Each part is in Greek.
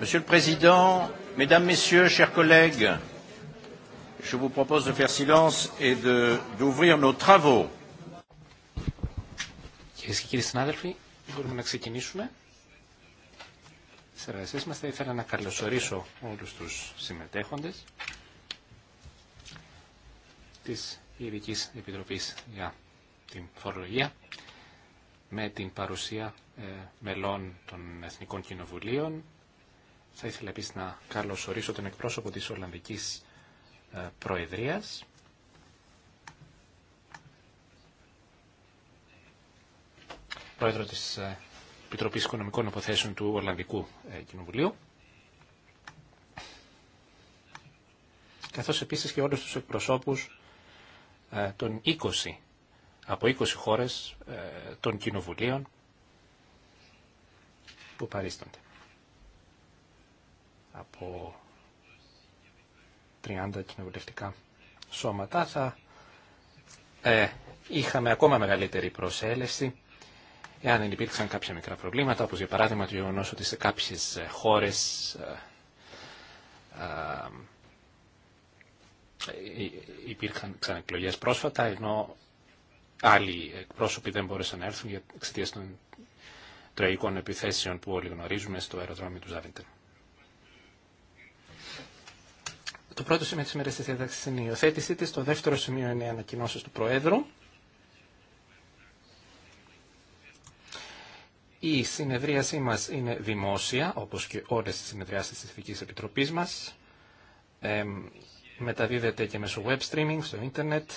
Monsieur le Président, Mesdames, Messieurs, chers collègues, je vous propose de faire silence et d'ouvrir nos travaux. Κυρίε και κύριοι συνάδελφοι, μπορούμε να ξεκινήσουμε. Σε εργασίε μα θα ήθελα να καλωσορίσω όλου του συμμετέχοντε τη Ειδική Επιτροπή για την Φορολογία με την παρουσία ε, μελών των Εθνικών Κοινοβουλίων, θα ήθελα επίση να καλωσορίσω τον εκπρόσωπο της Ολλανδικής ε, Προεδρίας. Πρόεδρο της ε, Επιτροπής Οικονομικών Αποθέσεων του Ολλανδικού ε, Κοινοβουλίου. Καθώς επίσης και όλους τους εκπροσώπους των 20, από 20 χώρες των κοινοβουλίων που παρίστανται από 30 κοινοβουλευτικά σώματα θα ε, είχαμε ακόμα μεγαλύτερη προσέλευση εάν υπήρξαν κάποια μικρά προβλήματα, όπως για παράδειγμα το γεγονό ότι σε κάποιες ε, χώρες ε, ε, ε, ε υπήρχαν ξανακλογέ πρόσφατα, ενώ άλλοι εκπρόσωποι δεν μπόρεσαν να έρθουν εξαιτία των τραγικών επιθέσεων που όλοι γνωρίζουμε στο αεροδρόμιο του Ζάβιντερ. Το πρώτο σημείο τη τη διάταξη είναι η υιοθέτησή τη. Το δεύτερο σημείο είναι οι ανακοινώσει του Προέδρου. Η συνεδρίασή μα είναι δημόσια, όπω και όλε τι συνεδριάσεις τη Ειδική Επιτροπή μα. Ε, μεταδίδεται και μέσω web streaming στο ίντερνετ.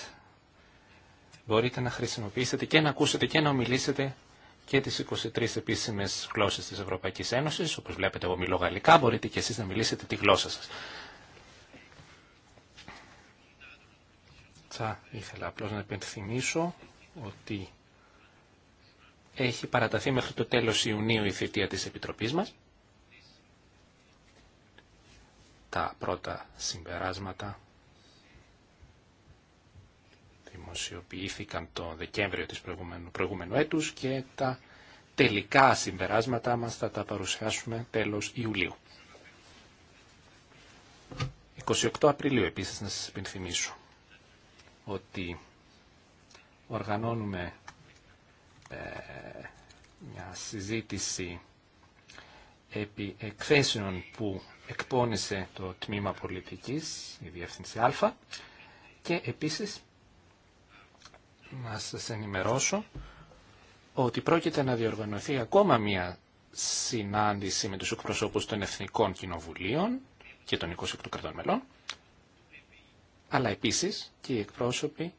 Μπορείτε να χρησιμοποιήσετε και να ακούσετε και να ομιλήσετε και τις 23 επίσημες γλώσσες της Ευρωπαϊκής Ένωσης. Όπως βλέπετε εγώ μιλώ γαλλικά, μπορείτε και εσείς να μιλήσετε τη γλώσσα σας. Θα ήθελα απλώς να επενθυμίσω ότι έχει παραταθεί μέχρι το τέλος Ιουνίου η θητεία της Επιτροπής μας. Τα πρώτα συμπεράσματα δημοσιοποιήθηκαν το Δεκέμβριο της προηγούμενου, προηγούμενου έτους και τα τελικά συμπεράσματα μας θα τα παρουσιάσουμε τέλος Ιουλίου. 28 Απριλίου επίσης να σας επιθυμίσω ότι οργανώνουμε ε, μια συζήτηση επί εκθέσεων που εκπώνησε το Τμήμα Πολιτικής, η Διεύθυνση Α, και επίσης να σας ενημερώσω ότι πρόκειται να διοργανωθεί ακόμα μια συνάντηση με τους εκπροσώπους των Εθνικών Κοινοβουλίων και των 28 κρατών μελών αλλά επίσης και οι εκπρόσωποι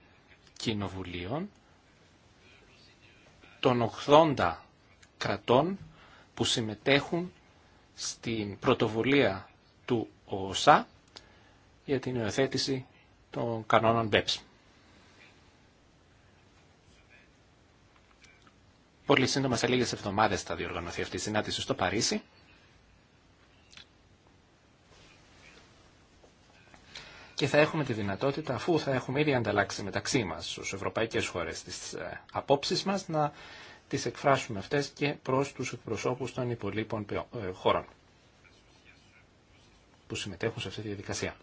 κοινοβουλίων των 80 κρατών που συμμετέχουν στην πρωτοβουλία του ΟΣΑ για την υιοθέτηση των κανόνων BEPS. Πολύ σύντομα σε λίγες εβδομάδες θα διοργανωθεί αυτή η συνάντηση στο Παρίσι και θα έχουμε τη δυνατότητα, αφού θα έχουμε ήδη ανταλλάξει μεταξύ μας στους ευρωπαϊκές χώρες τις ε, απόψεις μας, να τις εκφράσουμε αυτές και προς τους εκπροσώπους των υπολείπων ε, χώρων που συμμετέχουν σε αυτή τη διαδικασία.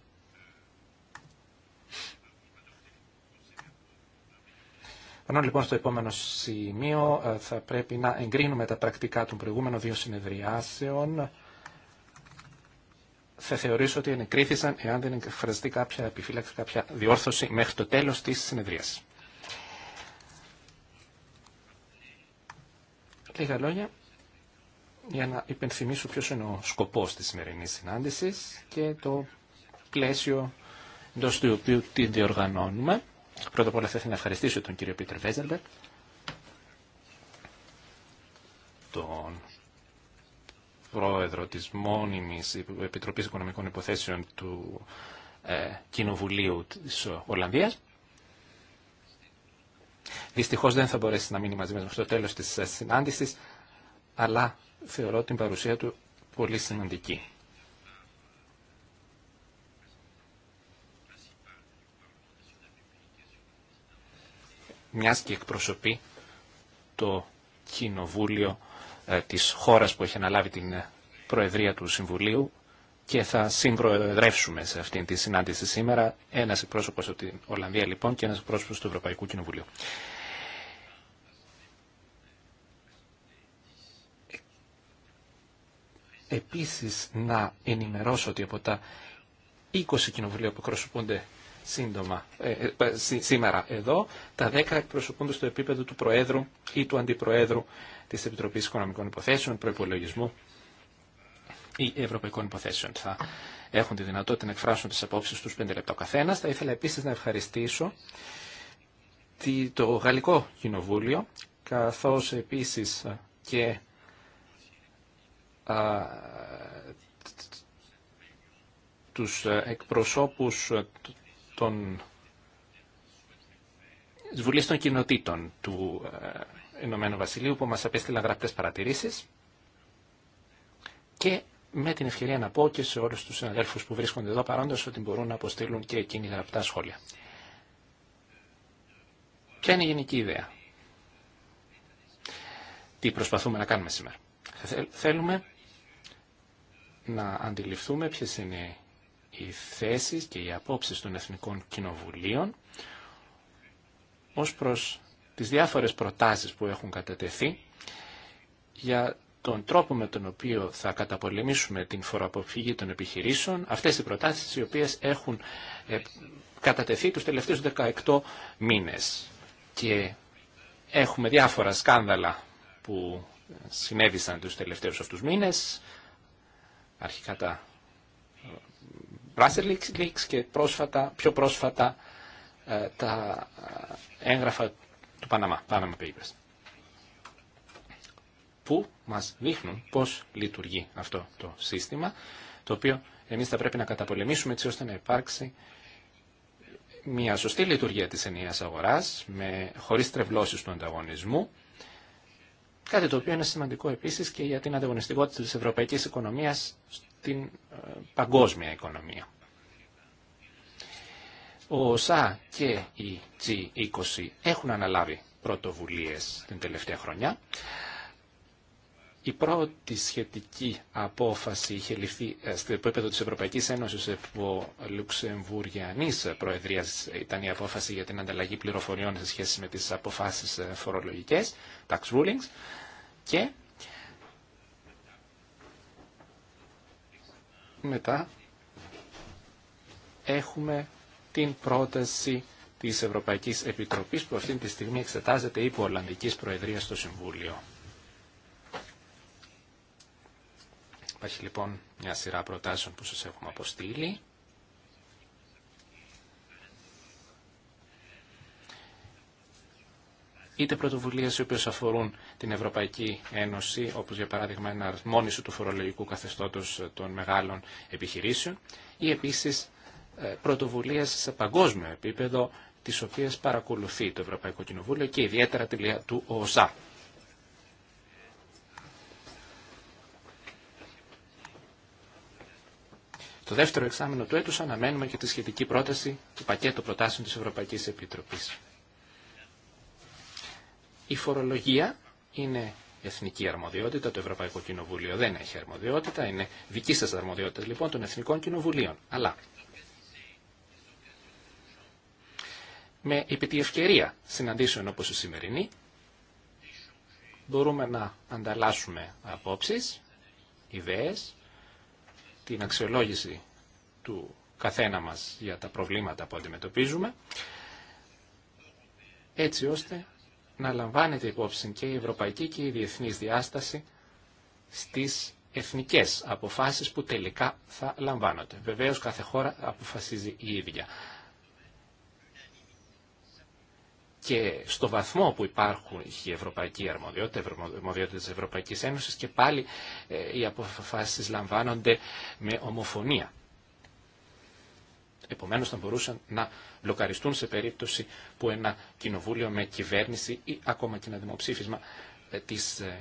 Ενώ λοιπόν στο επόμενο σημείο ε, θα πρέπει να εγκρίνουμε τα πρακτικά των προηγούμενων δύο συνεδριάσεων θα θεωρήσω ότι ενεκρίθησαν εάν δεν εκφραστεί κάποια επιφύλαξη, κάποια διόρθωση μέχρι το τέλος της συνεδρίας. Λίγα λόγια για να υπενθυμίσω ποιος είναι ο σκοπός της σημερινής συνάντησης και το πλαίσιο εντό του οποίου τη διοργανώνουμε. Πρώτα απ' όλα θα ήθελα να ευχαριστήσω τον κύριο Πίτερ Βέζερμπερκ, τον πρόεδρο της μόνιμης Επιτροπής Οικονομικών Υποθέσεων του ε, Κοινοβουλίου της Ολλανδίας. Δυστυχώς δεν θα μπορέσει να μείνει μαζί μας στο τέλος της ε, συνάντησης, αλλά θεωρώ την παρουσία του πολύ σημαντική. Μιας και εκπροσωπεί το Κοινοβούλιο ε, της χώρας που έχει αναλάβει την ε, Προεδρία του Συμβουλίου και θα συμπροεδρεύσουμε σε αυτήν τη συνάντηση σήμερα ένας εκπρόσωπος από την Ολλανδία λοιπόν και ένας εκπρόσωπος του Ευρωπαϊκού Κοινοβουλίου. Επίσης να ενημερώσω ότι από τα 20 κοινοβουλία που εκπροσωπούνται σύντομα, ε, ε σήμερα εδώ, τα 10 εκπροσωπούνται στο επίπεδο του Προέδρου ή του Αντιπροέδρου της Επιτροπής Οικονομικών Υποθέσεων, Προϋπολογισμού ή Ευρωπαϊκών Υποθέσεων. Θα έχουν τη δυνατότητα να εκφράσουν τις απόψεις τους 5 λεπτά ο καθένας. Θα ήθελα επίσης να ευχαριστήσω το Γαλλικό Κοινοβούλιο, καθώς επίσης και α, τους εκπροσώπους των της των Κοινοτήτων του ε, Ηνωμένου Βασιλείου που μας απέστειλαν γραπτές παρατηρήσεις και με την ευκαιρία να πω και σε όλους τους συναδέλφους που βρίσκονται εδώ παρόντος ότι μπορούν να αποστείλουν και εκείνοι γραπτά σχόλια. Ποια είναι η γενική ιδέα. Τι προσπαθούμε να κάνουμε σήμερα. Θέλουμε να αντιληφθούμε ποιες είναι οι θέσεις και οι απόψεις των Εθνικών Κοινοβουλίων ως προς τις διάφορες προτάσεις που έχουν κατατεθεί για τον τρόπο με τον οποίο θα καταπολεμήσουμε την φοροαποφύγη των επιχειρήσεων, αυτές οι προτάσεις οι οποίες έχουν ε, κατατεθεί τους τελευταίους 18 μήνες. Και έχουμε διάφορα σκάνδαλα που συνέβησαν τους τελευταίους αυτούς μήνες, αρχικά Leaks και πρόσφατα, πιο πρόσφατα ε, τα έγγραφα του Παναμά, Panama Papers, που μας δείχνουν πώς λειτουργεί αυτό το σύστημα, το οποίο εμείς θα πρέπει να καταπολεμήσουμε έτσι ώστε να υπάρξει μια σωστή λειτουργία της ενιαίας αγοράς, με, χωρίς τρευλώσεις του ανταγωνισμού, κάτι το οποίο είναι σημαντικό επίσης και για την ανταγωνιστικότητα της ευρωπαϊκής οικονομίας την ε, παγκόσμια οικονομία. Ο ΩΣΑ και η G20 έχουν αναλάβει πρωτοβουλίες την τελευταία χρονιά. Η πρώτη σχετική απόφαση είχε ληφθεί ε, στο επίπεδο της Ευρωπαϊκής Ένωσης από Λουξεμβουργιανής Προεδρίας. Ήταν η απόφαση για την ανταλλαγή πληροφοριών σε σχέση με τις αποφάσεις ε, φορολογικές, tax rulings. Και Μετά έχουμε την πρόταση της Ευρωπαϊκής Επιτροπής που αυτή τη στιγμή εξετάζεται υπό Ολλανδικής Προεδρίας στο Συμβούλιο. Υπάρχει λοιπόν μια σειρά προτάσεων που σας έχουμε αποστείλει. είτε πρωτοβουλίε οι οποίε αφορούν την Ευρωπαϊκή Ένωση, όπω για παράδειγμα ένα αρμόνιση του φορολογικού καθεστώτο των μεγάλων επιχειρήσεων, ή επίση ε, πρωτοβουλίε σε παγκόσμιο επίπεδο, τι οποίε παρακολουθεί το Ευρωπαϊκό Κοινοβούλιο και ιδιαίτερα τη του ΟΣΑ. Το δεύτερο εξάμεινο του έτους αναμένουμε και τη σχετική πρόταση του πακέτο προτάσεων της Ευρωπαϊκής Επιτροπής. Η φορολογία είναι εθνική αρμοδιότητα, το Ευρωπαϊκό Κοινοβούλιο δεν έχει αρμοδιότητα, είναι δική σας αρμοδιότητα λοιπόν των Εθνικών Κοινοβουλίων. Αλλά με επί ευκαιρία συναντήσεων όπως η σημερινή, μπορούμε να ανταλλάσσουμε απόψεις, ιδέες, την αξιολόγηση του καθένα μας για τα προβλήματα που αντιμετωπίζουμε, έτσι ώστε να λαμβάνεται υπόψη και η ευρωπαϊκή και η διεθνής διάσταση στις εθνικές αποφάσεις που τελικά θα λαμβάνονται. Βεβαίως κάθε χώρα αποφασίζει η ίδια. Και στο βαθμό που υπάρχουν η ευρωπαϊκή αρμοδιότητα, η αρμοδιότητα της Ευρωπαϊκής Ένωσης και πάλι ε, οι αποφάσεις λαμβάνονται με ομοφωνία επομένως θα μπορούσαν να λοκαριστούν σε περίπτωση που ένα κοινοβούλιο με κυβέρνηση ή ακόμα και ένα δημοψήφισμα ε, της ε,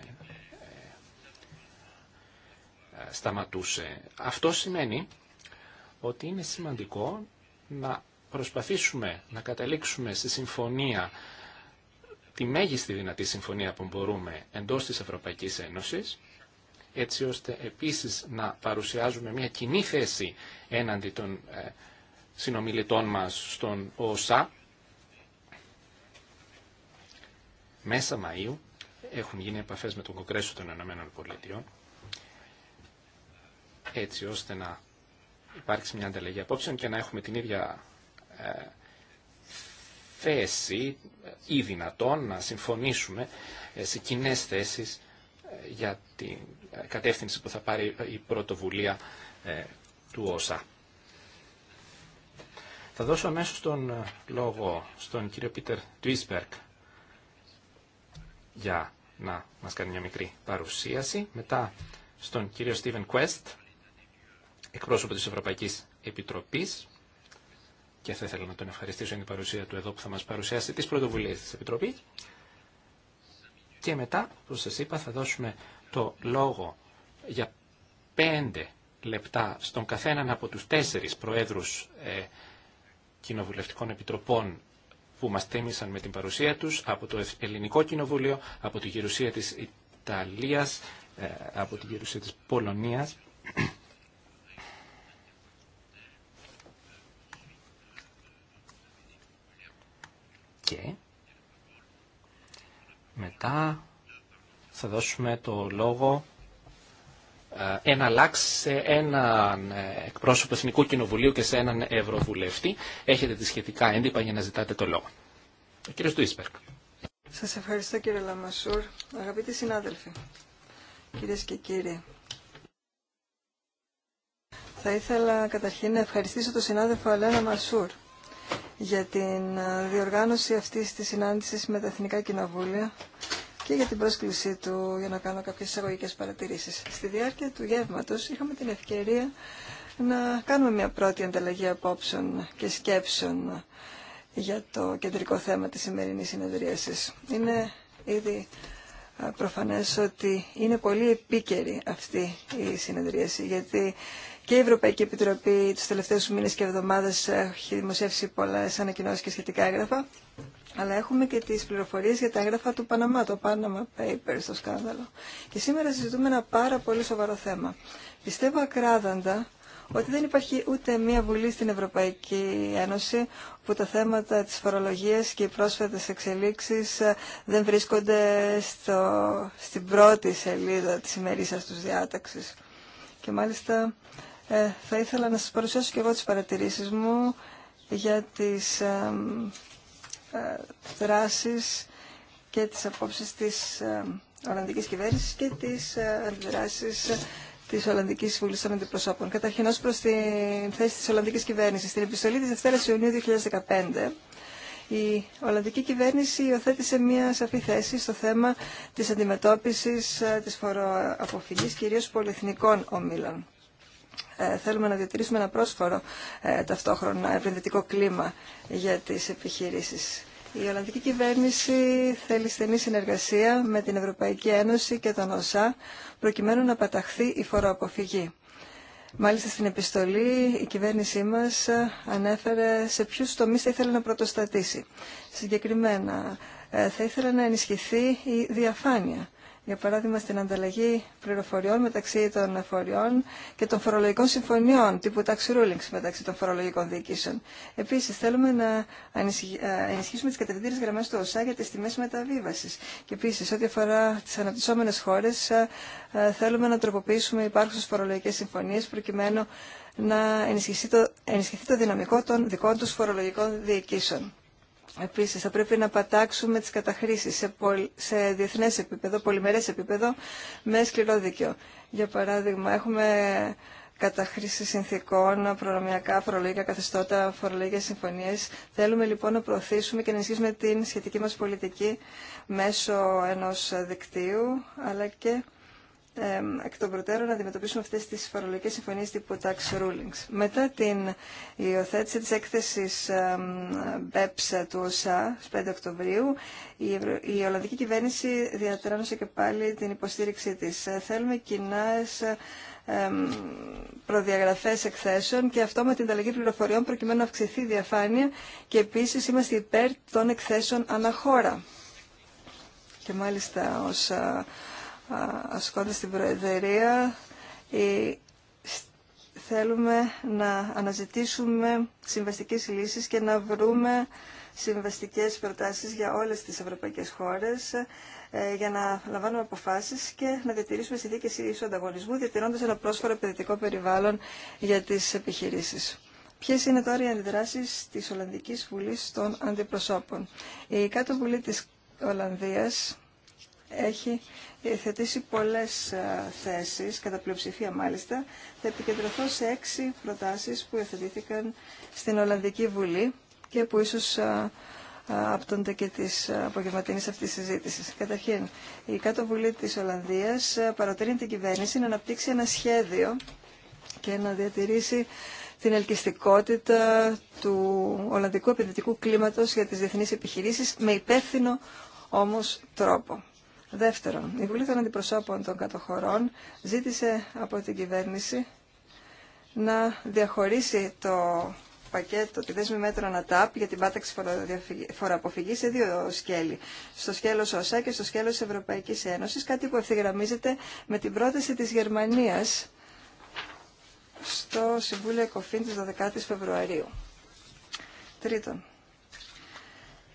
ε, σταματούσε. Αυτό σημαίνει ότι είναι σημαντικό να προσπαθήσουμε να καταλήξουμε στη συμφωνία, τη μέγιστη δυνατή συμφωνία που μπορούμε εντός της Ευρωπαϊκής Ένωσης, έτσι ώστε επίσης να παρουσιάζουμε μια κοινή θέση έναντι των συνομιλητών μας στον ΟΣΑ. Μέσα Μαΐου έχουν γίνει επαφές με τον Κογκρέσο των Ηνωμένων Πολιτειών έτσι ώστε να υπάρξει μια ανταλλαγή απόψεων και να έχουμε την ίδια ε, θέση ή δυνατόν να συμφωνήσουμε ε, σε κοινέ θέσεις ε, για την κατεύθυνση που θα πάρει η πρωτοβουλία του ΟΣΑ. Θα δώσω αμέσως τον ε, λόγο στον κύριο Πίτερ Τουίσπερκ για να μας κάνει μια μικρή παρουσίαση. Μετά στον κύριο Στίβεν Κουέστ, εκπρόσωπο της Ευρωπαϊκής Επιτροπής και θα ήθελα να τον ευχαριστήσω για την παρουσία του εδώ που θα μας παρουσιάσει τις πρωτοβουλίες της Επιτροπής. Και μετά, όπως σας είπα, θα δώσουμε το λόγο για πέντε λεπτά στον καθέναν από τους τέσσερις προέδρους ε, κοινοβουλευτικών επιτροπών που μας τίμησαν με την παρουσία τους, από το Ελληνικό Κοινοβούλιο, από τη γερουσία της Ιταλίας, ε, από τη γερουσία της Πολωνίας. Και μετά θα δώσουμε το λόγο ε, εναλλάξει σε έναν ε, εκπρόσωπο Εθνικού Κοινοβουλίου και σε έναν Ευρωβουλευτή. Έχετε τη σχετικά έντυπα για να ζητάτε το λόγο. Ο κύριος Ντουίσπερκ. Σας ευχαριστώ κύριε Λαμασούρ. Αγαπητοί συνάδελφοι, κυρίες και κύριοι. Θα ήθελα καταρχήν να ευχαριστήσω τον συνάδελφο Αλένα Μασούρ για την ε, διοργάνωση αυτής της συνάντησης με τα Εθνικά Κοινοβούλια και για την πρόσκλησή του για να κάνω κάποιες εισαγωγικές παρατηρήσεις. Στη διάρκεια του γεύματος είχαμε την ευκαιρία να κάνουμε μια πρώτη ανταλλαγή απόψεων και σκέψεων για το κεντρικό θέμα της σημερινής συνεδρίασης. Είναι ήδη προφανές ότι είναι πολύ επίκαιρη αυτή η συνεδρίαση γιατί και η Ευρωπαϊκή Επιτροπή τους τελευταίους μήνες και εβδομάδες έχει δημοσιεύσει πολλές ανακοινώσεις και σχετικά έγγραφα. Αλλά έχουμε και τις πληροφορίες για τα έγγραφα του Παναμά, το Panama Papers, το σκάνδαλο. Και σήμερα συζητούμε ένα πάρα πολύ σοβαρό θέμα. Πιστεύω ακράδαντα ότι δεν υπάρχει ούτε μία βουλή στην Ευρωπαϊκή Ένωση που τα θέματα της φορολογίας και οι πρόσφατες εξελίξεις δεν βρίσκονται στο, στην πρώτη σελίδα της σας τους διάταξης. Και μάλιστα ε, θα ήθελα να σας παρουσιάσω και εγώ τις παρατηρήσεις μου για τις ε, δράσεις και τις απόψεις της ε, Ολλανδικής Κυβέρνησης και τις ε, δράσεις της Ολλανδικής Βουλή των Αντιπροσώπων. Καταρχήν, προς προ την θέση της Ολλανδικής Κυβέρνησης. Στην επιστολή τη Δευτέρα Ιουνίου 2015, η Ολλανδική Κυβέρνηση υιοθέτησε μία σαφή θέση στο θέμα τη αντιμετώπιση της ε, φοροαποφυγή κυρίω πολυεθνικών ομήλων. Ε, θέλουμε να διατηρήσουμε ένα πρόσφορο ε, ταυτόχρονα επενδυτικό κλίμα για τις επιχειρήσεις. Η Ολλανδική κυβέρνηση θέλει στενή συνεργασία με την Ευρωπαϊκή Ένωση και τον ΟΣΑ προκειμένου να παταχθεί η φοροαποφυγή. Μάλιστα στην επιστολή η κυβέρνησή μας ε, ανέφερε σε ποιους τομείς θα ήθελε να πρωτοστατήσει. Συγκεκριμένα θα ήθελε να ενισχυθεί η διαφάνεια για παράδειγμα στην ανταλλαγή πληροφοριών μεταξύ των φοριών και των φορολογικών συμφωνιών τύπου tax rulings μεταξύ των φορολογικών διοικήσεων. Επίσης θέλουμε να ε, ενισχύσουμε τις κατευθυντήρες γραμμές του ΩΣΑ για τις τιμές μεταβίβασης. Και επίσης ό,τι αφορά τις αναπτυσσόμενες χώρες ε, ε, θέλουμε να τροποποιήσουμε υπάρχουσες φορολογικές συμφωνίες προκειμένου να ενισχυθεί το, ενισχυθεί το δυναμικό των δικών τους φορολογικών διοικήσεων. Επίσης, θα πρέπει να πατάξουμε τις καταχρήσεις σε, πολ... σε διεθνές επίπεδο, πολυμερές επίπεδο, με σκληρό δίκαιο. Για παράδειγμα, έχουμε καταχρήση συνθήκων, προνομιακά, φορολογικά καθεστώτα, φορολογικές συμφωνίες. Θέλουμε λοιπόν να προωθήσουμε και να ενισχύσουμε την σχετική μας πολιτική μέσω ενός δικτύου, αλλά και εκ των προτέρων να αντιμετωπίσουμε αυτές τις φορολογικές συμφωνίες τύπου tax rulings. Μετά την υιοθέτηση της έκθεσης BEPS του ΟΣΑ στις 5 Οκτωβρίου, η Ολλανδική κυβέρνηση διατράνωσε και πάλι την υποστήριξή της. Ε, θέλουμε κοινά προδιαγραφές εκθέσεων και αυτό με την ταλλαγή πληροφοριών προκειμένου να αυξηθεί η διαφάνεια και επίσης είμαστε υπέρ των εκθέσεων αναχώρα. Και μάλιστα ως ε, ασκώντας την Προεδρία ε, θέλουμε να αναζητήσουμε συμβαστικές λύσεις και να βρούμε συμβαστικές προτάσεις για όλες τις ευρωπαϊκές χώρες ε, για να λαμβάνουμε αποφάσεις και να διατηρήσουμε συνθήκες ίσου ανταγωνισμού διατηρώντας ένα πρόσφορο επενδυτικό περιβάλλον για τις επιχειρήσεις. Ποιε είναι τώρα οι αντιδράσει της Ολλανδικής Βουλής των Αντιπροσώπων. Η κάτω βουλή της Ολλανδίας έχει θετήσει πολλές ε, θέσεις, κατά πλειοψηφία μάλιστα. Θα επικεντρωθώ σε έξι προτάσεις που εθετήθηκαν στην Ολλανδική Βουλή και που ίσως απτώνται ε, ε, και της απογευματινής αυτής της συζήτησης. Καταρχήν, η Κάτω Βουλή της Ολλανδίας παροτρύνει την κυβέρνηση να αναπτύξει ένα σχέδιο και να διατηρήσει την ελκυστικότητα του Ολλανδικού επενδυτικού κλίματος για τις διεθνείς επιχειρήσεις με υπεύθυνο όμως τρόπο. Δεύτερον, η Βουλή των Αντιπροσώπων των Κατοχωρών ζήτησε από την κυβέρνηση να διαχωρίσει το πακέτο, τη δέσμη μέτρων ΑΤΑΠ για την πάταξη φοροαποφυγή σε δύο σκέλη. Στο σκέλο ΩΣΑ και στο σκέλο Ευρωπαϊκή Ένωση, κάτι που ευθυγραμμίζεται με την πρόταση τη Γερμανία στο Συμβούλιο Εκοφήν τη 12η Φεβρουαρίου. Τρίτον,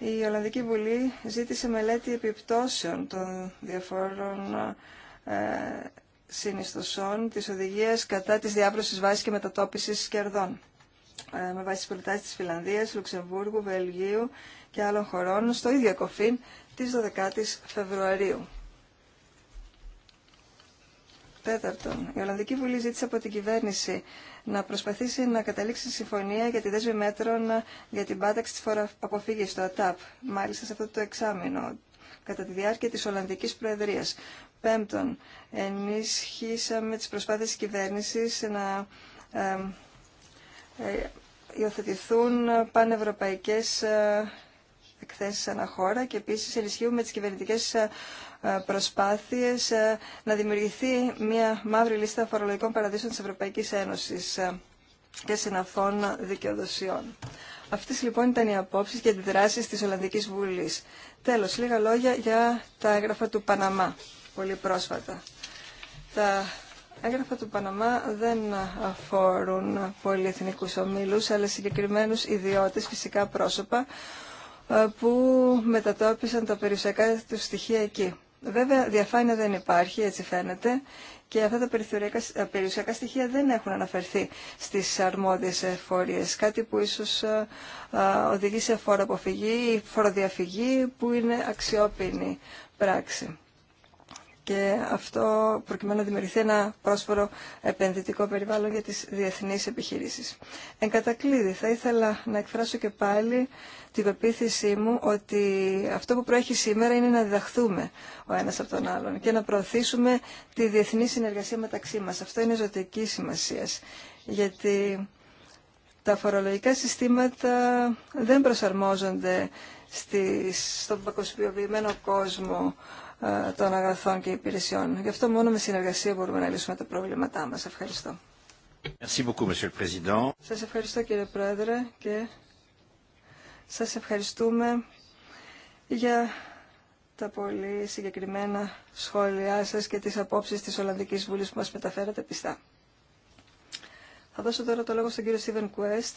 η Ολλανδική Βουλή ζήτησε μελέτη επιπτώσεων των διαφόρων ε, συνιστοσών της οδηγίας κατά της διάβρωσης βάσης και μετατόπισης κερδών ε, με βάση τις προτάσεις της Φιλανδίας, Λουξεμβούργου, Βελγίου και άλλων χωρών στο ίδιο κοφήν της 12ης Φεβρουαρίου. Τέταρτον, η Ολλανδική Βουλή ζήτησε από την κυβέρνηση να προσπαθήσει να καταλήξει συμφωνία για τη δέσμη μέτρων για την πάταξη της φοροαποφύγη στο ΑΤΑΠ, μάλιστα σε αυτό το εξάμεινο, κατά τη διάρκεια της Ολλανδικής Προεδρίας. Πέμπτον, ενίσχυσαμε τις προσπάθειες της κυβέρνησης να ε, ε, υιοθετηθούν πανευρωπαϊκές ε, εκθέσεις αναχώρα και επίσης ενισχύουμε τις κυβερνητικέ ε, ε, προσπάθειες ε, να δημιουργηθεί μια μαύρη λίστα φορολογικών παραδείσων τη Ευρωπαϊκή Ένωση και συναφών δικαιοδοσιών. Αυτέ λοιπόν ήταν οι απόψει και αντιδράσει τη Ολλανδική Βουλή. Τέλο, λίγα λόγια για τα έγγραφα του Παναμά, πολύ πρόσφατα. Τα έγγραφα του Παναμά δεν αφορούν πολυεθνικού ομίλου, αλλά συγκεκριμένου ιδιώτε, φυσικά πρόσωπα, ε, που μετατόπισαν τα περιουσιακά του στοιχεία εκεί. Βέβαια, διαφάνεια δεν υπάρχει, έτσι φαίνεται, και αυτά τα περιουσιακά ε, στοιχεία δεν έχουν αναφερθεί στις αρμόδιες φόρειες, Κάτι που ίσως ε, οδηγεί σε φοροαποφυγή ή φοροδιαφυγή που είναι αξιόπινη πράξη και αυτό προκειμένου να δημιουργηθεί ένα πρόσφορο επενδυτικό περιβάλλον για τις διεθνείς επιχειρήσεις. Εν κατακλείδη, θα ήθελα να εκφράσω και πάλι την πεποίθησή μου ότι αυτό που προέχει σήμερα είναι να διδαχθούμε ο ένας από τον άλλον και να προωθήσουμε τη διεθνή συνεργασία μεταξύ μας. Αυτό είναι ζωτική σημασία, γιατί τα φορολογικά συστήματα δεν προσαρμόζονται στον παγκοσμιοποιημένο κόσμο ε, των αγαθών και υπηρεσιών. Γι' αυτό μόνο με συνεργασία μπορούμε να λύσουμε τα προβλήματά μας. Ευχαριστώ. Merci beaucoup, Monsieur le Président. Σας ευχαριστώ κύριε Πρόεδρε και σας ευχαριστούμε για τα πολύ συγκεκριμένα σχόλιά σας και τις απόψεις της Ολλανδικής Βουλής που μας μεταφέρατε πιστά. Θα δώσω τώρα το λόγο στον κύριο Στίβεν Κουέστ,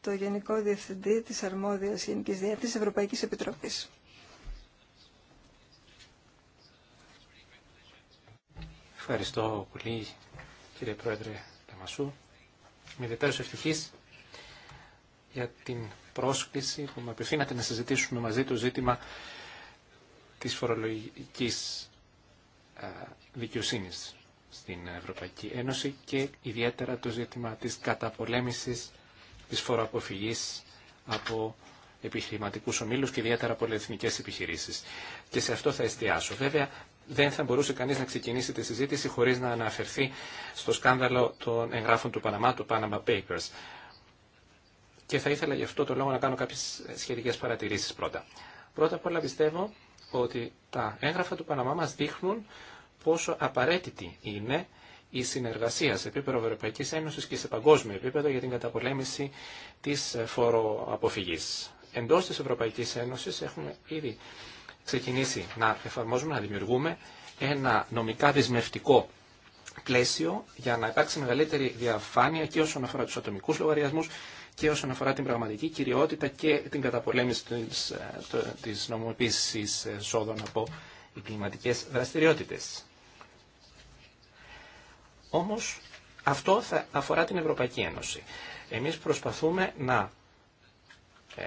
το Γενικό Διευθυντή της Αρμόδιας Γενικής Διεύθυνσης Ευρωπαϊκής Επιτροπής. Ευχαριστώ πολύ κύριε Πρόεδρε Λαμασού. Με ιδιαίτερη ευτυχής για την πρόσκληση που με απευθύνατε να συζητήσουμε μαζί το ζήτημα της φορολογικής ε, δικαιοσύνης στην Ευρωπαϊκή Ένωση και ιδιαίτερα το ζήτημα της καταπολέμησης της φοροαποφυγής από επιχειρηματικούς ομίλους και ιδιαίτερα από επιχειρήσεις. Και σε αυτό θα εστιάσω. Βέβαια, δεν θα μπορούσε κανείς να ξεκινήσει τη συζήτηση χωρίς να αναφερθεί στο σκάνδαλο των εγγράφων του Παναμά, του Panama Papers. Και θα ήθελα γι' αυτό το λόγο να κάνω κάποιες σχετικές παρατηρήσεις πρώτα. Πρώτα απ' όλα πιστεύω ότι τα έγγραφα του Παναμά μας δείχνουν πόσο απαραίτητη είναι η συνεργασία σε επίπεδο Ευρωπαϊκή Ένωση και σε παγκόσμιο επίπεδο για την καταπολέμηση τη φοροαποφυγή. Εντό τη Ευρωπαϊκή Ένωση έχουμε ήδη ξεκινήσει να εφαρμόζουμε, να δημιουργούμε ένα νομικά δεσμευτικό πλαίσιο για να υπάρξει μεγαλύτερη διαφάνεια και όσον αφορά τους ατομικούς λογαριασμούς και όσον αφορά την πραγματική κυριότητα και την καταπολέμηση της, ε, της νομοποίησης ε, εσόδων από εγκληματικές δραστηριότητες. Όμως αυτό θα αφορά την Ευρωπαϊκή Ένωση. Εμείς προσπαθούμε να ε,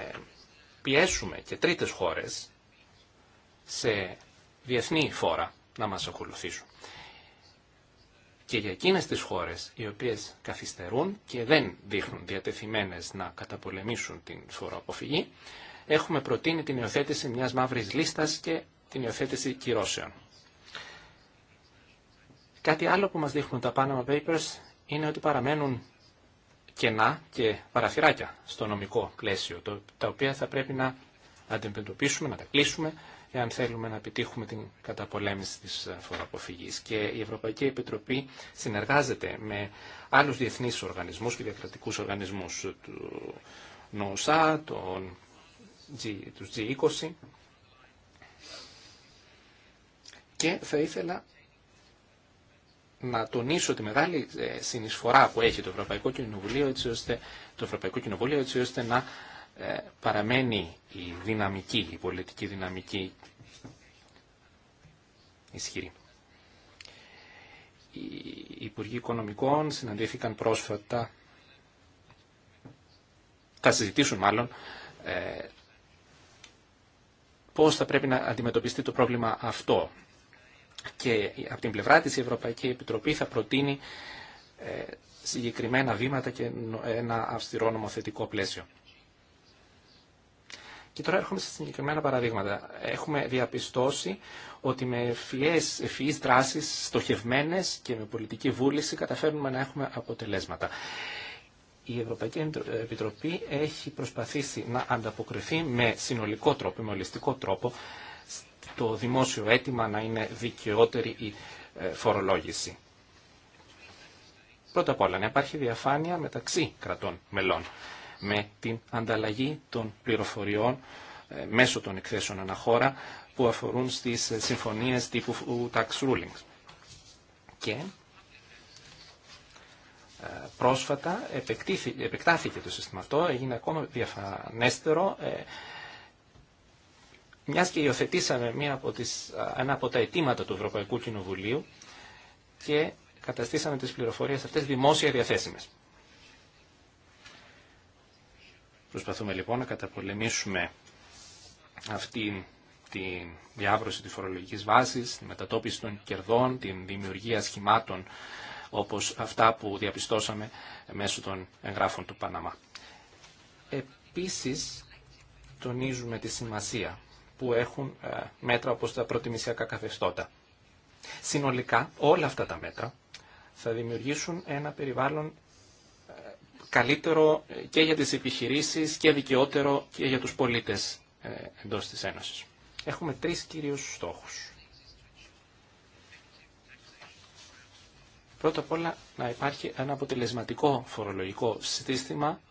πιέσουμε και τρίτες χώρες σε διεθνή φόρα να μας ακολουθήσουν. Και για εκείνες τις χώρες οι οποίες καθυστερούν και δεν δείχνουν διατεθειμένες να καταπολεμήσουν την φοροαποφυγή, έχουμε προτείνει την υιοθέτηση μιας μαύρης λίστας και την υιοθέτηση κυρώσεων. Κάτι άλλο που μας δείχνουν τα Panama Papers είναι ότι παραμένουν κενά και παραθυράκια στο νομικό πλαίσιο, τα οποία θα πρέπει να αντιμετωπίσουμε, να τα κλείσουμε, εάν θέλουμε να επιτύχουμε την καταπολέμηση της ε, φοροαποφυγής. Και η Ευρωπαϊκή Επιτροπή συνεργάζεται με άλλους διεθνείς οργανισμούς και διακρατικούς οργανισμούς ε, του ΝΟΣΑ, των G, τους G20 και θα ήθελα να τονίσω τη μεγάλη ε, συνεισφορά που έχει το Ευρωπαϊκό Κοινοβούλιο έτσι ώστε, το Ευρωπαϊκό Κοινοβούλιο έτσι ώστε να ε, παραμένει η δυναμική, η πολιτική δυναμική ισχυρή. Οι Υπουργοί Οικονομικών συναντήθηκαν πρόσφατα, θα συζητήσουν μάλλον, ε, πώς θα πρέπει να αντιμετωπιστεί το πρόβλημα αυτό. Και από την πλευρά της η Ευρωπαϊκή Επιτροπή θα προτείνει ε, συγκεκριμένα βήματα και ένα αυστηρό νομοθετικό πλαίσιο. Και τώρα έρχομαι σε συγκεκριμένα παραδείγματα. Έχουμε διαπιστώσει ότι με ευφυεί ευφυείς δράσεις στοχευμένες και με πολιτική βούληση καταφέρνουμε να έχουμε αποτελέσματα. Η Ευρωπαϊκή Επιτροπή έχει προσπαθήσει να ανταποκριθεί με συνολικό τρόπο, με ολιστικό τρόπο, στο δημόσιο αίτημα να είναι δικαιότερη η ε, φορολόγηση. Πρώτα απ' όλα, να υπάρχει διαφάνεια μεταξύ κρατών μελών με την ανταλλαγή των πληροφοριών ε, μέσω των εκθέσεων αναχώρα που αφορούν στις ε, συμφωνίες τύπου tax rulings. Και ε, πρόσφατα επεκτάθηκε το σύστημα αυτό, έγινε ακόμα διαφανέστερο. Μιας και υιοθετήσαμε μία από τις, ένα από τα αιτήματα του Ευρωπαϊκού Κοινοβουλίου και καταστήσαμε τις πληροφορίες αυτές δημόσια διαθέσιμες. Προσπαθούμε λοιπόν να καταπολεμήσουμε αυτή τη διάβρωση της φορολογικής βάσης, τη μετατόπιση των κερδών, την δημιουργία σχημάτων όπως αυτά που διαπιστώσαμε μέσω των εγγράφων του Παναμά. Επίσης, τονίζουμε τη σημασία που έχουν ε, μέτρα όπως τα προτιμησιακά καθεστώτα. Συνολικά, όλα αυτά τα μέτρα θα δημιουργήσουν ένα περιβάλλον καλύτερο και για τις επιχειρήσεις και δικαιότερο και για τους πολίτες ε, εντός της Ένωσης. Έχουμε τρεις κυρίους στόχους. Πρώτα απ' όλα να υπάρχει ένα αποτελεσματικό φορολογικό σύστημα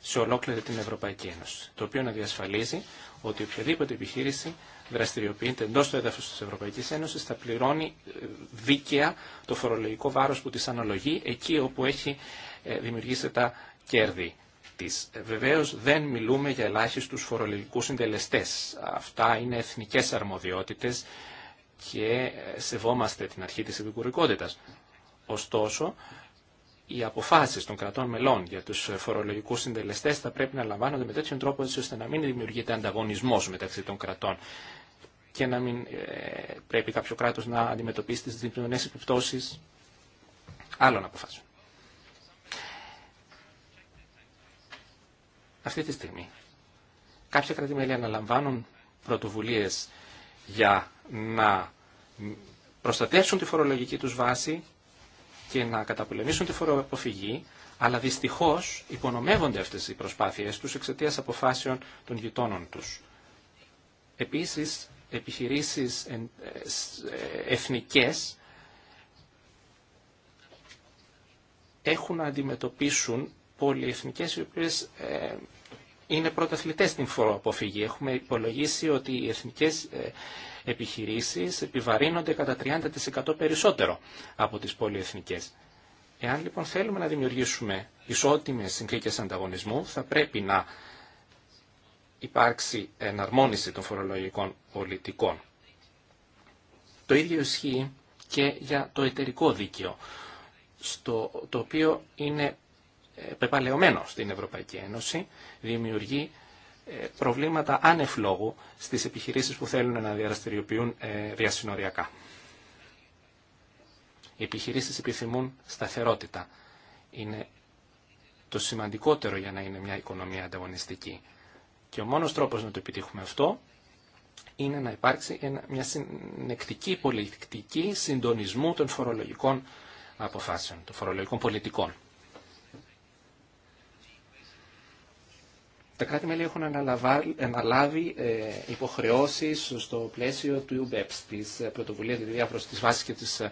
σε ολόκληρη την Ευρωπαϊκή Ένωση, το οποίο να διασφαλίζει ότι οποιαδήποτε επιχείρηση δραστηριοποιείται εντό του έδαφου τη Ευρωπαϊκή Ένωση θα πληρώνει ε, δίκαια το φορολογικό βάρο που τη αναλογεί εκεί όπου έχει ε, δημιουργήσετε τα κέρδη της. Ε, βεβαίως δεν μιλούμε για ελάχιστους φορολογικούς συντελεστές. Αυτά είναι εθνικές αρμοδιότητες και ε, σεβόμαστε την αρχή της επικουρικότητας. Ωστόσο, οι αποφάσεις των κρατών μελών για τους φορολογικούς συντελεστές θα πρέπει να λαμβάνονται με τέτοιον τρόπο ώστε να μην δημιουργείται ανταγωνισμός μεταξύ των κρατών και να μην πρέπει κάποιο κράτος να αντιμετωπίσει τις διπλωνές επιπτώσεις άλλων αποφάσεων. αυτή τη στιγμή. Κάποια κρατημέλη αναλαμβάνουν πρωτοβουλίες για να προστατεύσουν τη φορολογική τους βάση και να καταπολεμήσουν τη φοροαποφυγή, αλλά δυστυχώς υπονομεύονται αυτές οι προσπάθειες τους εξαιτία αποφάσεων των γειτόνων τους. Επίσης, επιχειρήσεις ε, εθνικές έχουν να αντιμετωπίσουν πολυεθνικές οι ε, είναι πρωταθλητές στην φοροαποφυγή. Έχουμε υπολογίσει ότι οι εθνικές ε, επιχειρήσεις επιβαρύνονται κατά 30% περισσότερο από τις πολυεθνικές. Εάν λοιπόν θέλουμε να δημιουργήσουμε ισότιμες συνθήκες ανταγωνισμού, θα πρέπει να υπάρξει εναρμόνιση των φορολογικών πολιτικών. Το ίδιο ισχύει και για το εταιρικό δίκαιο, στο, το οποίο είναι πεπαλαιωμένο στην Ευρωπαϊκή Ένωση, δημιουργεί ε, προβλήματα άνευ λόγου στις επιχειρήσεις που θέλουν να διαδραστηριοποιούν ε, διασυνοριακά. Οι επιχειρήσεις επιθυμούν σταθερότητα. Είναι το σημαντικότερο για να είναι μια οικονομία ανταγωνιστική. Και ο μόνος τρόπος να το επιτύχουμε αυτό είναι να υπάρξει μια συνεκτική πολιτική συντονισμού των φορολογικών αποφάσεων, των φορολογικών πολιτικών. Τα κράτη-μέλη έχουν αναλάβει ε, υποχρεώσεις στο πλαίσιο του UBEPS, της ε, πρωτοβουλίας τη διάφορας της βάσης και της ε,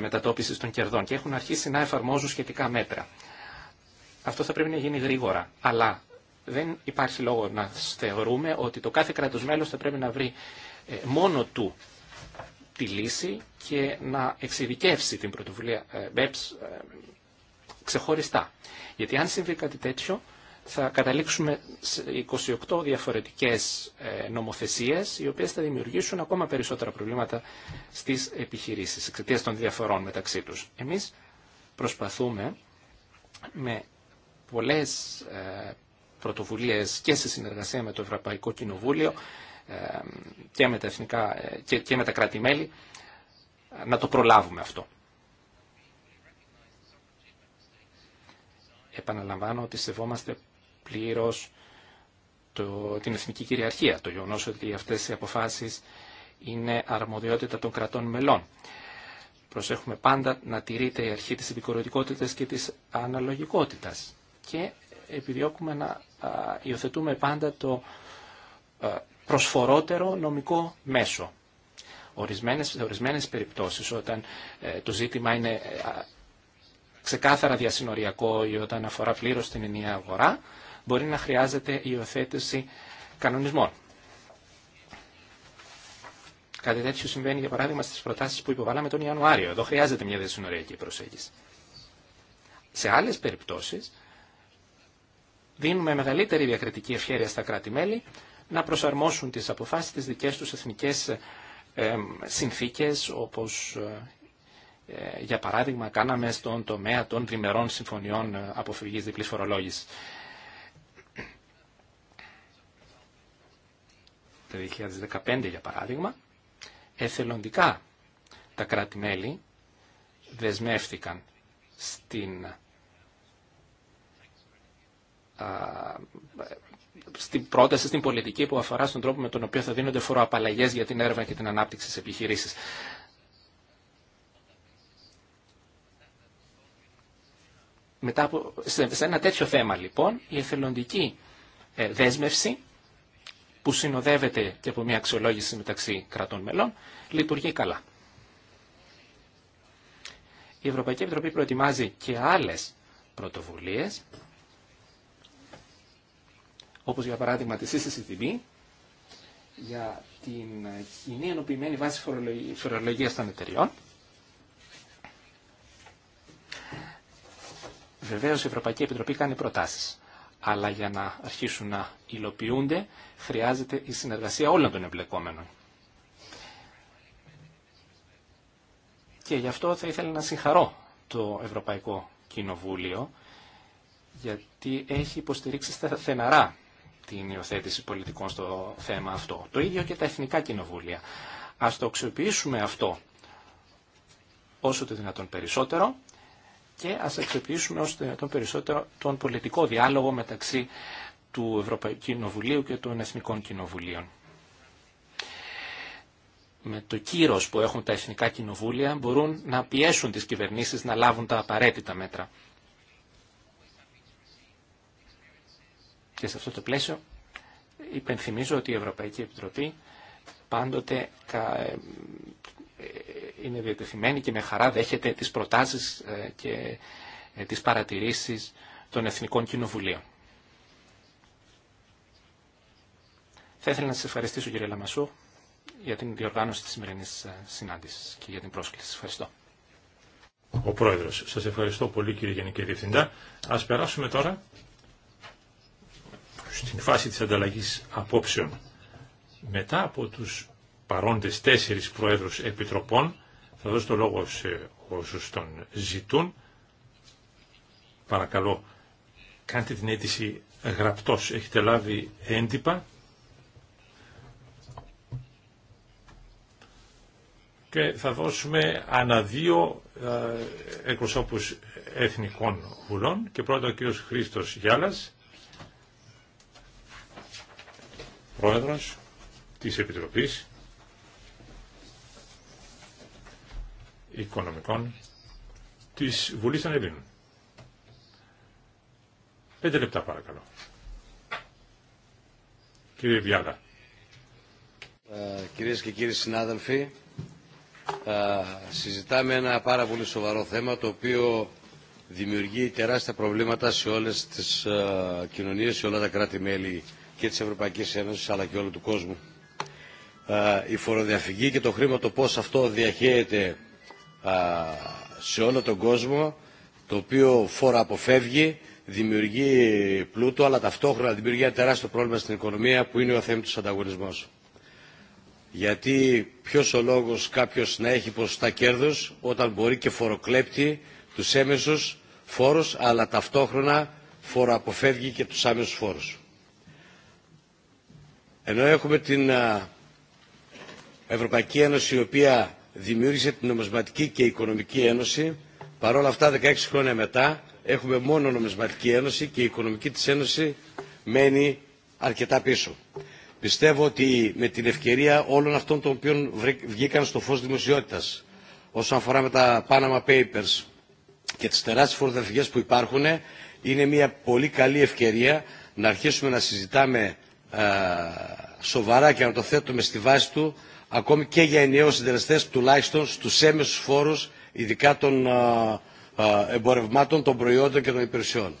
μετατόπισης των κερδών και έχουν αρχίσει να εφαρμόζουν σχετικά μέτρα. Αυτό θα πρέπει να γίνει γρήγορα, αλλά δεν υπάρχει λόγο να θεωρούμε ότι το κάθε κράτος μέλος θα πρέπει να βρει μόνο του τη λύση και να εξειδικεύσει την πρωτοβουλία BEPS ξεχωριστά. Γιατί αν συμβεί κάτι τέτοιο, θα καταλήξουμε σε 28 διαφορετικές ε, νομοθεσίες οι οποίες θα δημιουργήσουν ακόμα περισσότερα προβλήματα στις επιχειρήσεις εξαιτία των διαφορών μεταξύ τους. Εμείς προσπαθούμε με πολλές ε, πρωτοβουλίες και σε συνεργασία με το Ευρωπαϊκό Κοινοβούλιο ε, και με τα, εθνικά, και, και με τα κράτη-μέλη να το προλάβουμε αυτό. Επαναλαμβάνω ότι σεβόμαστε πλήρως την εθνική κυριαρχία. Το γεγονό ότι αυτές οι αποφάσεις είναι αρμοδιότητα των κρατών μελών. Προσέχουμε πάντα να τηρείται η αρχή της επικοροτικότητα και της αναλογικότητας. Και επιδιώκουμε να υιοθετούμε πάντα το προσφορότερο νομικό μέσο. Ορισμένες, σε ορισμένες περιπτώσεις όταν ε, το ζήτημα είναι ε, ξεκάθαρα διασυνοριακό ή όταν αφορά πλήρως την ενιαία αγορά, μπορεί να χρειάζεται υιοθέτηση κανονισμών. Κάτι τέτοιο συμβαίνει, για παράδειγμα, στι προτάσει που υποβάλαμε τον Ιανουάριο. Εδώ χρειάζεται μια δεσυνοριακή προσέγγιση. Σε άλλε περιπτώσει, δίνουμε μεγαλύτερη διακριτική ευχέρεια στα κράτη-μέλη να προσαρμόσουν τις αποφάσεις τι δικές τους εθνικές συνθήκες, όπως ε, ε, για παράδειγμα κάναμε στον τομέα των διμερών συμφωνιών ε, αποφυγής διπλής φορολόγησης. το 2015 για παράδειγμα, εθελοντικά τα κράτη-μέλη δεσμεύτηκαν στην, α, στην πρόταση, στην πολιτική που αφορά στον τρόπο με τον οποίο θα δίνονται φοροαπαλλαγές για την έρευνα και την ανάπτυξη της επιχειρήσης. Μετά από, σε, ένα τέτοιο θέμα λοιπόν η εθελοντική ε, δέσμευση που συνοδεύεται και από μια αξιολόγηση μεταξύ κρατών μελών, λειτουργεί καλά. Η Ευρωπαϊκή Επιτροπή προετοιμάζει και άλλες πρωτοβουλίες, όπως για παράδειγμα τη CCCTV, για την κοινή ενοποιημένη βάση φορολογίας των εταιριών. Βεβαίως η Ευρωπαϊκή Επιτροπή κάνει προτάσεις αλλά για να αρχίσουν να υλοποιούνται χρειάζεται η συνεργασία όλων των εμπλεκόμενων. Και γι' αυτό θα ήθελα να συγχαρώ το Ευρωπαϊκό Κοινοβούλιο, γιατί έχει υποστηρίξει θεναρά την υιοθέτηση πολιτικών στο θέμα αυτό. Το ίδιο και τα εθνικά κοινοβούλια. Ας το αξιοποιήσουμε αυτό όσο το δυνατόν περισσότερο και ας αξιοποιήσουμε ως τον περισσότερο τον πολιτικό διάλογο μεταξύ του Ευρωπαϊκού Κοινοβουλίου και των Εθνικών Κοινοβουλίων. Με το κύρος που έχουν τα Εθνικά Κοινοβούλια μπορούν να πιέσουν τις κυβερνήσεις να λάβουν τα απαραίτητα μέτρα. Και σε αυτό το πλαίσιο υπενθυμίζω ότι η Ευρωπαϊκή Επιτροπή πάντοτε είναι διατεθειμένη και με χαρά δέχεται τις προτάσεις ε, και ε, τις παρατηρήσεις των Εθνικών Κοινοβουλίων. Θα ήθελα να σας ευχαριστήσω κύριε Λαμασού για την διοργάνωση της σημερινής ε, συνάντησης και για την πρόσκληση. ευχαριστώ. Ο Πρόεδρος, σας ευχαριστώ πολύ κύριε Γενική Διευθυντά. Ας περάσουμε τώρα στην φάση της ανταλλαγής απόψεων. Μετά από τους παρόντες τέσσερις Προέδρους Επιτροπών, θα δώσω το λόγο σε όσους τον ζητούν. Παρακαλώ, κάντε την αίτηση γραπτός. Έχετε λάβει έντυπα. Και θα δώσουμε ανά δύο ε, εκπροσώπους εθνικών βουλών και πρώτα ο κύριος Χρήστος Γιάλας, πρόεδρος της Επιτροπής Οικονομικών της Βουλής των Πέντε λεπτά παρακαλώ. Κύριε Βιάλα. Ε, κυρίες και κύριοι συνάδελφοι, ε, συζητάμε ένα πάρα πολύ σοβαρό θέμα το οποίο δημιουργεί τεράστια προβλήματα σε όλες τις ε, κοινωνίες, σε όλα τα κράτη-μέλη και της Ευρωπαϊκής Ένωσης αλλά και όλου του κόσμου. Ε, η φοροδιαφυγή και το χρήμα το πώς αυτό διαχέεται σε όλο τον κόσμο το οποίο φόρα αποφεύγει, δημιουργεί πλούτο αλλά ταυτόχρονα δημιουργεί ένα τεράστιο πρόβλημα στην οικονομία που είναι ο του ανταγωνισμός. Γιατί ποιος ο λόγος κάποιος να έχει ποσοστά κέρδους όταν μπορεί και φοροκλέπτει τους έμεσους φόρους αλλά ταυτόχρονα φοροαποφεύγει και τους άμεσους φόρους. Ενώ έχουμε την Ευρωπαϊκή Ένωση η οποία δημιούργησε την Νομισματική και Οικονομική Ένωση. Παρ' όλα αυτά, 16 χρόνια μετά, έχουμε μόνο Νομισματική Ένωση και η Οικονομική της Ένωση μένει αρκετά πίσω. Πιστεύω ότι με την ευκαιρία όλων αυτών των οποίων βγήκαν στο φως δημοσιότητας, όσον αφορά με τα Panama Papers και τις τεράστιες φοροδαφυγές που υπάρχουν, είναι μια πολύ καλή ευκαιρία να αρχίσουμε να συζητάμε ε, σοβαρά και να το θέτουμε στη βάση του ακόμη και για ενιαίους συντελεστέ τουλάχιστον στους έμεσους φόρους, ειδικά των εμπορευμάτων, των προϊόντων και των υπηρεσιών.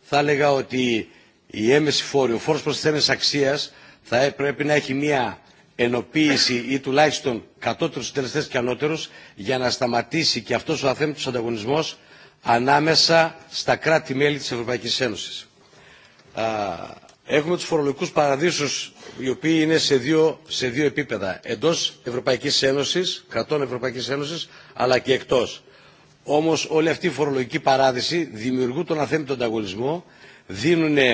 Θα έλεγα ότι η έμεση φόρη, ο φόρος έμεσες αξίας θα ε, πρέπει να έχει μια ενοποίηση ή τουλάχιστον κατώτερους συντελεστές και ανώτερους για να σταματήσει και αυτός ο αθέμητος ανταγωνισμός ανάμεσα στα κράτη-μέλη της Ευρωπαϊκής Ένωσης. Έχουμε τους φορολογικούς παραδείσους, οι οποίοι είναι σε δύο, σε δύο επίπεδα. Εντός Ευρωπαϊκής Ένωσης, κρατών Ευρωπαϊκής Ένωσης, αλλά και εκτός. Όμως όλη αυτή η φορολογική παράδειση δημιουργούν τον αθέμητο ανταγωνισμό, δίνουν, α,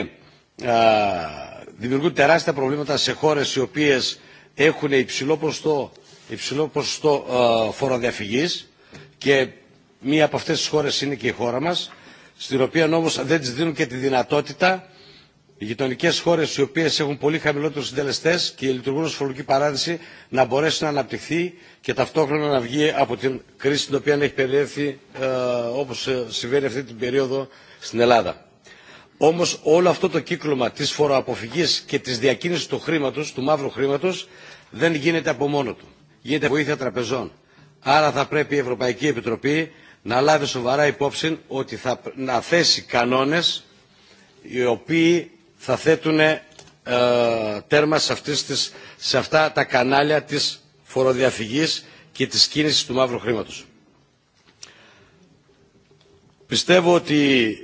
δημιουργούν τεράστια προβλήματα σε χώρες οι οποίες έχουν υψηλό ποσοστό, υψηλό ποσοστό φοροδιαφυγής και μία από αυτές τις χώρες είναι και η χώρα μας, στην οποία όμως δεν τις δίνουν και τη δυνατότητα οι γειτονικέ χώρε, οι οποίε έχουν πολύ χαμηλότερου συντελεστέ και λειτουργούν ω φορολογική παράδειση, να μπορέσει να αναπτυχθεί και ταυτόχρονα να βγει από την κρίση την οποία έχει περιέλθει ε, όπω ε, συμβαίνει αυτή την περίοδο στην Ελλάδα. Όμω όλο αυτό το κύκλωμα τη φοροαποφυγή και τη διακίνηση του χρήματο, του μαύρου χρήματο, δεν γίνεται από μόνο του. Γίνεται βοήθεια τραπεζών. Άρα θα πρέπει η Ευρωπαϊκή Επιτροπή να λάβει σοβαρά υπόψη ότι θα θέσει κανόνες οι οποίοι θα θέτουν ε, τέρμα σε, σε αυτά τα κανάλια της φοροδιαφυγής και της κίνησης του μαύρου χρήματος. Πιστεύω ότι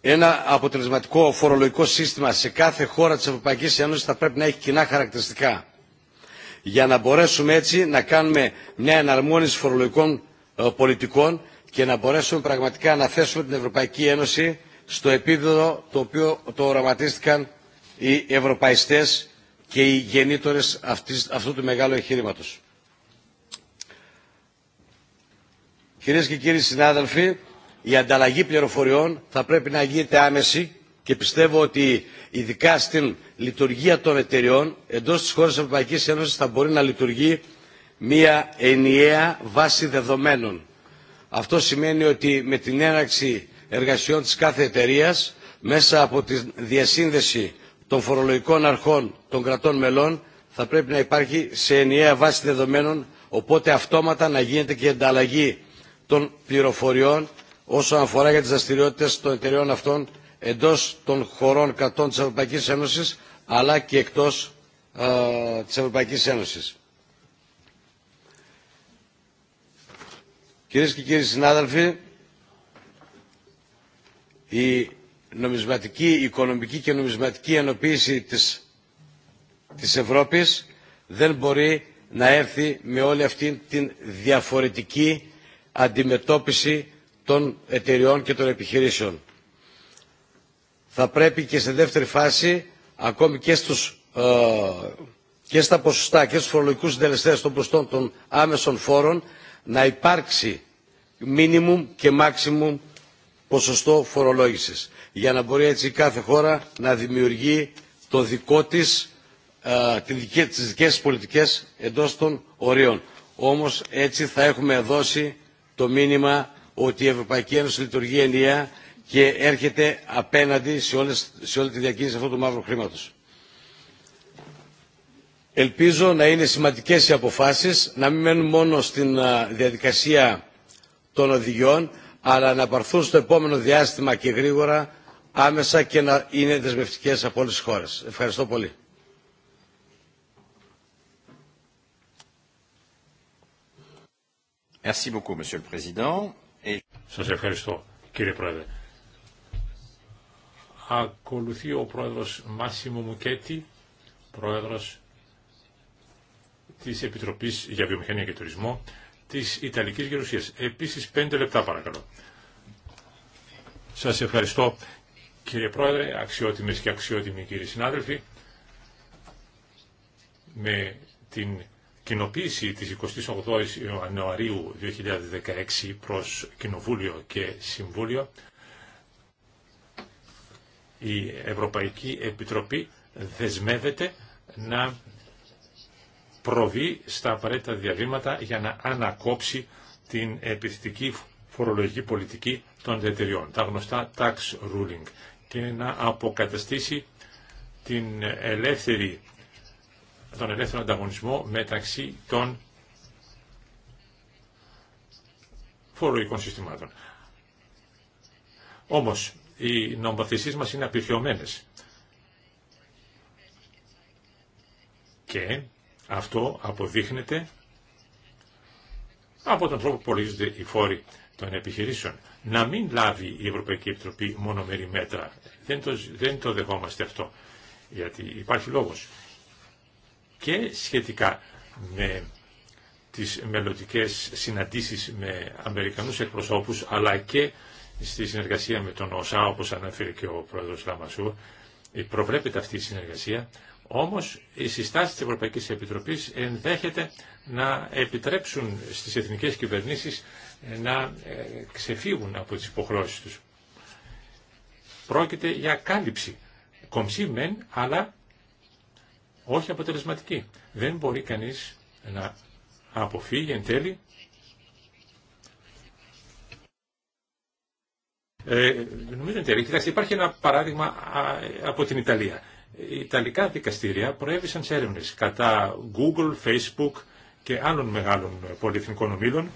ένα αποτελεσματικό φορολογικό σύστημα σε κάθε χώρα της Ευρωπαϊκής Ένωσης θα πρέπει να έχει κοινά χαρακτηριστικά για να μπορέσουμε έτσι να κάνουμε μια εναρμόνιση φορολογικών ε, πολιτικών και να μπορέσουμε πραγματικά να θέσουμε την Ευρωπαϊκή Ένωση στο επίπεδο το οποίο το οραματίστηκαν οι ευρωπαϊστές και οι γεννήτωρες αυτής, αυτού του μεγάλου εγχείρηματος. Κυρίες και κύριοι συνάδελφοι, η ανταλλαγή πληροφοριών θα πρέπει να γίνεται άμεση και πιστεύω ότι ειδικά στην λειτουργία των εταιριών εντός της χώρας της Ευρωπαϊκής Ένωσης θα μπορεί να λειτουργεί μια ενιαία βάση δεδομένων. Αυτό σημαίνει ότι με την έναρξη εργασιών της κάθε εταιρεία μέσα από τη διασύνδεση των φορολογικών αρχών των κρατών μελών θα πρέπει να υπάρχει σε ενιαία βάση δεδομένων οπότε αυτόματα να γίνεται και ανταλλαγή των πληροφοριών όσον αφορά για τις δραστηριότητε των εταιρεών αυτών εντός των χωρών κρατών της Ευρωπαϊκής Ένωσης αλλά και εκτός της Ευρωπαϊκής Ένωσης. Κυρίες και κύριοι συνάδελφοι, η νομισματική, οικονομική και νομισματική ενοποίηση της, της Ευρώπης δεν μπορεί να έρθει με όλη αυτή την διαφορετική αντιμετώπιση των εταιριών και των επιχειρήσεων. Θα πρέπει και σε δεύτερη φάση, ακόμη και, στους, ε, και στα ποσοστά και στους φορολογικούς συντελεστές των ποσοστών των άμεσων φόρων, να υπάρξει μίνιμουμ και μάξιμουμ ποσοστό φορολόγησης για να μπορεί έτσι κάθε χώρα να δημιουργεί το δικό της, α, τις δικές της πολιτικές εντός των ορίων. Όμως έτσι θα έχουμε δώσει το μήνυμα ότι η Ευρωπαϊκή Ένωση λειτουργεί ενιαία και έρχεται απέναντι σε, όλες, σε όλη τη διακίνηση αυτού του μαύρου χρήματος. Ελπίζω να είναι σημαντικές οι αποφάσεις, να μην μένουν μόνο στην διαδικασία των οδηγιών, αλλά να παρθούν στο επόμενο διάστημα και γρήγορα άμεσα και να είναι δεσμευτικές από όλες τις χώρες. Ευχαριστώ πολύ. Σας ευχαριστώ κύριε Πρόεδρε. Ακολουθεί ο Πρόεδρος Μάσιμο Μουκέτη, Πρόεδρος της Επιτροπής για Βιομηχανία και Τουρισμό της Ιταλικής Γερουσίας. Επίσης πέντε λεπτά παρακαλώ. Σας ευχαριστώ κύριε Πρόεδρε, αξιότιμες και αξιότιμοι κύριοι συνάδελφοι. Με την κοινοποίηση της 28ης Ιανουαρίου 2016 προς Κοινοβούλιο και Συμβούλιο, η Ευρωπαϊκή Επιτροπή δεσμεύεται να προβεί στα απαραίτητα διαβήματα για να ανακόψει την επιθετική φορολογική πολιτική των εταιριών, τα γνωστά tax ruling, και να αποκαταστήσει την ελεύθερη, τον ελεύθερο ανταγωνισμό μεταξύ των φορολογικών συστημάτων. Όμως, οι νομοθεσίες μας είναι απειθιωμένες Και αυτό αποδείχνεται από τον τρόπο που ορίζονται οι φόροι των επιχειρήσεων. Να μην λάβει η Ευρωπαϊκή Επιτροπή μονομερή μέτρα. Δεν το, δεν το δεχόμαστε αυτό. Γιατί υπάρχει λόγος. Και σχετικά με τις μελλοντικέ συναντήσεις με Αμερικανούς εκπροσώπους, αλλά και στη συνεργασία με τον ΟΣΑ, όπως αναφέρει και ο πρόεδρος Λαμασού, προβλέπεται αυτή η συνεργασία, Όμω, οι συστάσεις της Ευρωπαϊκής Επιτροπής ενδέχεται να επιτρέψουν στις εθνικές κυβερνήσεις ε, να ε, ξεφύγουν από τις υποχρεώσει τους. Πρόκειται για κάλυψη. Κομψή μεν, αλλά όχι αποτελεσματική. Δεν μπορεί κανείς να αποφύγει εν τέλει ε, νομίζω εν υπάρχει ένα παράδειγμα από την Ιταλία. Ε, Ιταλικά δικαστήρια προέβησαν σε έρευνες κατά Google, Facebook και άλλων μεγάλων πολυεθνικών ομίλων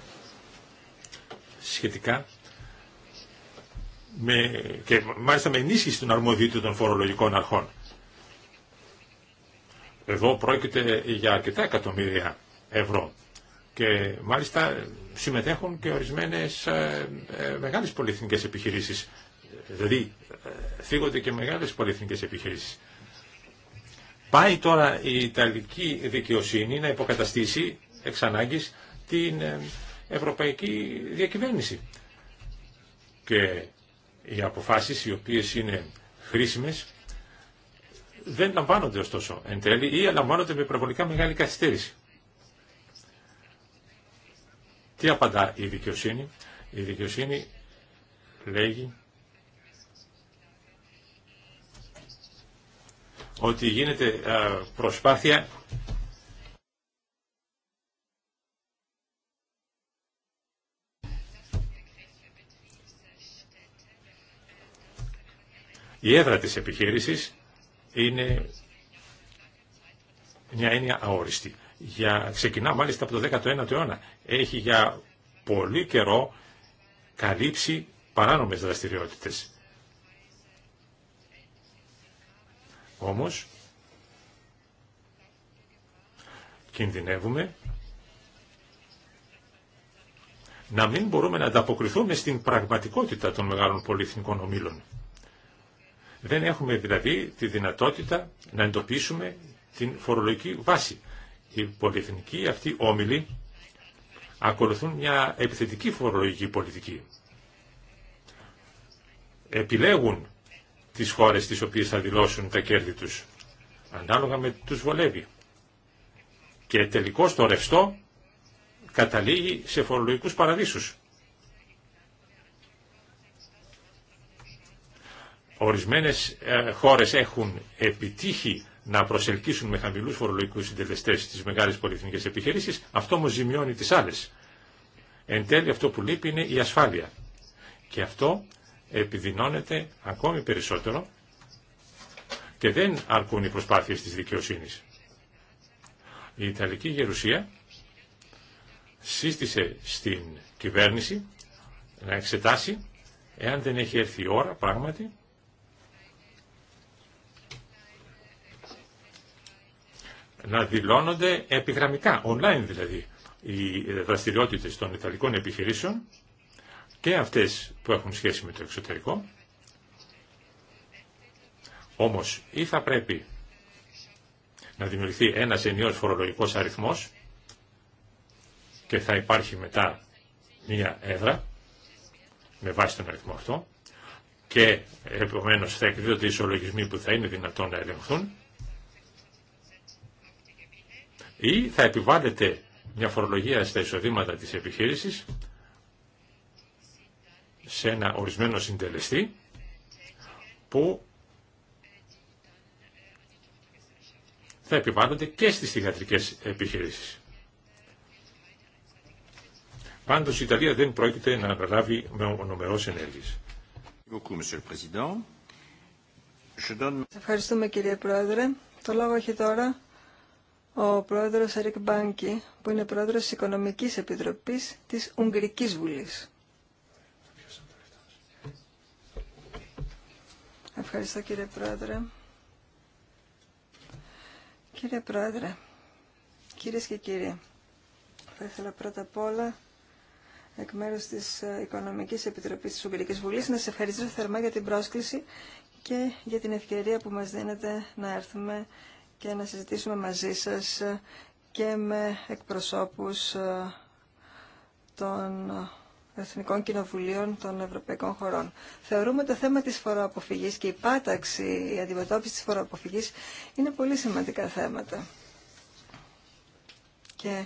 σχετικά με, και μάλιστα με ενίσχυση των αρμοδίτων των φορολογικών αρχών. Εδώ πρόκειται για αρκετά εκατομμύρια ευρώ και μάλιστα συμμετέχουν και ορισμένες ε, ε, μεγάλες πολυεθνικές επιχειρήσεις. Δηλαδή, ε, θίγονται και μεγάλες πολυεθνικές επιχειρήσεις. Πάει τώρα η Ιταλική δικαιοσύνη να υποκαταστήσει εξ ανάγκης την ε, Ευρωπαϊκή Διακυβέρνηση. Και οι αποφάσεις οι οποίες είναι χρήσιμες δεν λαμβάνονται ωστόσο εν τέλει ή λαμβάνονται με προβολικά μεγάλη καθυστέρηση. Τι απαντά η δικαιοσύνη. Η δικαιοσύνη λέγει ότι γίνεται ε, προσπάθεια Η έδρα της επιχείρησης είναι μια έννοια αόριστη. Για, ξεκινά μάλιστα από το 19ο αιώνα. Έχει για πολύ καιρό καλύψει παράνομες δραστηριότητες. Όμως, κινδυνεύουμε να μην μπορούμε να ανταποκριθούμε στην πραγματικότητα των μεγάλων πολυεθνικών ομίλων. Δεν έχουμε δηλαδή τη δυνατότητα να εντοπίσουμε την φορολογική βάση. Οι πολυεθνικοί αυτοί όμιλοι ακολουθούν μια επιθετική φορολογική πολιτική. Επιλέγουν τις χώρες τις οποίες θα δηλώσουν τα κέρδη τους. Ανάλογα με τους βολεύει. Και τελικώς το ρευστό καταλήγει σε φορολογικούς παραδείσους. Ορισμένες ε, χώρες έχουν επιτύχει να προσελκύσουν με χαμηλού φορολογικού συντελεστές τι μεγάλε πολυεθνικέ επιχειρήσει, αυτό όμως ζημιώνει τις άλλες. Εν τέλει αυτό που λείπει είναι η ασφάλεια. Και αυτό επιδεινώνεται ακόμη περισσότερο και δεν αρκούν οι προσπάθειες της δικαιοσύνης. Η Ιταλική Γερουσία σύστησε στην κυβέρνηση να εξετάσει εάν δεν έχει έρθει η ώρα πράγματι να δηλώνονται επιγραμμικά, online δηλαδή, οι δραστηριότητες των Ιταλικών επιχειρήσεων και αυτές που έχουν σχέση με το εξωτερικό. Όμως ή θα πρέπει να δημιουργηθεί ένας ενιαίος φορολογικός αριθμός και θα υπάρχει μετά μία έδρα με βάση τον αριθμό αυτό και επομένως θα εκδίδονται ισολογισμοί που θα είναι δυνατόν να ελεγχθούν ή θα επιβάλλεται μια φορολογία στα εισοδήματα της επιχείρησης σε ένα ορισμένο συντελεστή που θα επιβάλλονται και στις θηγατρικές επιχειρήσεις. Πάντως η Ιταλία δεν πρόκειται να αναλάβει με ονομερός ενέργειες. Ευχαριστούμε κύριε Πρόεδρε. Το λόγο έχει τώρα ο πρόεδρος Ερικ Μπάνκι, που είναι πρόεδρος της Οικονομικής Επιτροπής της Ουγγρικής Βουλής. Ευχαριστώ κύριε Πρόεδρε. Κύριε Πρόεδρε, κυρίε και κύριοι, θα ήθελα πρώτα απ' όλα εκ μέρους της Οικονομικής Επιτροπής της Ουγγρικής Βουλής να σε ευχαριστήσω θερμά για την πρόσκληση και για την ευκαιρία που μας δίνετε να έρθουμε και να συζητήσουμε μαζί σας και με εκπροσώπους ε, των Εθνικών Κοινοβουλίων των Ευρωπαϊκών χωρών. Θεωρούμε το θέμα της φοροαποφυγής και η πάταξη, η αντιμετώπιση της φοροαποφυγής είναι πολύ σημαντικά θέματα. Και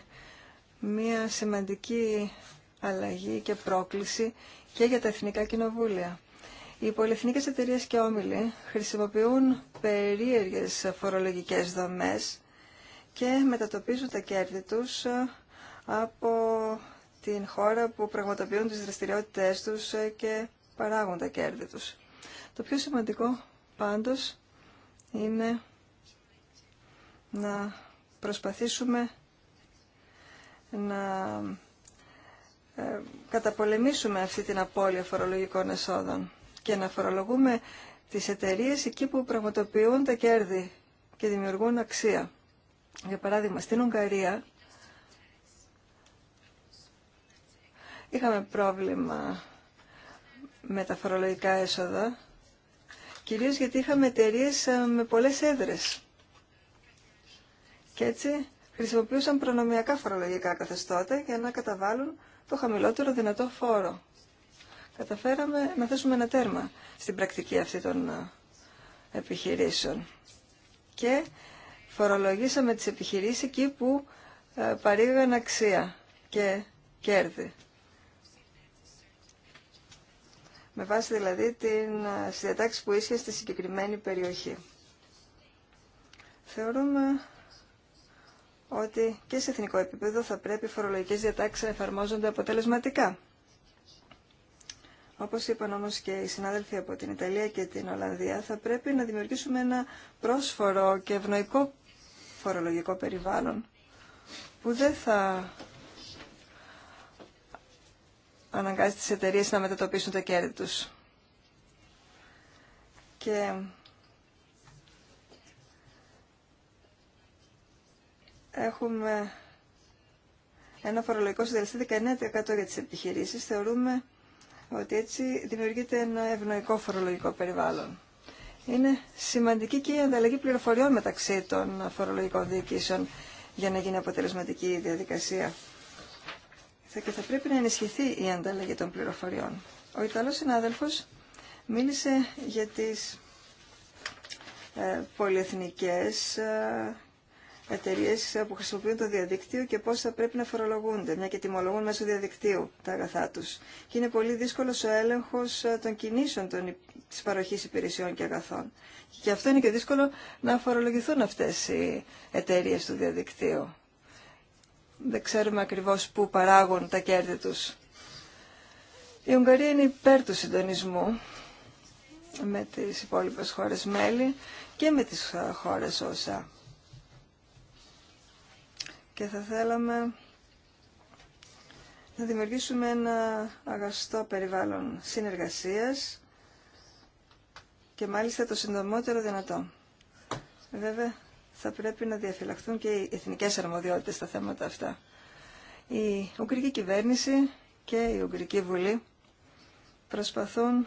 μία σημαντική αλλαγή και πρόκληση και για τα Εθνικά Κοινοβούλια. Οι πολυεθνικές εταιρείες και όμιλοι χρησιμοποιούν περίεργες φορολογικές δομές και μετατοπίζουν τα κέρδη τους ε, από την χώρα που πραγματοποιούν τις δραστηριότητές τους και παράγουν τα κέρδη τους. Το πιο σημαντικό πάντως είναι να προσπαθήσουμε να ε, καταπολεμήσουμε αυτή την απώλεια φορολογικών εσόδων και να φορολογούμε τις εταιρείες εκεί που πραγματοποιούν τα κέρδη και δημιουργούν αξία. Για παράδειγμα, στην Ουγγαρία Είχαμε πρόβλημα με τα φορολογικά έσοδα, κυρίως γιατί είχαμε εταιρείε ε, με πολλές έδρες. Και έτσι χρησιμοποιούσαν προνομιακά φορολογικά καθεστώτα για να καταβάλουν το χαμηλότερο δυνατό φόρο. Καταφέραμε να θέσουμε ένα τέρμα στην πρακτική αυτή των ε, επιχειρήσεων. Και φορολογήσαμε τις επιχειρήσεις εκεί που ε, παρήγαν αξία και κέρδη. με βάση δηλαδή την ε, συντάξη που ίσχυε στη συγκεκριμένη περιοχή. Θεωρούμε ότι και σε εθνικό επίπεδο θα πρέπει οι φορολογικές διατάξεις να εφαρμόζονται αποτελεσματικά. Όπως είπαν όμως και οι συνάδελφοι από την Ιταλία και την Ολλανδία, θα πρέπει να δημιουργήσουμε ένα πρόσφορο και ευνοϊκό φορολογικό περιβάλλον που δεν θα αναγκάζει τις εταιρείες να μετατοπίσουν τα κέρδη τους. Και έχουμε ένα φορολογικό συντελεστή 19% για τις επιχειρήσεις. Θεωρούμε ότι έτσι δημιουργείται ένα ευνοϊκό φορολογικό περιβάλλον. Είναι σημαντική και η ανταλλαγή πληροφοριών μεταξύ των φορολογικών διοικήσεων για να γίνει αποτελεσματική η διαδικασία και θα πρέπει να ενισχυθεί η ανταλλαγή των πληροφοριών. Ο Ιταλός συνάδελφος μίλησε για τις ε, πολυεθνικές ε, εταιρείε που χρησιμοποιούν το διαδίκτυο και πώ θα πρέπει να φορολογούνται, μια και τιμολογούν μέσω διαδικτύου τα αγαθά του. Και είναι πολύ δύσκολο ο έλεγχο ε, των κινήσεων τη παροχή υπηρεσιών και αγαθών. Και αυτό είναι και δύσκολο να φορολογηθούν αυτέ οι εταιρείε του διαδικτύου δεν ξέρουμε ακριβώς πού παράγουν τα κέρδη τους. Η Ουγγαρία είναι υπέρ του συντονισμού με τις υπόλοιπες χώρες μέλη και με τις ε, χώρες όσα. Και θα θέλαμε να δημιουργήσουμε ένα αγαστό περιβάλλον συνεργασίας και μάλιστα το συντομότερο δυνατό. Βέβαια, θα πρέπει να διαφυλαχθούν και οι εθνικές αρμοδιότητες στα θέματα αυτά. Η Ουγγρική κυβέρνηση και η Ουγγρική Βουλή προσπαθούν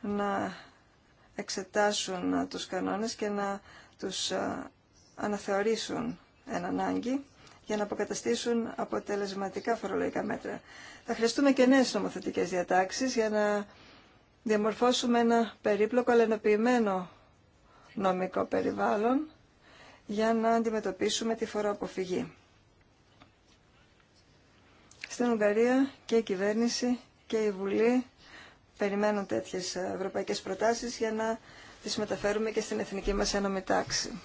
να εξετάσουν τους κανόνες και να τους αναθεωρήσουν εν ανάγκη για να αποκαταστήσουν αποτελεσματικά φορολογικά μέτρα. Θα χρειαστούμε και νέες νομοθετικέ διατάξεις για να διαμορφώσουμε ένα περίπλοκο αλλά ενοποιημένο νομικό περιβάλλον για να αντιμετωπίσουμε τη φοροαποφυγή. Στην Ουγγαρία και η κυβέρνηση και η Βουλή περιμένουν τέτοιες ευρωπαϊκές προτάσεις για να τις μεταφέρουμε και στην εθνική μας ένωμη τάξη.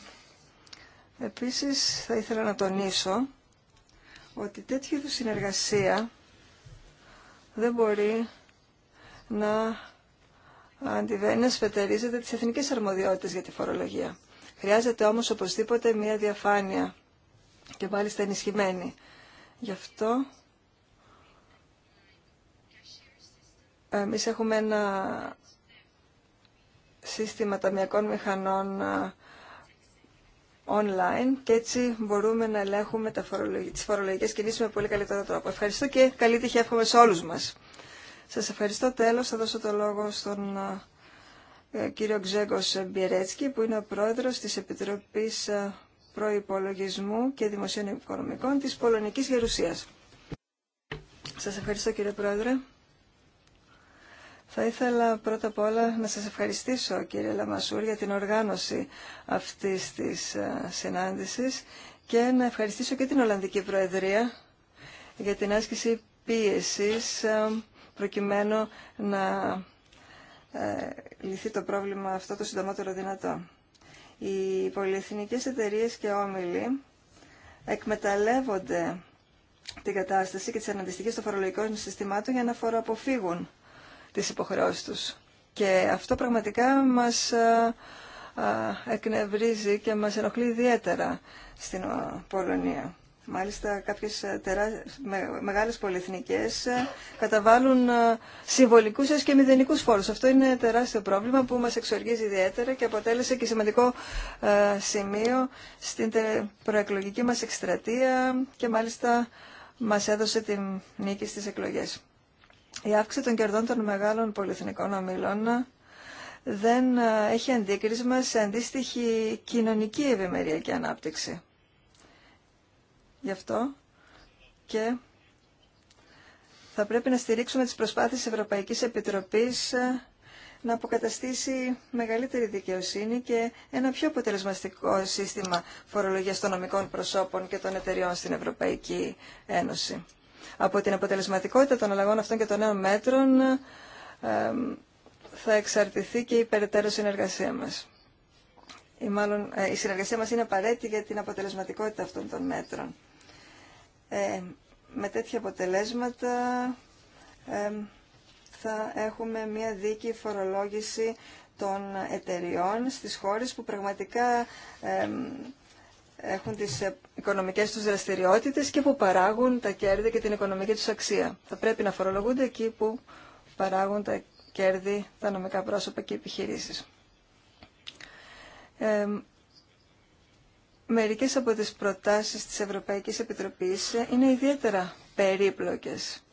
Επίσης θα ήθελα να τονίσω ότι τέτοιου είδους συνεργασία δεν μπορεί να αντιβαίνει να σφετερίζεται τις εθνικές αρμοδιότητες για τη φορολογία. Χρειάζεται όμως οπωσδήποτε μια διαφάνεια και μάλιστα ενισχυμένη. Γι' αυτό εμείς έχουμε ένα σύστημα ταμιακών μηχανών online και έτσι μπορούμε να ελέγχουμε τα φορολογικέ τις φορολογικές κινήσεις με πολύ καλύτερο τρόπο. Ευχαριστώ και καλή τύχη εύχομαι σε όλους μας. Σας ευχαριστώ. Τέλος θα δώσω το λόγο στον ε, κύριο Ξέγκος Μπιερέτσκι, που είναι ο πρόεδρος της Επιτροπής ε, Προϋπολογισμού και Δημοσίων Οικονομικών της Πολωνικής Γερουσίας. Σας ευχαριστώ κύριε πρόεδρε. Θα ήθελα πρώτα απ' όλα να σας ευχαριστήσω κύριε Λαμασούρ για την οργάνωση αυτής της ε, συνάντησης και να ευχαριστήσω και την Ολλανδική Προεδρία για την άσκηση πίεσης προκειμένου να ε, λυθεί το πρόβλημα αυτό το συντομότερο δυνατό. Οι πολυεθνικές εταιρείες και όμιλοι εκμεταλλεύονται την κατάσταση και τις αναντιστικές των φορολογικών συστημάτων για να φοροαποφύγουν τις υποχρεώσεις τους. Και αυτό πραγματικά μας ε, ε, εκνευρίζει και μας ενοχλεί ιδιαίτερα στην Πολωνία. Μάλιστα κάποιες ε, τερά... μεγάλες πολυεθνικές ε, καταβάλουν ε, συμβολικούς και μηδενικούς φόρους. Αυτό είναι τεράστιο πρόβλημα που μας εξοργίζει ιδιαίτερα και αποτέλεσε και σημαντικό σημείο στην προεκλογική μας εκστρατεία και μάλιστα μας έδωσε την νίκη στις εκλογές. Η αύξηση των κερδών των μεγάλων πολυεθνικών ομιλών δεν έχει αντίκρισμα σε αντίστοιχη κοινωνική ευημερία και ανάπτυξη. Γι' αυτό και θα πρέπει να στηρίξουμε τις προσπάθειες της Ευρωπαϊκής Επιτροπής ε, να αποκαταστήσει μεγαλύτερη δικαιοσύνη και ένα πιο αποτελεσματικό σύστημα φορολογίας των νομικών προσώπων και των εταιριών στην Ευρωπαϊκή Ένωση. Από την αποτελεσματικότητα των αλλαγών αυτών και των νέων μέτρων ε, θα εξαρτηθεί και η περαιτέρω συνεργασία μας. Ή μάλλον, ε, η η συνεργασια μας είναι απαραίτητη για την αποτελεσματικότητα αυτών των μέτρων. Ε, με τέτοια αποτελέσματα θα έχουμε μια δίκη φορολόγηση των εταιριών στις χώρες που πραγματικά έχουν τις οικονομικές τους δραστηριότητες και που παράγουν τα κέρδη και την οικονομική τους αξία. Θα πρέπει να φορολογούνται εκεί που παράγουν τα κέρδη, τα νομικά πρόσωπα και οι επιχειρήσεις μερικές από τις προτάσεις της Ευρωπαϊκής Επιτροπής είναι ιδιαίτερα περίπλοκες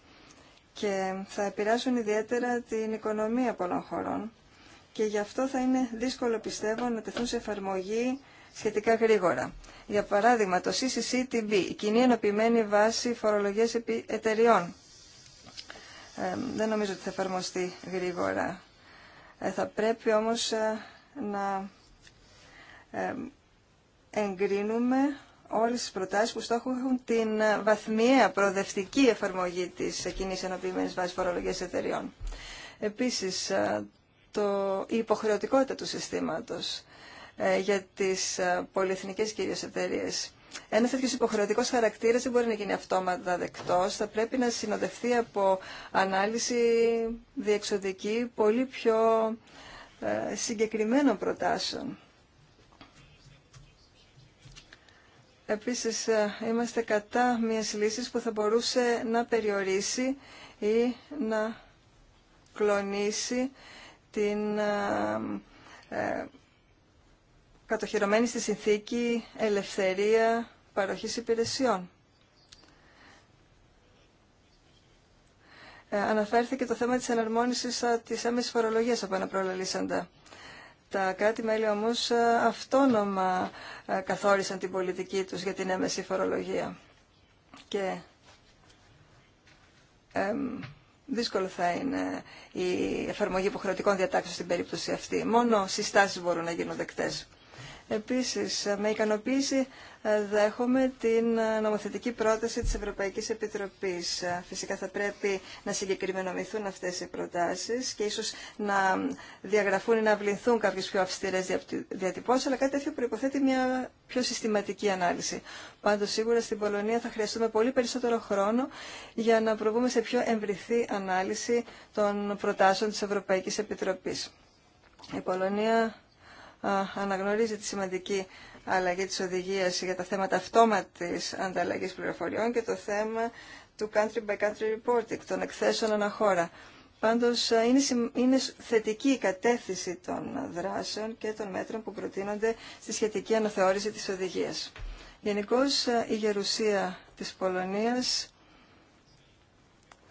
και θα επηρεάσουν ιδιαίτερα την οικονομία πολλών χωρών και γι' αυτό θα είναι δύσκολο πιστεύω να τεθούν σε εφαρμογή σχετικά γρήγορα. Για παράδειγμα το CCCTB, η Κοινή Ενωπημένη Βάση Φορολογίας Εταιριών. Ε, δεν νομίζω ότι θα εφαρμοστεί γρήγορα. Ε, θα πρέπει όμως ε, να ε, εγκρίνουμε όλες τις προτάσεις που στόχο την βαθμιαία προοδευτική εφαρμογή της κοινής ενοποιημένης βάσης φορολογίας εταιριών. Επίσης, το, η υποχρεωτικότητα του συστήματος ε, για τις πολυεθνικές κυρίως εταιρείε. Ένα τέτοιο υποχρεωτικό χαρακτήρα δεν μπορεί να γίνει αυτόματα δεκτό. Θα πρέπει να συνοδευτεί από ανάλυση διεξοδική πολύ πιο ε, συγκεκριμένων προτάσεων. Επίσης, ε, είμαστε κατά μιας λύσης που θα μπορούσε να περιορίσει ή να κλονίσει την ε, ε, κατοχυρωμένη στη συνθήκη ελευθερία παροχής υπηρεσιών. αναφέρθηκε το θέμα της εναρμόνισης της άμεσης φορολογίας από ένα προλαλήσαντα. Τα κράτη-μέλη όμως ε, αυτόνομα ε, καθόρισαν την πολιτική τους για την έμεση φορολογία. Και δύσκολο θα είναι η εφαρμογή υποχρεωτικών διατάξεων στην περίπτωση αυτή. Μόνο συστάσεις μπορούν να γίνουν δεκτές. Επίσης, με ικανοποίηση ε, δέχομαι την ε, νομοθετική πρόταση της Ευρωπαϊκής Επιτροπής. Ε, φυσικά θα πρέπει να συγκεκριμενομηθούν αυτές οι προτάσεις και ίσως να διαγραφούν ή να βληθούν κάποιες πιο αυστηρές διατυπώσεις, αλλά κάτι τέτοιο προϋποθέτει μια πιο συστηματική ανάλυση. Πάντως, σίγουρα στην Πολωνία θα χρειαστούμε πολύ περισσότερο χρόνο για να προβούμε σε πιο εμβριθή ανάλυση των προτάσεων της Ευρωπαϊκής Επιτροπής. Η Πολωνία αναγνωρίζει τη σημαντική αλλαγή της οδηγίας για τα θέματα αυτόματης ανταλλαγής πληροφοριών και το θέμα του country by country reporting, των εκθέσεων αναχώρα. Πάντως είναι, θετική η κατέθεση των δράσεων και των μέτρων που προτείνονται στη σχετική αναθεώρηση της οδηγίας. Γενικώ η γερουσία της Πολωνίας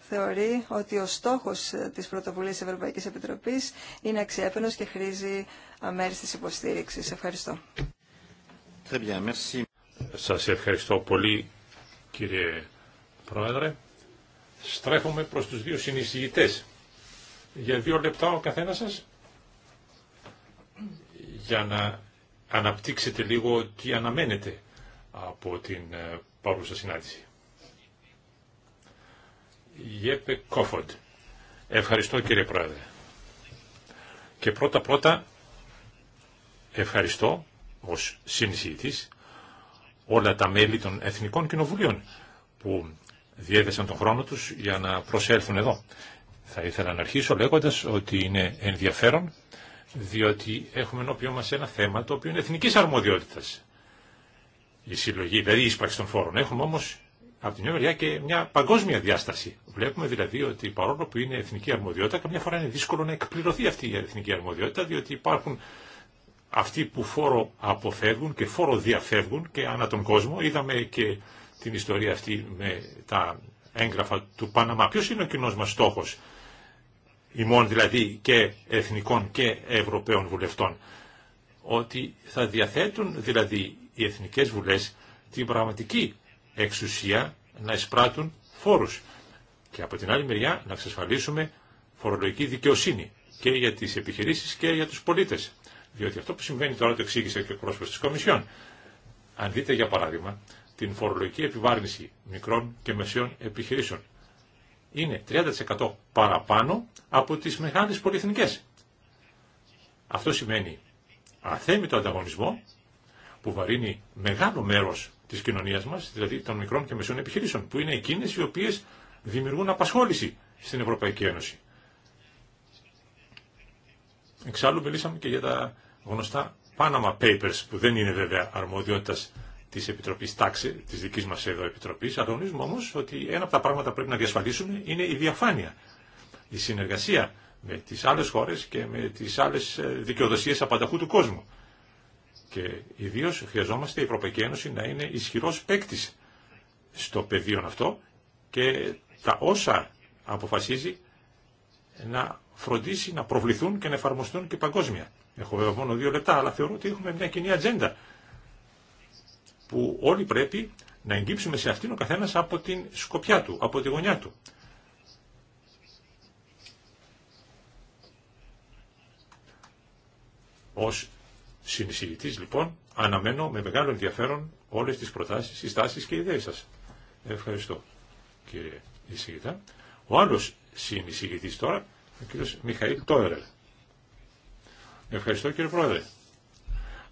θεωρεί ότι ο στόχος ε, της πρωτοβουλίας Ευρωπαϊκής Επιτροπής είναι αξιέπαινος και χρήζει αμέριστης υποστήριξης. Ευχαριστώ. Σας ευχαριστώ πολύ κύριε Πρόεδρε. Στρέφουμε προς τους δύο συνεισηγητές. Για δύο λεπτά ο καθένας σας για να αναπτύξετε λίγο τι αναμένετε από την ε, παρούσα συνάντηση. Γέπε Κόφοντ. Ευχαριστώ κύριε Πρόεδρε. Και πρώτα πρώτα ευχαριστώ ως συνεισηγητής όλα τα μέλη των Εθνικών Κοινοβουλίων που διέδεσαν τον χρόνο τους για να προσέλθουν εδώ. Θα ήθελα να αρχίσω λέγοντας ότι είναι ενδιαφέρον διότι έχουμε ενώπιό μας ένα θέμα το οποίο είναι εθνικής αρμοδιότητας. Η συλλογή, δηλαδή η των φόρων. Έχουμε όμως από τη μια μεριά και μια παγκόσμια διάσταση. Βλέπουμε δηλαδή ότι παρόλο που είναι εθνική αρμοδιότητα, καμιά φορά είναι δύσκολο να εκπληρωθεί αυτή η εθνική αρμοδιότητα, διότι υπάρχουν αυτοί που φόρο αποφεύγουν και φόρο διαφεύγουν και ανά τον κόσμο. Είδαμε και την ιστορία αυτή με τα έγγραφα του Παναμά. Ποιο είναι ο κοινό μα στόχο, ημών δηλαδή και εθνικών και ευρωπαίων βουλευτών, ότι θα διαθέτουν δηλαδή οι εθνικέ βουλέ την πραγματική εξουσία να εισπράττουν φόρους και από την άλλη μεριά να εξασφαλίσουμε φορολογική δικαιοσύνη και για τις επιχειρήσεις και για τους πολίτες. Διότι αυτό που συμβαίνει τώρα το εξήγησε και ο πρόσωπος της Κομισιόν. Αν δείτε για παράδειγμα την φορολογική επιβάρυνση μικρών και μεσαίων επιχειρήσεων είναι 30% παραπάνω από τις μεγάλες πολυεθνικές. Αυτό σημαίνει αθέμητο ανταγωνισμό που βαρύνει μεγάλο μέρος της κοινωνία μας, δηλαδή των μικρών και μεσών επιχειρήσεων, που είναι εκείνε οι οποίες δημιουργούν απασχόληση στην Ευρωπαϊκή Ένωση. Εξάλλου μιλήσαμε και για τα γνωστά Panama Papers, που δεν είναι βέβαια αρμοδιότητας της Επιτροπής Τάξε, της δικής μας εδώ Επιτροπής, αλλά γνωρίζουμε όμως ότι ένα από τα πράγματα που πρέπει να διασφαλίσουμε είναι η διαφάνεια, η συνεργασία με τι άλλε χώρε και με τι άλλε δικαιοδοσίε απανταχού του κόσμου. Και ιδίω χρειαζόμαστε η Ευρωπαϊκή Ένωση να είναι ισχυρό παίκτη στο πεδίο αυτό και τα όσα αποφασίζει να φροντίσει να προβληθούν και να εφαρμοστούν και παγκόσμια. Έχω βέβαια μόνο δύο λεπτά, αλλά θεωρώ ότι έχουμε μια κοινή ατζέντα που όλοι πρέπει να εγγύψουμε σε αυτήν ο καθένας από την σκοπιά του, από τη γωνιά του. Ως συνεισηγητή λοιπόν, αναμένω με μεγάλο ενδιαφέρον όλες τις προτάσεις, συστάσει και ιδέε σα. Ευχαριστώ κύριε εισηγητά. Ο άλλο συνεισηγητή τώρα, ο κύριο Μιχαήλ Τόερελ. Ευχαριστώ κύριε Πρόεδρε.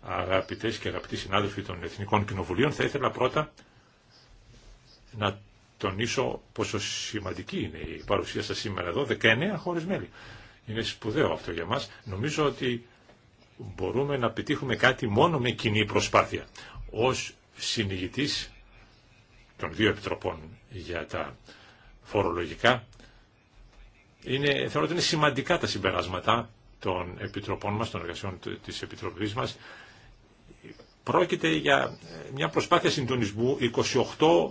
Αγαπητέ και αγαπητοί συνάδελφοι των Εθνικών Κοινοβουλίων, θα ήθελα πρώτα να τονίσω πόσο σημαντική είναι η παρουσία σας σήμερα εδώ, 19 χώρες μέλη. Είναι σπουδαίο αυτό για μας. Νομίζω ότι μπορούμε να πετύχουμε κάτι μόνο με κοινή προσπάθεια. Ως συνηγητής των δύο επιτροπών για τα φορολογικά, είναι, θεωρώ ότι είναι σημαντικά τα συμπεράσματα των επιτροπών μας, των εργασιών της Επιτροπής μας. Πρόκειται για ε, μια προσπάθεια συντονισμού 28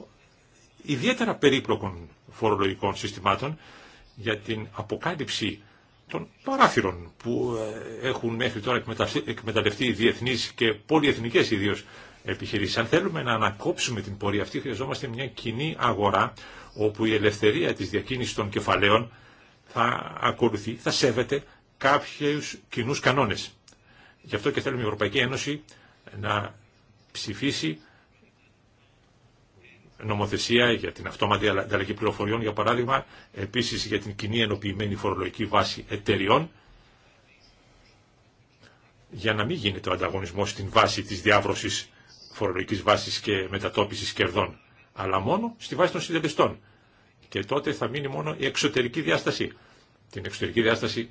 ιδιαίτερα περίπλοκων φορολογικών συστημάτων για την αποκάλυψη των παράθυρων που ε, έχουν μέχρι τώρα εκμεταλλευτεί οι διεθνεί και πολυεθνικές ιδίω επιχειρήσεις. Αν θέλουμε να ανακόψουμε την πορεία αυτή χρειαζόμαστε μια κοινή αγορά όπου η ελευθερία της διακίνησης των κεφαλαίων θα ακολουθεί, θα σέβεται κάποιου κοινού κανόνες. Γι' αυτό και θέλουμε η Ευρωπαϊκή Ένωση να ψηφίσει νομοθεσία για την αυτόματη ανταλλαγή πληροφοριών, για παράδειγμα, επίσης για την κοινή ενοποιημένη φορολογική βάση εταιριών, για να μην γίνεται ο ανταγωνισμός στην βάση της διάβρωσης φορολογικής βάσης και μετατόπισης κερδών, αλλά μόνο στη βάση των συντελεστών. Και τότε θα μείνει μόνο η εξωτερική διάσταση. Την εξωτερική διάσταση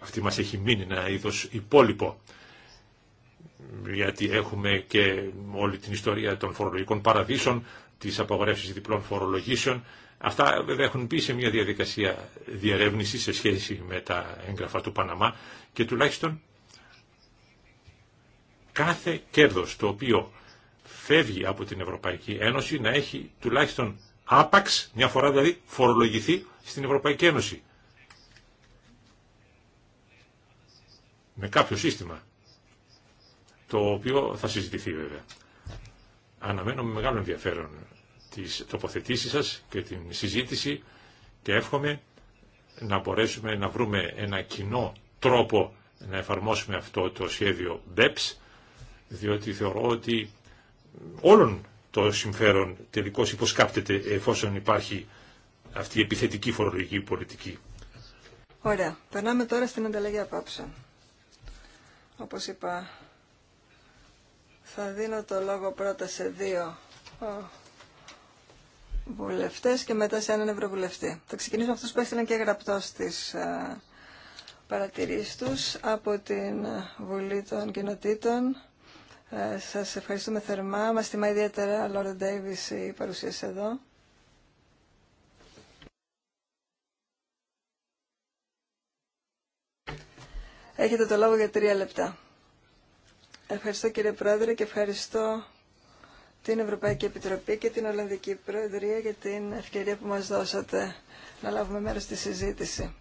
αυτή μας έχει μείνει ένα είδος υπόλοιπο γιατί έχουμε και όλη την ιστορία των φορολογικών παραδείσων, τις απαγορεύσεις διπλών φορολογήσεων. Αυτά βέβαια έχουν πει σε μια διαδικασία διερεύνηση σε σχέση με τα έγγραφα του Παναμά και τουλάχιστον κάθε κέρδος το οποίο φεύγει από την Ευρωπαϊκή Ένωση να έχει τουλάχιστον άπαξ, μια φορά δηλαδή φορολογηθεί στην Ευρωπαϊκή Ένωση. Με κάποιο σύστημα, το οποίο θα συζητηθεί βέβαια. Αναμένω με μεγάλο ενδιαφέρον τις τοποθετήσεις σας και την συζήτηση και εύχομαι να μπορέσουμε να βρούμε ένα κοινό τρόπο να εφαρμόσουμε αυτό το σχέδιο BEPS, διότι θεωρώ ότι όλων το συμφέρον τελικώς υποσκάπτεται εφόσον υπάρχει αυτή η επιθετική φορολογική πολιτική. Ωραία. Περνάμε τώρα στην ανταλλαγή απόψεων. Όπως είπα θα δίνω το λόγο πρώτα σε δύο βουλευτές και μετά σε έναν ευρωβουλευτή. Θα με αυτούς που έστειλαν και γραπτό στις ε, παρατηρήσεις τους από την Βουλή των Κοινοτήτων. Ε, σας ευχαριστούμε θερμά. Μας τιμά ιδιαίτερα, Λόρα Ντέιβις, η παρουσία εδώ. Έχετε το λόγο για τρία λεπτά. Ευχαριστώ κύριε Πρόεδρε και ευχαριστώ την Ευρωπαϊκή Επιτροπή και την Ολλανδική Προεδρία για την ευκαιρία που μας δώσατε να λάβουμε μέρος στη συζήτηση.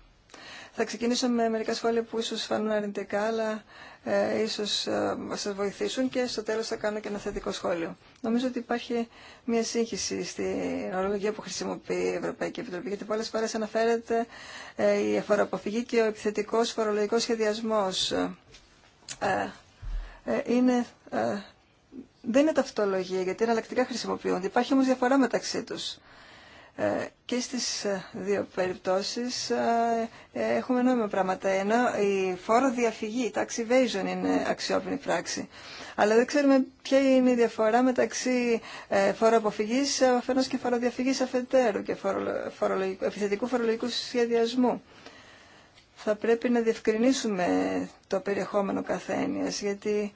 Θα ξεκινήσω με μερικά σχόλια που ίσως φανούν αρνητικά, αλλά ε, ίσως ε, σας βοηθήσουν και στο τέλος θα κάνω και ένα θετικό σχόλιο. Νομίζω ότι υπάρχει μια σύγχυση στην ορολογία που χρησιμοποιεί η Ευρωπαϊκή Επιτροπή, γιατί πολλές φορές αναφέρεται ε, η αφοροαποφυγή και ο επιθετικός φορολογικός σχεδιασμός. Ε, ε, ε, είναι, ε, δεν είναι ταυτολογία γιατί εναλλακτικά χρησιμοποιούνται. Υπάρχει όμως διαφορά μεταξύ τους. Ε, και στις δύο περιπτώσεις έχουμε νόημα πράγματα. Ένα, η φόρο διαφυγή, η tax evasion είναι αξιόπινη πράξη. Αλλά δεν ξέρουμε ποια είναι η διαφορά μεταξύ φόρο αποφυγής αφενός και φόρο διαφυγής αφετέρου και φορολογικού, επιθετικού φορολογικού σχεδιασμού θα πρέπει να διευκρινίσουμε το περιεχόμενο έννοιας, γιατί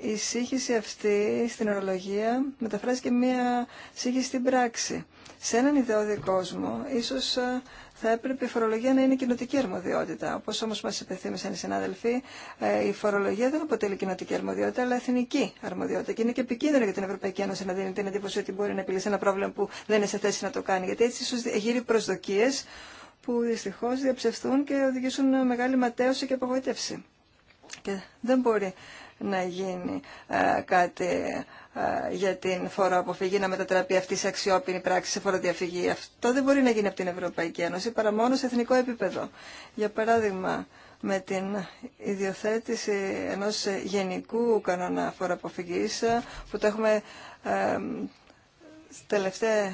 η σύγχυση αυτή στην ορολογία μεταφράζει και μία σύγχυση στην πράξη. Σε έναν ιδεώδη κόσμο, ίσως ε, θα έπρεπε η φορολογία να είναι κοινοτική αρμοδιότητα. Όπω όμω μα υπενθύμησαν οι συνάδελφοι, ε, η φορολογία δεν αποτελεί κοινοτική αρμοδιότητα, αλλά εθνική αρμοδιότητα. Και είναι και επικίνδυνο για την Ευρωπαϊκή Ένωση να δίνει την εντύπωση ότι μπορεί να επιλύσει ένα πρόβλημα που δεν είναι σε θέση να το κάνει. Γιατί έτσι ίσω γύρει προσδοκίε που δυστυχώ διαψευθούν και οδηγήσουν μεγάλη ματέωση και απογοήτευση. Και δεν μπορεί να γίνει ε, κάτι ε, για την φοροαποφυγή, να μετατραπεί αυτή σε αξιόπινη πράξη, σε φοροδιαφυγή. Αυτό δεν μπορεί να γίνει από την Ευρωπαϊκή Ένωση, παρά μόνο σε εθνικό επίπεδο. Για παράδειγμα, με την ιδιοθέτηση ενός γενικού κανόνα φοροαποφυγής, ε, που το έχουμε ε, τελευταία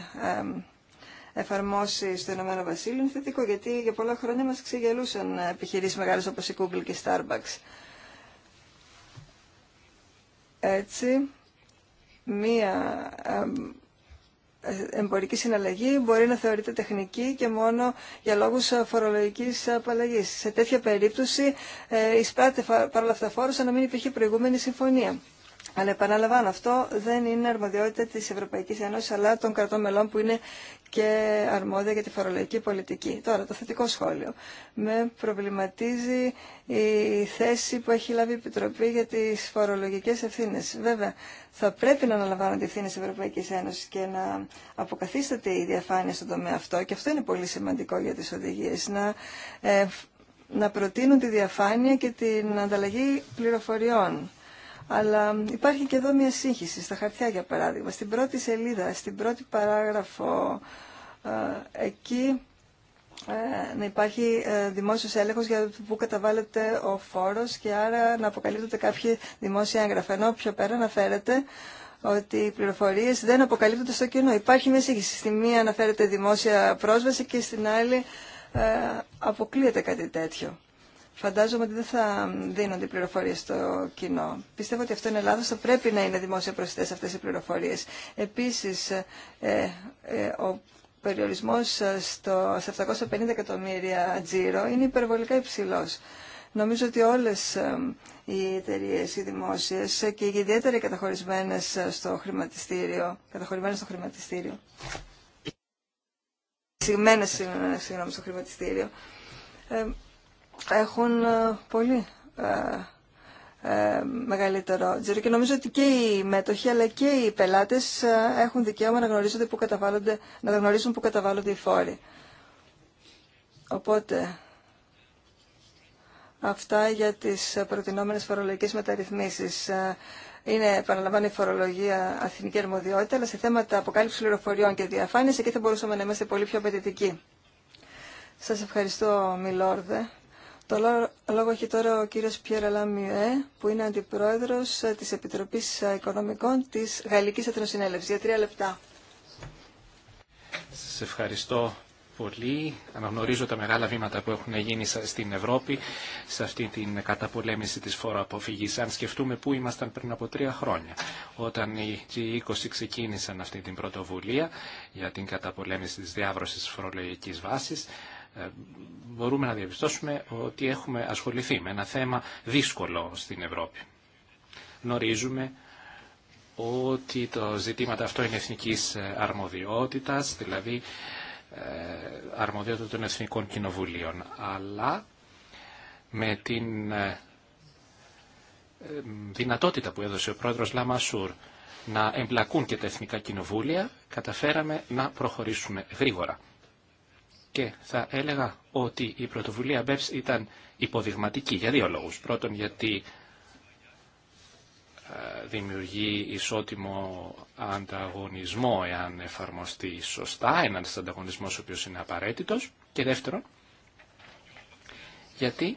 εφαρμόσει στο Ηνωμένο Βασίλειο είναι θετικό, γιατί για πολλά χρόνια μας ξεγελούσαν επιχειρήσεις μεγάλες όπως η Google και η Starbucks. Έτσι, μία εμπορική συναλλαγή μπορεί να θεωρείται τεχνική και μόνο για λόγους φορολογική απαλλαγής. Σε τέτοια περίπτωση ε, εισπράτε παρόλα αυτά φόρους να μην υπήρχε προηγούμενη συμφωνία. Αλλά επαναλαμβάνω, αυτό δεν είναι αρμοδιότητα τη Ευρωπαϊκή Ένωση, αλλά των κρατών μελών που είναι και αρμόδια για τη φορολογική πολιτική. Τώρα, το θετικό σχόλιο. Με προβληματίζει η θέση που έχει λάβει η Επιτροπή για τι φορολογικέ ευθύνε. Βέβαια, θα πρέπει να αναλαμβάνονται ευθύνε της Ευρωπαϊκής Ένωσης και να αποκαθίσταται η διαφάνεια στον τομέα αυτό. Και αυτό είναι πολύ σημαντικό για τι οδηγίε, Να, ε, να προτείνουν τη διαφάνεια και την ανταλλαγή πληροφοριών αλλά υπάρχει και εδώ μια σύγχυση στα χαρτιά, για παράδειγμα. Στην πρώτη σελίδα, στην πρώτη παράγραφο, ε, εκεί ε, να υπάρχει ε, δημόσιος έλεγχος για το που καταβάλλεται ο φόρος και άρα να αποκαλύπτονται κάποια δημόσια έγγραφα. Ενώ πιο πέρα αναφέρεται ότι οι πληροφορίες δεν αποκαλύπτονται στο κοινό. Υπάρχει μια σύγχυση. Στη μία αναφέρεται δημόσια πρόσβαση και στην άλλη αποκλείεται κάτι τέτοιο φαντάζομαι ότι δεν θα δίνονται πληροφορίες στο κοινό. Πιστεύω ότι αυτό είναι λάθος, θα πρέπει να είναι δημόσια προσιτές αυτές οι πληροφορίες. Επίσης, ε, ε, ο περιορισμός στο, σε 750 εκατομμύρια τζίρο είναι υπερβολικά υψηλός. Νομίζω ότι όλες ε, οι εταιρείε, οι δημόσιες και ιδιαίτερα οι καταχωρισμένες στο χρηματιστήριο, καταχωρημένες στο χρηματιστήριο, συγγνώμη, στο χρηματιστήριο, έχουν ε, πολύ ε, ε, μεγαλύτερο τζίρο και νομίζω ότι και οι μέτοχοι αλλά και οι πελάτες έχουν δικαίωμα να, γνωρίζονται που καταβάλλονται, να γνωρίζουν που καταβάλλονται οι φόροι. Οπότε, αυτά για τις προτινόμενες φορολογικές μεταρρυθμίσεις. Είναι, παραλαμβάνει η φορολογία αθηνική αρμοδιότητα, αλλά σε θέματα αποκάλυψης πληροφοριών και διαφάνειας, εκεί θα μπορούσαμε να είμαστε πολύ πιο απαιτητικοί. Σας ευχαριστώ, Μιλόρδε. Το λόγο έχει τώρα ο κύριος Πιέρα Λαμιουέ, που είναι αντιπρόεδρος ε, της Επιτροπής ε, Οικονομικών της Γαλλικής Εθνοσυνέλευσης. Για τρία λεπτά. Σας ευχαριστώ πολύ. Αναγνωρίζω τα μεγάλα βήματα που έχουν γίνει στην Ευρώπη σε αυτή την καταπολέμηση της φοροαποφυγής. Αν σκεφτούμε πού ήμασταν πριν από τρία χρόνια, όταν οι G20 ξεκίνησαν αυτή την πρωτοβουλία για την καταπολέμηση της διάβρωσης φορολογικής βάσης, ε, μπορούμε να διαπιστώσουμε ότι έχουμε ασχοληθεί με ένα θέμα δύσκολο στην Ευρώπη. Γνωρίζουμε ότι το ζητήματα αυτό είναι εθνικής ε, αρμοδιότητας, δηλαδή ε, αρμοδιότητα των εθνικών κοινοβουλίων. Αλλά με την δυνατότητα που έδωσε ο πρόεδρος Λαμασούρ να εμπλακούν και τα εθνικά κοινοβούλια, καταφέραμε να προχωρήσουμε γρήγορα και θα έλεγα ότι η πρωτοβουλία BEPS ήταν υποδειγματική για δύο λόγους. Πρώτον γιατί ε, δημιουργεί ισότιμο ανταγωνισμό εάν εφαρμοστεί σωστά, έναν ανταγωνισμό ο οποίος είναι απαραίτητος και δεύτερον γιατί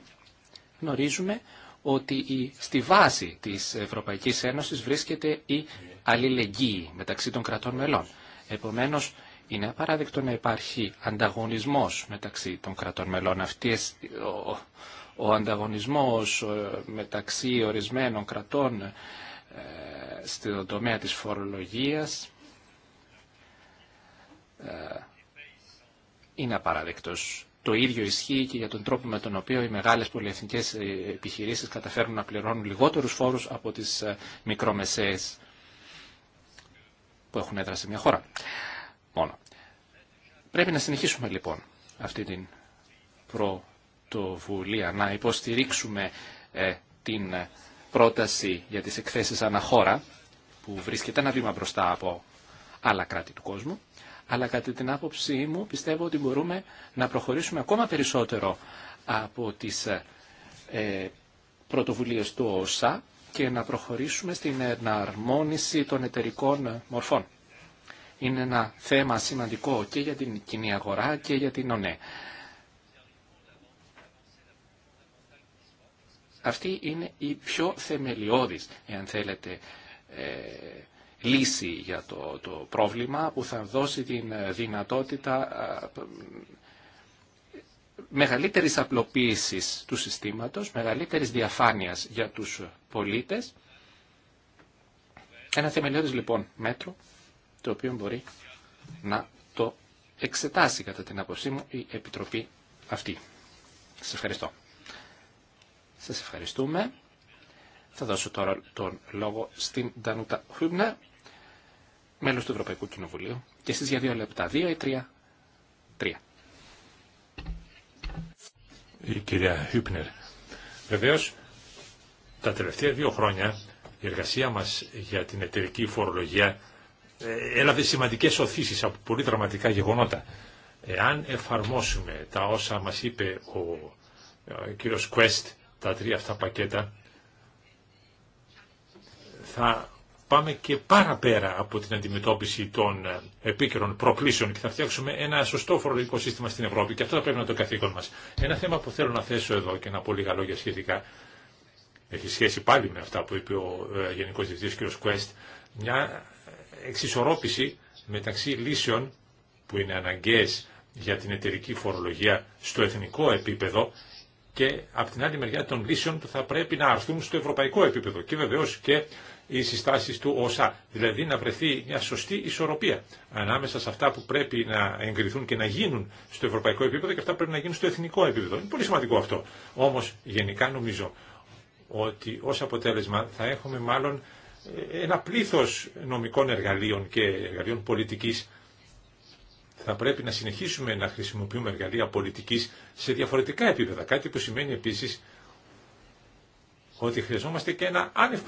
γνωρίζουμε ότι στη βάση της Ευρωπαϊκής Ένωσης βρίσκεται η αλληλεγγύη μεταξύ των κρατών μελών. Επομένως, είναι απαράδεκτο να υπάρχει ανταγωνισμός μεταξύ των κρατών μελών. Αυτή ο, ο ανταγωνισμός ε, μεταξύ ορισμένων κρατών ε, στον τομέα της φορολογίας ε, είναι απαράδεκτος. Το ίδιο ισχύει και για τον τρόπο με τον οποίο οι μεγάλες πολυεθνικές ε, επιχειρήσεις καταφέρουν να πληρώνουν λιγότερους φόρους από τις μικρομεσαίες που έχουν έδρα σε μια χώρα μόνο. Λοιπόν, πρέπει να συνεχίσουμε λοιπόν αυτή την πρωτοβουλία, να υποστηρίξουμε ε, την πρόταση για τις εκθέσεις αναχώρα, που βρίσκεται ένα βήμα μπροστά από άλλα κράτη του κόσμου, αλλά κατά την άποψή μου πιστεύω ότι μπορούμε να προχωρήσουμε ακόμα περισσότερο από τις ε, ε πρωτοβουλίες του ΩΣΑ και να προχωρήσουμε στην εναρμόνιση των εταιρικών μορφών είναι ένα θέμα σημαντικό και για την κοινή αγορά και για την ΟΝΕ. Αυτή είναι η πιο θεμελιώδης, εάν θέλετε, ε, λύση για το, το πρόβλημα που θα δώσει την δυνατότητα μεγαλύτερης απλοποίησης του συστήματος, μεγαλύτερης διαφάνειας για τους πολίτες. Ένα θεμελιώδης λοιπόν μέτρο το οποίο μπορεί να το εξετάσει κατά την άποψή μου η Επιτροπή αυτή. Σας ευχαριστώ. Σας ευχαριστούμε. Θα δώσω τώρα τον λόγο στην Ντανούτα Χούμπνερ, μέλος του Ευρωπαϊκού Κοινοβουλίου. Και εσείς για δύο λεπτά. Δύο ή τρία. Τρία. Η κυρία Χούπνερ. Βεβαίως, τα τελευταία δύο χρόνια η κυρια χουμνερ βεβαιως τα τελευταια δυο χρονια η εργασια μας για την εταιρική φορολογία ε, έλαβε σημαντικές οθήσεις από πολύ δραματικά γεγονότα. Εάν εφαρμόσουμε τα όσα μας είπε ο ε, κύριος Quest, τα τρία αυτά πακέτα, θα πάμε και πάρα πέρα από την αντιμετώπιση των ε, επίκαιρων προκλήσεων και θα φτιάξουμε ένα σωστό φορολογικό σύστημα στην Ευρώπη και αυτό θα πρέπει να είναι το καθήκον μας. Ένα θέμα που θέλω να θέσω εδώ και να πω λίγα λόγια σχετικά, έχει σχέση πάλι με αυτά που είπε ο Γενικός Διευθυντής κ. Quest, μια εξισορρόπηση μεταξύ λύσεων που είναι αναγκαίες για την εταιρική φορολογία στο εθνικό επίπεδο και από την άλλη μεριά των λύσεων που θα πρέπει να αρθούν στο ευρωπαϊκό επίπεδο και βεβαίως και οι συστάσει του ΟΣΑ. Δηλαδή να βρεθεί μια σωστή ισορροπία ανάμεσα σε αυτά που πρέπει να εγκριθούν και να γίνουν στο ευρωπαϊκό επίπεδο και αυτά που πρέπει να γίνουν στο εθνικό επίπεδο. Είναι πολύ σημαντικό αυτό. Όμω γενικά νομίζω ότι ω αποτέλεσμα θα έχουμε μάλλον ένα πλήθος νομικών εργαλείων και εργαλείων πολιτικής. Θα πρέπει να συνεχίσουμε να χρησιμοποιούμε εργαλεία πολιτικής σε διαφορετικά επίπεδα. Κάτι που σημαίνει επίσης ότι χρειαζόμαστε και ένα άνευ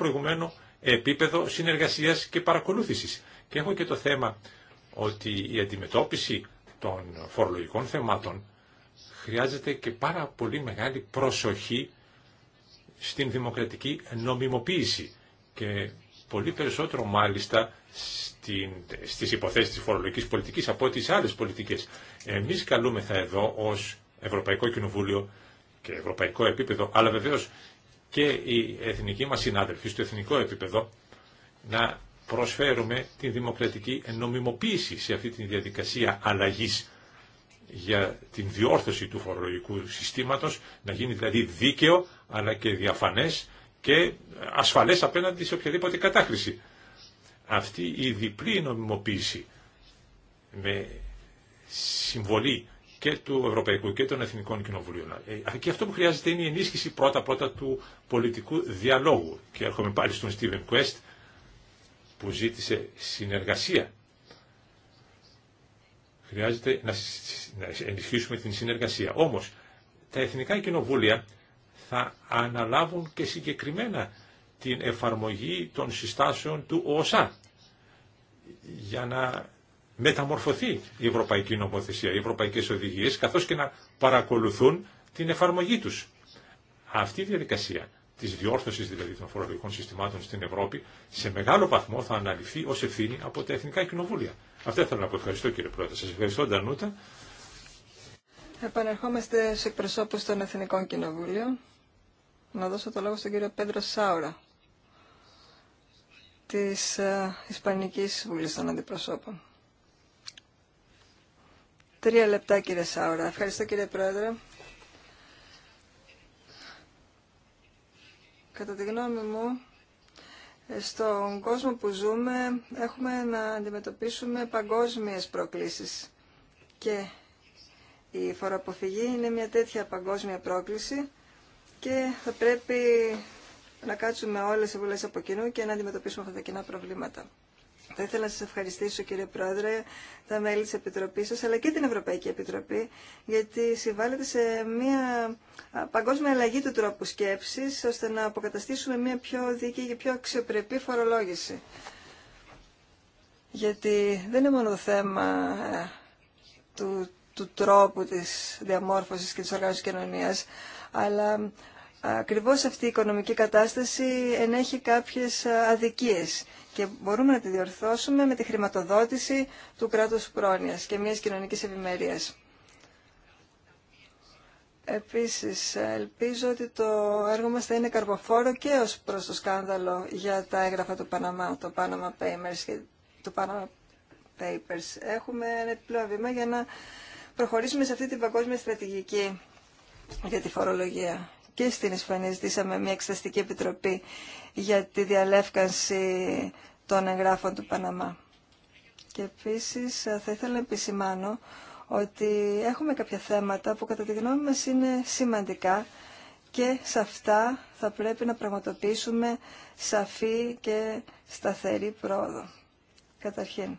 επίπεδο συνεργασίας και παρακολούθησης. Και έχω και το θέμα ότι η αντιμετώπιση των φορολογικών θεμάτων χρειάζεται και πάρα πολύ μεγάλη προσοχή στην δημοκρατική νομιμοποίηση πολύ περισσότερο μάλιστα στην, στις υποθέσεις της φορολογικής πολιτικής από τις άλλες πολιτικές. Εμείς καλούμεθα εδώ ως Ευρωπαϊκό Κοινοβούλιο και ευρωπαϊκό επίπεδο, αλλά βεβαίως και οι εθνικοί μας συνάδελφοι στο εθνικό επίπεδο, να προσφέρουμε την δημοκρατική νομιμοποίηση σε αυτή τη διαδικασία αλλαγής για την διόρθωση του φορολογικού συστήματος, να γίνει δηλαδή δίκαιο αλλά και διαφανές και ασφαλές απέναντι σε οποιαδήποτε κατάχρηση. Αυτή η διπλή νομιμοποίηση με συμβολή και του Ευρωπαϊκού και των Εθνικών Κοινοβουλίων. Ε, και αυτό που χρειάζεται είναι η ενίσχυση πρώτα-πρώτα του πολιτικού διαλόγου. Και έρχομαι πάλι στον Στίβεν Κουέστ που ζήτησε συνεργασία. Χρειάζεται να ενισχύσουμε την συνεργασία. Όμως, τα Εθνικά Κοινοβούλια θα αναλάβουν και συγκεκριμένα την εφαρμογή των συστάσεων του ΟΣΑ για να μεταμορφωθεί η ευρωπαϊκή νομοθεσία, οι ευρωπαϊκές οδηγίες, καθώς και να παρακολουθούν την εφαρμογή τους. Αυτή η διαδικασία της διόρθωσης δηλαδή των φορολογικών συστημάτων στην Ευρώπη σε μεγάλο βαθμό θα αναλυθεί ως ευθύνη από τα Εθνικά Κοινοβούλια. Αυτά θέλω να πω. Ευχαριστώ κύριε Πρόεδρε. Σας ευχαριστώ Ντανούτα. Επανερχόμαστε σε εκπροσώπους των Εθνικών Κοινοβούλιων να δώσω το λόγο στον κύριο Πέντρο Σάουρα της ε, Ισπανικής Βουλής των Αντιπροσώπων. Τρία λεπτά κύριε Σάουρα. Ευχαριστώ κύριε Πρόεδρε. Κατά τη γνώμη μου, στον κόσμο που ζούμε έχουμε να αντιμετωπίσουμε παγκόσμιες προκλήσεις και η φοροαποφυγή είναι μια τέτοια παγκόσμια πρόκληση και θα πρέπει να κάτσουμε όλες οι βουλές από κοινού και να αντιμετωπίσουμε αυτά τα κοινά προβλήματα. Θα ήθελα να σας ευχαριστήσω κύριε Πρόεδρε, τα μέλη της Επιτροπής σας, αλλά και την Ευρωπαϊκή Επιτροπή, γιατί συμβάλλεται σε μια παγκόσμια αλλαγή του τρόπου σκέψης, ώστε να αποκαταστήσουμε μια πιο δίκαιη και πιο αξιοπρεπή φορολόγηση. Γιατί δεν είναι μόνο θέμα ε, του, του τρόπου της διαμόρφωσης και της οργάνωσης κοινωνίας, αλλά ακριβώς αυτή η οικονομική κατάσταση ενέχει κάποιες ε, αδικίες και μπορούμε να τη διορθώσουμε με τη χρηματοδότηση του κράτους πρόνοιας και μιας κοινωνικής ευημερίας. Επίσης, ελπίζω ότι το έργο μας θα είναι καρποφόρο και ως προς το σκάνδαλο για τα έγγραφα του Παναμά, το Panama Papers και το Panama Papers. Έχουμε ένα επιπλέον βήμα για να προχωρήσουμε σε αυτή την παγκόσμια στρατηγική για τη φορολογία. Και στην Ισπανία ζητήσαμε μια εξεταστική επιτροπή για τη διαλεύκανση των εγγράφων του Παναμά. Και επίσης ε, θα ήθελα να επισημάνω ότι έχουμε κάποια θέματα που κατά τη γνώμη μας είναι σημαντικά και σε αυτά θα πρέπει να πραγματοποιήσουμε σαφή και σταθερή πρόοδο. Καταρχήν,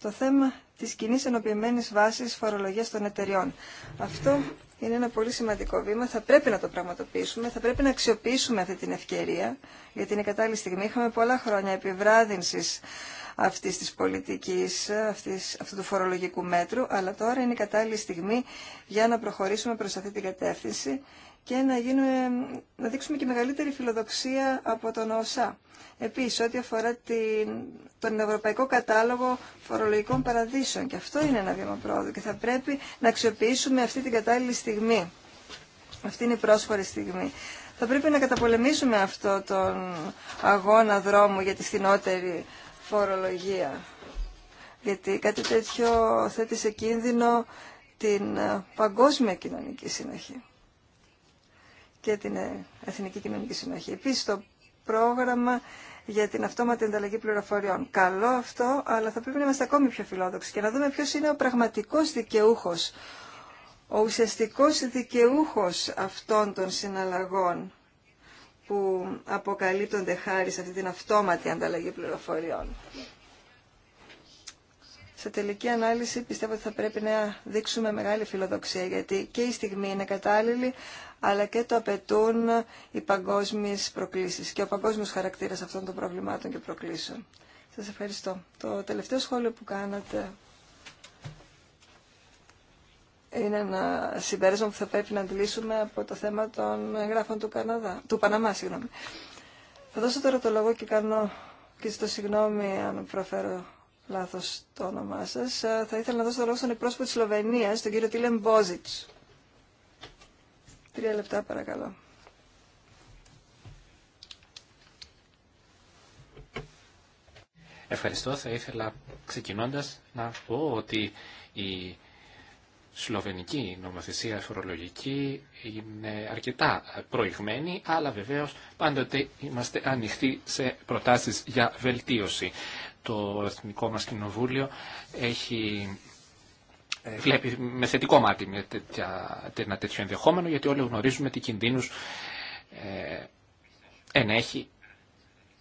το θέμα της κοινή ενοποιημένης βάσης φορολογίας των εταιριών. Αυτό είναι ένα πολύ σημαντικό βήμα. Θα πρέπει να το πραγματοποιήσουμε, θα πρέπει να αξιοποιήσουμε αυτή την ευκαιρία, γιατί είναι κατάλληλη στιγμή. Είχαμε πολλά χρόνια επιβράδυνσης αυτής τη πολιτική αυτού του φορολογικού μέτρου, αλλά τώρα είναι η κατάλληλη στιγμή για να προχωρήσουμε προς αυτή την κατεύθυνση και να, δείξουμε και μεγαλύτερη φιλοδοξία από τον ΩΣΑ. Επίσης, ό,τι αφορά την, τον Ευρωπαϊκό Κατάλογο Φορολογικών Παραδείσων. Και αυτό είναι ένα βήμα πρόοδου και θα πρέπει να αξιοποιήσουμε αυτή την κατάλληλη στιγμή. Αυτή είναι η πρόσφορη στιγμή. Θα πρέπει να καταπολεμήσουμε αυτό τον αγώνα δρόμου για τη φθηνότερη φορολογία. Γιατί κάτι τέτοιο θέτει σε κίνδυνο την ε, παγκόσμια κοινωνική συνοχή και την ε, Εθνική Κοινωνική Συνοχή. Επίσης το πρόγραμμα για την αυτόματη ανταλλαγή πληροφοριών. Καλό αυτό, αλλά θα πρέπει να είμαστε ακόμη πιο φιλόδοξοι και να δούμε ποιος είναι ο πραγματικός δικαιούχος, ο ουσιαστικός δικαιούχος αυτών των συναλλαγών που αποκαλύπτονται χάρη σε αυτή την αυτόματη ανταλλαγή πληροφοριών σε τελική ανάλυση πιστεύω ότι θα πρέπει να δείξουμε μεγάλη φιλοδοξία γιατί και η στιγμή είναι κατάλληλη αλλά και το απαιτούν οι παγκόσμιες προκλήσεις και ο παγκόσμιος χαρακτήρας αυτών των προβλημάτων και προκλήσεων. Σας ευχαριστώ. Το τελευταίο σχόλιο που κάνατε είναι ένα συμπέρασμα που θα πρέπει να αντιλήσουμε από το θέμα των εγγράφων του, Καναδά, του Παναμά. Θα δώσω τώρα το λόγο και κάνω και στο συγγνώμη αν προφέρω Λάθο το όνομά σα. Ε, θα ήθελα να δώσω το λόγο στον εκπρόσωπο της Σλοβενίας, τον κύριο Τίλεμ Μπόζιτ. Τρία λεπτά παρακαλώ. Ευχαριστώ. Θα ήθελα ξεκινώντας να πω ότι η σλοβενική νομοθεσία φορολογική είναι αρκετά προηγμένη, αλλά βεβαίως πάντοτε είμαστε ανοιχτοί σε προτάσεις για βελτίωση το Εθνικό μας Κοινοβούλιο έχει ε, βλέπει με θετικό μάτι με τέτοια, ένα τέτοιο ενδεχόμενο γιατί όλοι γνωρίζουμε τι κινδύνους ε, ενέχει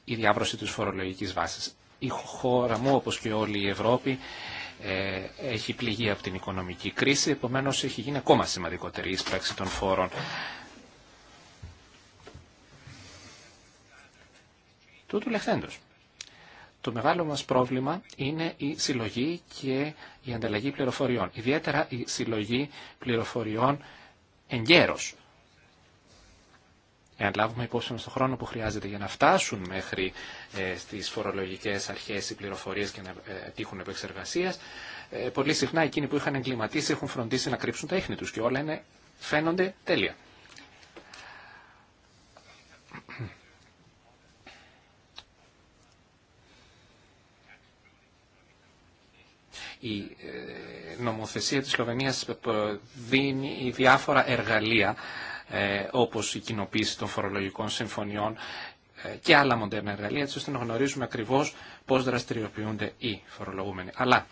η διάβρωση της φορολογικής βάσης. Η χώρα μου όπως και όλη η Ευρώπη ε, έχει πληγεί από την οικονομική κρίση επομένως έχει γίνει ακόμα σημαντικότερη η εισπράξη των φόρων. Τούτου λεχθέντος. Το μεγάλο μας πρόβλημα είναι η συλλογή και η ανταλλαγή πληροφοριών. Ιδιαίτερα η συλλογή πληροφοριών εγκαίρως. Εάν λάβουμε υπόψη τον χρόνο που χρειάζεται για να φτάσουν μέχρι ε, στις φορολογικές αρχές οι πληροφορίες και να ε, τύχουν επεξεργασίας, ε, πολύ συχνά εκείνοι που είχαν εγκληματίσει έχουν φροντίσει να κρύψουν τα ίχνη τους και όλα είναι, φαίνονται τέλεια. Η ε, νομοθεσία της Σλοβενίας δίνει διάφορα εργαλεία ε, όπως η κοινοποίηση των φορολογικών συμφωνιών ε, και άλλα μοντέρνα εργαλεία, έτσι ώστε να γνωρίζουμε ακριβώς πώς δραστηριοποιούνται οι φορολογούμενοι. Αλλά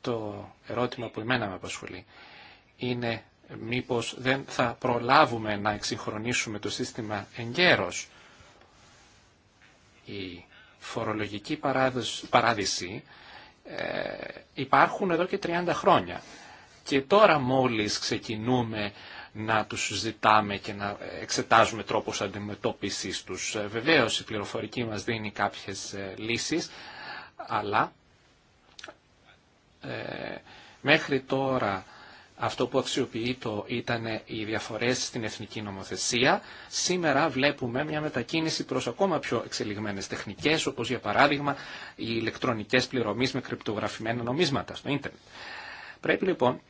το ερώτημα που εμένα με απασχολεί είναι μήπως δεν θα προλάβουμε να εξυγχρονίσουμε το σύστημα εγκαίρως η φορολογική παράδειση ε, υπάρχουν εδώ και 30 χρόνια. Και τώρα μόλις ξεκινούμε να τους ζητάμε και να εξετάζουμε τρόπους αντιμετώπισης τους. Ε, βεβαίως η πληροφορική μας δίνει κάποιες ε, λύσεις, αλλά μέχρι τώρα αυτό που αξιοποιεί το ήταν οι διαφορές στην εθνική νομοθεσία. Σήμερα βλέπουμε μια μετακίνηση προς ακόμα πιο εξελιγμένες τεχνικές, όπως για παράδειγμα οι ηλεκτρονικές πληρωμές με κρυπτογραφημένα νομίσματα στο ίντερνετ. Πρέπει λοιπόν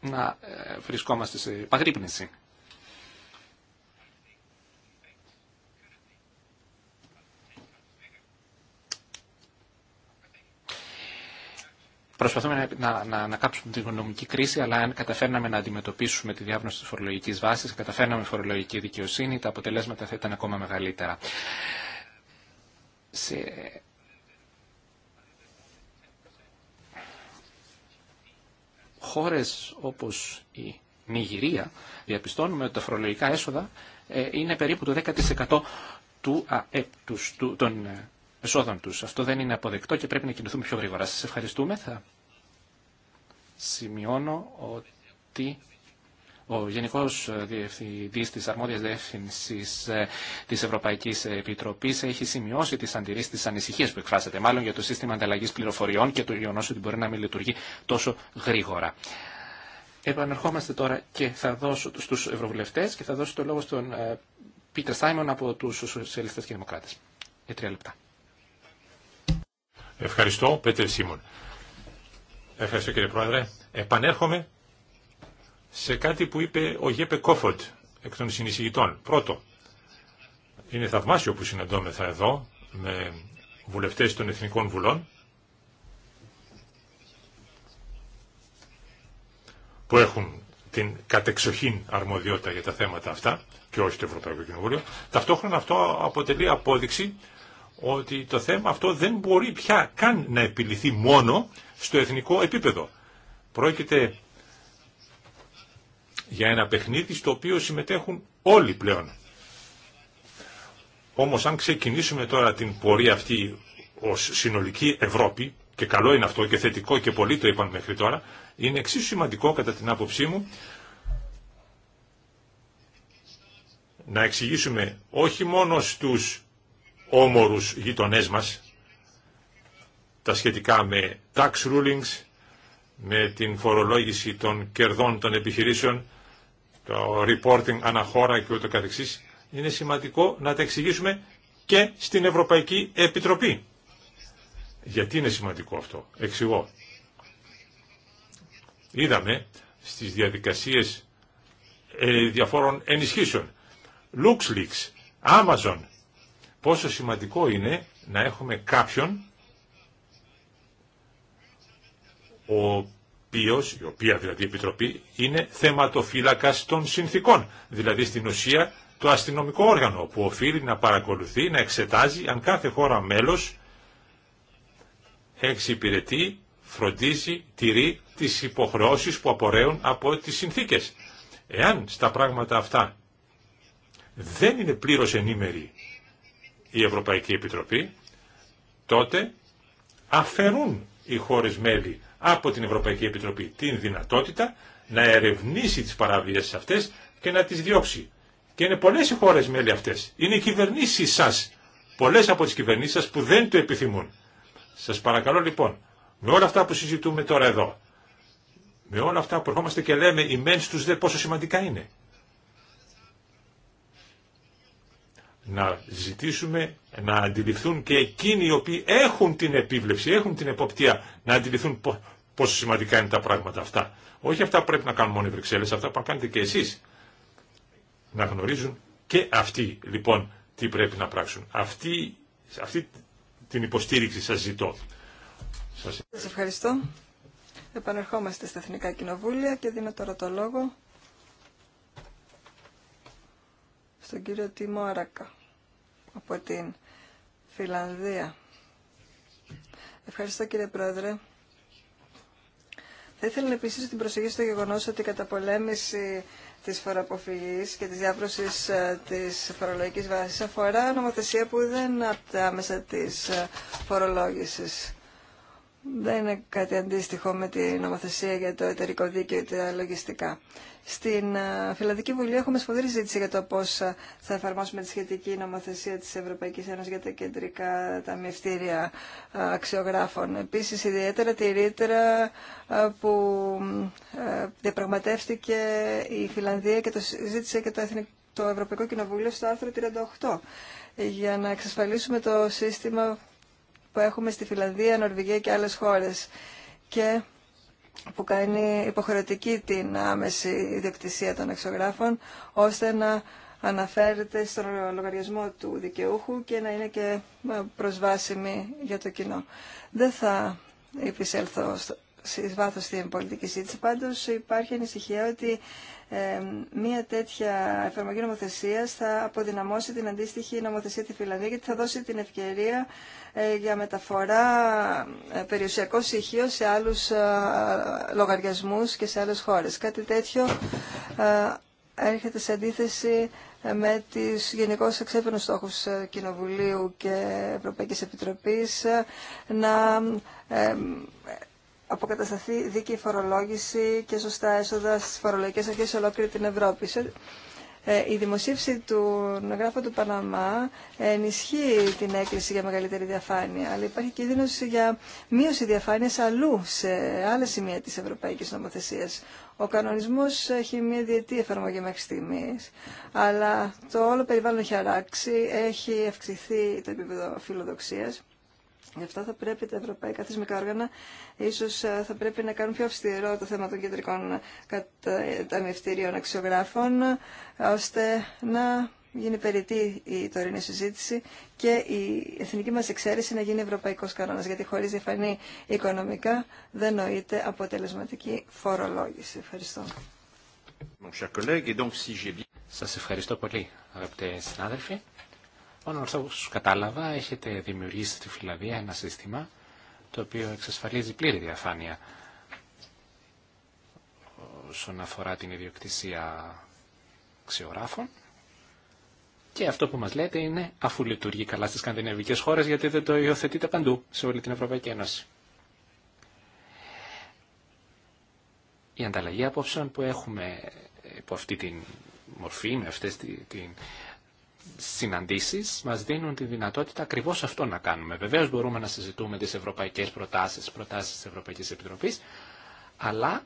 να ε, βρισκόμαστε σε παγρύπνηση Προσπαθούμε να, να, να κάψουμε την οικονομική κρίση, αλλά αν καταφέρναμε να αντιμετωπίσουμε τη διάβνωση τη φορολογική βάση, καταφέρναμε φορολογική δικαιοσύνη, τα αποτελέσματα θα ήταν ακόμα μεγαλύτερα. Σε... Χώρες όπως η Νιγηρία διαπιστώνουμε ότι τα φορολογικά έσοδα ε, είναι περίπου το 10% του, α, του, του εσόδων τους. Αυτό δεν είναι αποδεκτό και πρέπει να κινηθούμε πιο γρήγορα. Σας ευχαριστούμε. Θα σημειώνω ότι ο Γενικός Διευθυντής της Αρμόδιας Διεύθυνσης ε, της Ευρωπαϊκής Επιτροπής έχει σημειώσει τις αντιρρήσεις, τις ανησυχίες που εκφράσατε, μάλλον για το σύστημα ανταλλαγής πληροφοριών και το γεγονός ότι μπορεί να μην λειτουργεί τόσο γρήγορα. Επανερχόμαστε τώρα και θα δώσω στους ευρωβουλευτές και θα δώσω το λόγο στον Πίτερ Σάιμον από τους Σοσιαλιστές και Δημοκράτες. Για τρία λεπτά. Ευχαριστώ, Πέτερ Σίμων. Ευχαριστώ κύριε Πρόεδρε. Επανέρχομαι σε κάτι που είπε ο Γέπε Κόφοντ εκ των συνεισηγητών. Πρώτο, είναι θαυμάσιο που συναντώμεθα εδώ με βουλευτές των Εθνικών Βουλών που έχουν την κατεξοχήν αρμοδιότητα για τα θέματα αυτά και όχι το Ευρωπαϊκό Κοινοβούλιο. Ταυτόχρονα αυτό αποτελεί απόδειξη ότι το θέμα αυτό δεν μπορεί πια καν να επιληθεί μόνο στο εθνικό επίπεδο. Πρόκειται για ένα παιχνίδι στο οποίο συμμετέχουν όλοι πλέον. Όμως αν ξεκινήσουμε τώρα την πορεία αυτή ως συνολική Ευρώπη, και καλό είναι αυτό και θετικό και πολύ το είπαν μέχρι τώρα, είναι εξίσου σημαντικό κατά την άποψή μου να εξηγήσουμε όχι μόνο στους όμορους γειτονές μας, τα σχετικά με tax rulings, με την φορολόγηση των κερδών των επιχειρήσεων, το reporting αναχώρα και ούτω καθεξής, είναι σημαντικό να τα εξηγήσουμε και στην Ευρωπαϊκή Επιτροπή. Γιατί είναι σημαντικό αυτό. Εξηγώ. Είδαμε στις διαδικασίες ε, διαφόρων ενισχύσεων. LuxLeaks, Amazon, πόσο σημαντικό είναι να έχουμε κάποιον ο οποίος, η οποία δηλαδή η Επιτροπή, είναι θεματοφύλακας των συνθήκων, δηλαδή στην ουσία το αστυνομικό όργανο που οφείλει να παρακολουθεί, να εξετάζει αν κάθε χώρα μέλος εξυπηρετεί, φροντίζει, τηρεί τις υποχρεώσεις που απορρέουν από τις συνθήκες. Εάν στα πράγματα αυτά δεν είναι πλήρως ενήμεροι η Ευρωπαϊκή Επιτροπή, τότε αφαιρούν οι χώρες μέλη από την Ευρωπαϊκή Επιτροπή την δυνατότητα να ερευνήσει τις παραβίασεις αυτές και να τις διώξει. Και είναι πολλές οι χώρες μέλη αυτές. Είναι οι κυβερνήσεις σας. Πολλές από τις κυβερνήσεις σας που δεν το επιθυμούν. Σας παρακαλώ λοιπόν, με όλα αυτά που συζητούμε τώρα εδώ, με όλα αυτά που ερχόμαστε και λέμε οι μεν τους δε πόσο σημαντικά είναι. να ζητήσουμε να αντιληφθούν και εκείνοι οι οποίοι έχουν την επίβλεψη, έχουν την εποπτεία, να αντιληφθούν πόσο σημαντικά είναι τα πράγματα αυτά. Όχι αυτά που πρέπει να κάνουν μόνο οι Βρυξέλλες, αυτά που να κάνετε και εσείς. Να γνωρίζουν και αυτοί λοιπόν τι πρέπει να πράξουν. Αυτή, αυτή την υποστήριξη σας ζητώ. Σας, ευχαριστώ. Επανερχόμαστε στα Εθνικά Κοινοβούλια και δίνω τώρα το λόγο στον κύριο Τιμό Αρακα από την Φιλανδία. Ευχαριστώ κύριε Πρόεδρε. Θα ήθελα να την προσοχή στο γεγονός ότι η καταπολέμηση της φοροαποφυγής και της διάβρωσης ε, της φορολογικής βάσης αφορά νομοθεσία που δεν είναι από της ε, φορολόγησης δεν είναι κάτι αντίστοιχο με την νομοθεσία για το εταιρικό δίκαιο ή τα λογιστικά. Στην Φιλανδική Βουλή έχουμε σφοδρή ζήτηση για το πώ θα εφαρμόσουμε τη σχετική νομοθεσία τη Ευρωπαϊκή Ένωση για τα κεντρικά ταμιευτήρια αξιογράφων. Επίση, ιδιαίτερα τη ρήτρα που διαπραγματεύτηκε η Φιλανδία και το ζήτησε και το, το Ευρωπαϊκό Κοινοβούλιο στο άρθρο 38 για να εξασφαλίσουμε το σύστημα που έχουμε στη Φιλανδία, Νορβηγία και άλλες χώρες και που κάνει υποχρεωτική την άμεση ιδιοκτησία των εξωγράφων, ώστε να αναφέρεται στον λογαριασμό του δικαιούχου και να είναι και ε, προσβάσιμη για το κοινό. Δεν θα επισέλθω σε στην πολιτική σύντηση. Πάντως υπάρχει ανησυχία ότι μια τέτοια εφαρμογή νομοθεσία θα αποδυναμώσει την αντίστοιχη νομοθεσία τη Φιλανδία γιατί θα δώσει την ευκαιρία ε, για μεταφορά ε, περιουσιακών σε άλλους ε, λογαριασμούς και σε άλλες χώρες. Κάτι τέτοιο ε, έρχεται σε αντίθεση με τις γενικώ εξέφερνους στόχους Κοινοβουλίου και Ευρωπαϊκής Επιτροπής να αποκατασταθεί δίκαιη φορολόγηση και σωστά έσοδα στι φορολογικέ αρχέ σε ολόκληρη την Ευρώπη. Ε, η δημοσίευση του γράφου του Παναμά ενισχύει την έκκληση για μεγαλύτερη διαφάνεια, αλλά υπάρχει κίνδυνο για μείωση διαφάνεια αλλού, σε άλλα σημεία τη Ευρωπαϊκή Νομοθεσία. Ο κανονισμό έχει μια διετή εφαρμογή μέχρι στιγμή, αλλά το όλο περιβάλλον έχει αράξει, έχει αυξηθεί το επίπεδο φιλοδοξία. Γι' αυτό θα πρέπει τα ευρωπαϊκά θεσμικά όργανα ίσως ε, θα πρέπει να κάνουν πιο αυστηρό το θέμα των κεντρικών ταμιευτήριων αξιογράφων ώστε να γίνει περιττή η τωρινή συζήτηση και η εθνική μας εξαίρεση να γίνει ευρωπαϊκός κανόνας γιατί χωρίς διαφανή οικονομικά δεν νοείται αποτελεσματική φορολόγηση. Ευχαριστώ. Σα ευχαριστώ πολύ αγαπητέ συνάδελφοι. Μόνο σου κατάλαβα έχετε δημιουργήσει στη Φιλανδία ένα σύστημα το οποίο εξασφαλίζει πλήρη διαφάνεια όσον αφορά την ιδιοκτησία ξεωράφων. Και αυτό που μας λέτε είναι, αφού λειτουργεί καλά στις σκανδιναβικές χώρες, γιατί δεν το υιοθετείτε παντού, σε όλη την Ευρωπαϊκή Ένωση. Η ανταλλαγή απόψεων που έχουμε υπό αυτή τη μορφή, με αυτές την συναντήσεις μας δίνουν τη δυνατότητα ακριβώς αυτό να κάνουμε. Βεβαίως μπορούμε να συζητούμε τις ευρωπαϊκές προτάσεις, προτάσεις της Ευρωπαϊκής Επιτροπής, αλλά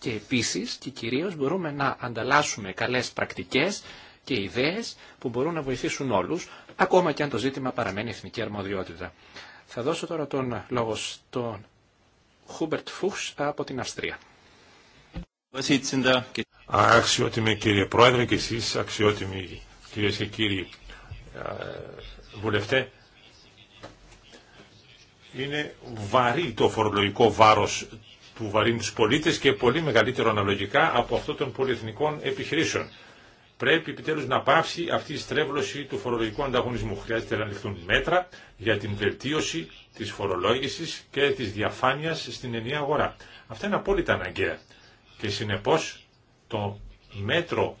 και επίσης και κυρίως μπορούμε να ανταλλάσσουμε καλές πρακτικές και ιδέες που μπορούν να βοηθήσουν όλους, ακόμα και αν το ζήτημα παραμένει εθνική αρμοδιότητα. Θα δώσω τώρα τον λόγο στον Χούμπερτ Φούχς από την Αυστρία. Αξιότιμη κύριε Πρόεδρε και εσείς αξιότιμοι Κυρίες και κύριοι ε, βουλευτέ, είναι βαρύ το φορολογικό βάρος που βαρύνει τους πολίτες και πολύ μεγαλύτερο αναλογικά από αυτό των πολυεθνικών επιχειρήσεων. Πρέπει επιτέλους να πάψει αυτή η στρέβλωση του φορολογικού ανταγωνισμού. Χρειάζεται να ληφθούν μέτρα για την βελτίωση της φορολόγησης και της διαφάνειας στην ενιαία αγορά. Αυτά είναι απόλυτα αναγκαία. Και συνεπώς το μέτρο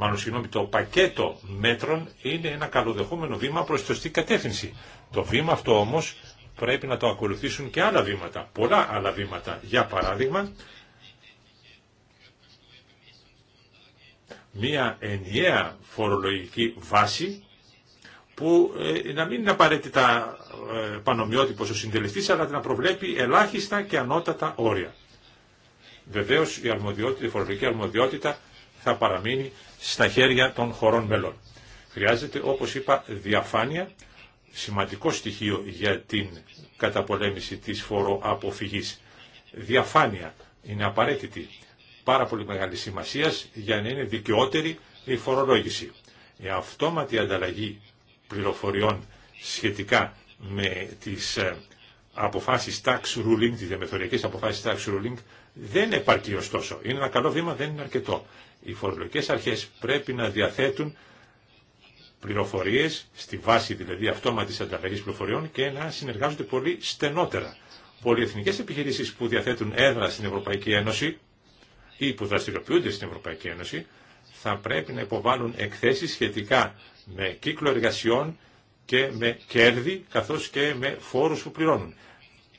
μάλλον συγγνώμη, το πακέτο μέτρων είναι ένα καλοδεχόμενο βήμα προς σωστή κατεύθυνση. Το βήμα αυτό όμως πρέπει να το ακολουθήσουν και άλλα βήματα, πολλά άλλα βήματα. Για παράδειγμα, μία ενιαία φορολογική βάση που ε, να μην είναι απαραίτητα ε, πανομοιότυπος ο συντελεστής, αλλά να προβλέπει ελάχιστα και ανώτατα όρια. Βεβαίως η φορολογική αρμοδιότητα θα παραμείνει στα χέρια των χωρών μελών. Χρειάζεται, όπως είπα, διαφάνεια, σημαντικό στοιχείο για την καταπολέμηση της φοροαποφυγής. Διαφάνεια είναι απαραίτητη, πάρα πολύ μεγάλη σημασία για να είναι δικαιότερη η φορολόγηση. Η αυτόματη ανταλλαγή πληροφοριών σχετικά με τις ε, αποφάσεις tax ruling, τις διαμεθοριακές αποφάσεις tax ruling, δεν επαρκεί ωστόσο. Είναι ένα καλό βήμα, δεν είναι αρκετό. Οι φορολογικές αρχές πρέπει να διαθέτουν πληροφορίες, στη βάση δηλαδή αυτόματης ανταλλαγής πληροφοριών και να συνεργάζονται πολύ στενότερα. Πολυεθνικές επιχειρήσεις που διαθέτουν έδρα στην Ευρωπαϊκή Ένωση ή που δραστηριοποιούνται στην Ευρωπαϊκή Ένωση θα πρέπει να υποβάλουν εκθέσεις σχετικά με κύκλο εργασιών και με κέρδη καθώς και με φόρους που πληρώνουν.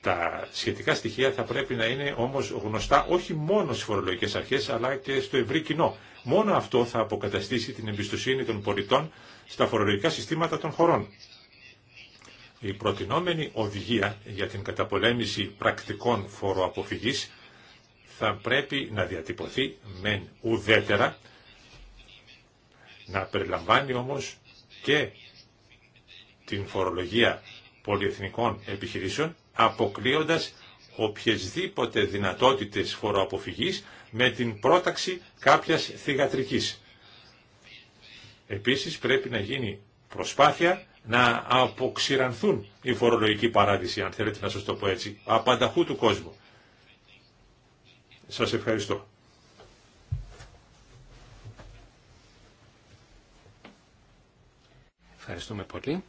Τα σχετικά στοιχεία θα πρέπει να είναι όμως γνωστά όχι μόνο στις φορολογικές αρχές αλλά και στο ευρύ κοινό. Μόνο αυτό θα αποκαταστήσει την εμπιστοσύνη των πολιτών στα φορολογικά συστήματα των χωρών. Η προτινόμενη οδηγία για την καταπολέμηση πρακτικών φοροαποφυγής θα πρέπει να διατυπωθεί μεν ουδέτερα, να περιλαμβάνει όμως και την φορολογία πολυεθνικών επιχειρήσεων αποκλείοντας οποιασδήποτε δυνατότητες φοροαποφυγής με την πρόταξη κάποιας θηγατρικής. Επίσης πρέπει να γίνει προσπάθεια να αποξηρανθούν οι φορολογικοί παράδεισοι, αν θέλετε να σας το πω έτσι, απανταχού του κόσμου. Σας ευχαριστώ. Ευχαριστούμε πολύ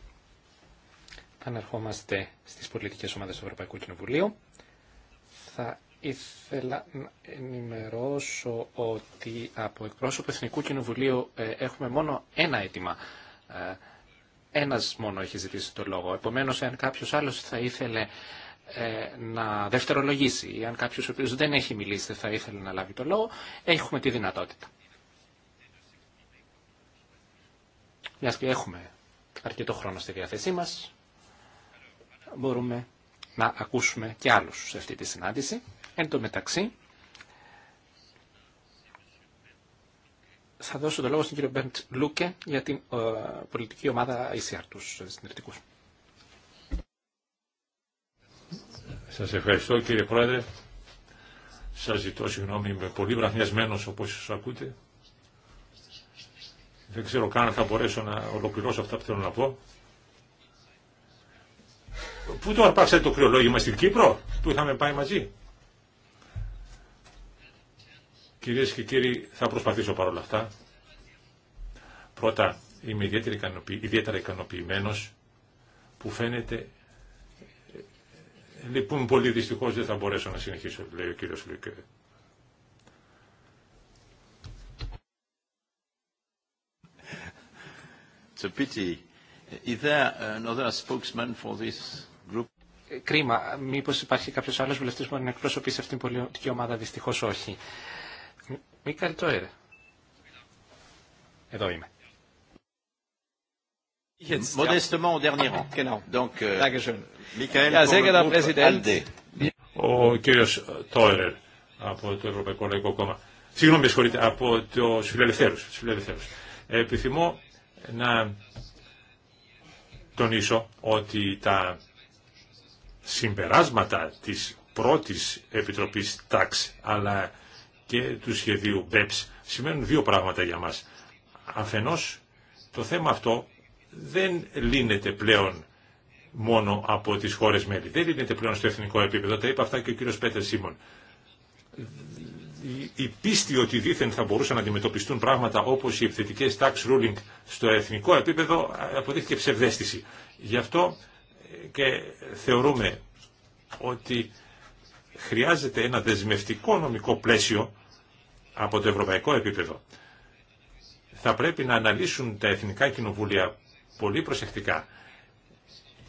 ερχόμαστε στις πολιτικές ομάδες του Ευρωπαϊκού Κοινοβουλίου. Θα ήθελα να ενημερώσω ότι από εκπρόσωπο Εθνικού Κοινοβουλίου ε, έχουμε μόνο ένα αίτημα. Ε, ένας μόνο έχει ζητήσει το λόγο. Επομένως, αν κάποιος άλλος θα ήθελε ε, να δευτερολογήσει ή αν κάποιος ο οποίος δεν έχει μιλήσει θα ήθελε να λάβει το λόγο, έχουμε τη δυνατότητα. Μιας και έχουμε αρκετό χρόνο στη διάθεσή μας, μπορούμε να ακούσουμε και άλλους σε αυτή τη συνάντηση. Εν τω μεταξύ, θα δώσω το λόγο στον κύριο Μπέρντ Λούκε για την ε, πολιτική ομάδα ICR, τους συντηρητικούς. Σας ευχαριστώ κύριε Πρόεδρε. Σας ζητώ συγγνώμη, είμαι πολύ βραχνιασμένος όπως ακούτε. Δεν ξέρω καν αν θα μπορέσω να ολοκληρώσω αυτά που θέλω να πω. Πού το αρπάξατε το κρυολόγημα στην Κύπρο που είχαμε πάει μαζί. Κυρίες και κύριοι, θα προσπαθήσω παρόλα αυτά. Πρώτα, είμαι ιδιαίτερα, ικανοποιη, ιδιαίτερα ικανοποιημένος που φαίνεται... Ε, Λυπούν λοιπόν, πολύ που φαινεται λοιπον πολυ δυστυχως δεν θα μπορέσω να συνεχίσω, λέει ο κύριος Λουκέ. It's a pity. Is there another spokesman for this κρίμα. Μήπως υπάρχει κάποιος άλλος βουλευτής που μπορεί να εκπροσωπήσει αυτήν την πολιτική ομάδα. Δυστυχώς όχι. Μίκαλ Έρε. Εδώ είμαι. Modestement au dernier rang. Donc, euh, Ο κύριος Τόερε από το Ευρωπαϊκό Λαϊκό Κόμμα. Συγγνώμη, συγχωρείτε, από του φιλελευθέρου. Επιθυμώ να τονίσω ότι τα συμπεράσματα της πρώτης Επιτροπής ΤΑΞ αλλά και του σχεδίου BEPS σημαίνουν δύο πράγματα για μας. Αφενός το θέμα αυτό δεν λύνεται πλέον μόνο από τις χώρες μέλη. Δεν λύνεται πλέον στο εθνικό επίπεδο. Τα είπα αυτά και ο κύριος Πέτερ Σίμων. Η πίστη ότι δήθεν θα μπορούσαν να αντιμετωπιστούν πράγματα όπως οι επιθετικές tax ruling στο εθνικό επίπεδο αποδείχθηκε ψευδέστηση. Γι' αυτό και θεωρούμε ότι χρειάζεται ένα δεσμευτικό νομικό πλαίσιο από το ευρωπαϊκό επίπεδο. Θα πρέπει να αναλύσουν τα εθνικά κοινοβούλια πολύ προσεκτικά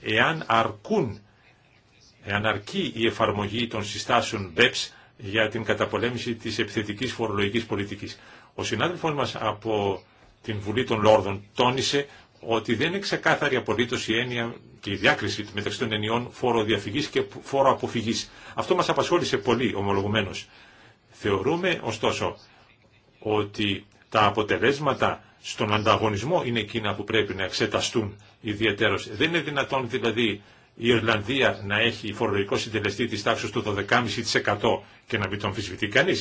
εάν αρκούν, εάν αρκεί η εφαρμογή των συστάσεων BEPS για την καταπολέμηση της επιθετικής φορολογικής πολιτικής. Ο συνάδελφός μας από την Βουλή των Λόρδων τόνισε ότι δεν είναι ξεκάθαρη απολύτω η έννοια και η διάκριση μεταξύ των ενιών φοροδιαφυγή και φοροαποφυγή. Αυτό μα απασχόλησε πολύ, ομολογουμένω. Θεωρούμε, ωστόσο, ότι τα αποτελέσματα στον ανταγωνισμό είναι εκείνα που πρέπει να εξεταστούν ιδιαίτερω. Δεν είναι δυνατόν, δηλαδή, η Ιρλανδία να έχει φορολογικό συντελεστή τη τάξη του 12,5% και να μην τον αμφισβητεί κανεί.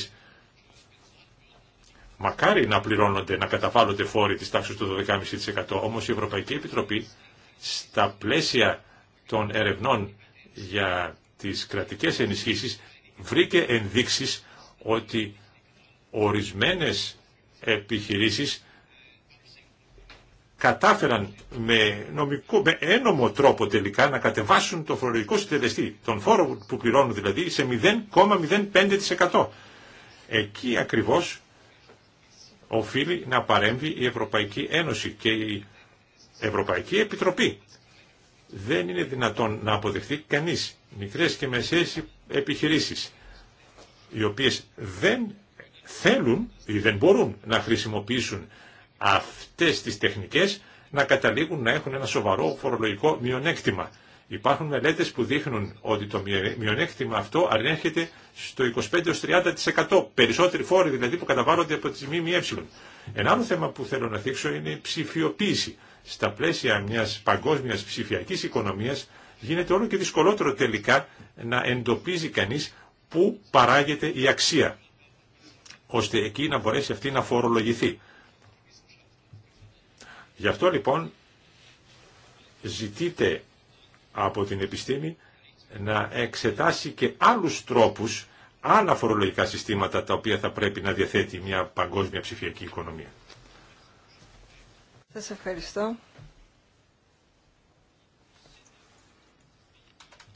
Μακάρι να πληρώνονται, να καταβάλλονται φόροι της τάξης του 12,5%. Όμως η Ευρωπαϊκή Επιτροπή στα πλαίσια των ερευνών για τις κρατικές ενισχύσεις βρήκε ενδείξεις ότι ορισμένες επιχειρήσεις κατάφεραν με, νομικό, με ένομο τρόπο τελικά να κατεβάσουν το φορολογικό συντελεστή, τον φόρο που πληρώνουν δηλαδή, σε 0,05%. Εκεί ακριβώς οφείλει να παρέμβει η Ευρωπαϊκή Ένωση και η Ευρωπαϊκή Επιτροπή. Δεν είναι δυνατόν να αποδεχθεί κανείς μικρές και μεσαίες επιχειρήσεις, οι οποίες δεν θέλουν ή δεν μπορούν να χρησιμοποιήσουν αυτές τις τεχνικές να καταλήγουν να έχουν ένα σοβαρό φορολογικό μειονέκτημα. Υπάρχουν μελέτες που δείχνουν ότι το μειονέκτημα αυτό ανέρχεται στο 25-30%. Περισσότεροι φόροι δηλαδή που καταβάλλονται από τις ΜΜΕ. Ένα άλλο θέμα που θέλω να θίξω είναι η ψηφιοποίηση. Στα πλαίσια μιας παγκόσμιας ψηφιακή οικονομίας γίνεται όλο και δυσκολότερο τελικά να εντοπίζει κανείς πού παράγεται η αξία ώστε εκεί να μπορέσει αυτή να φορολογηθεί. Γι' αυτό λοιπόν ζητείτε από την επιστήμη να εξετάσει και άλλους τρόπους, άλλα φορολογικά συστήματα τα οποία θα πρέπει να διαθέτει μια παγκόσμια ψηφιακή οικονομία. Σας ευχαριστώ.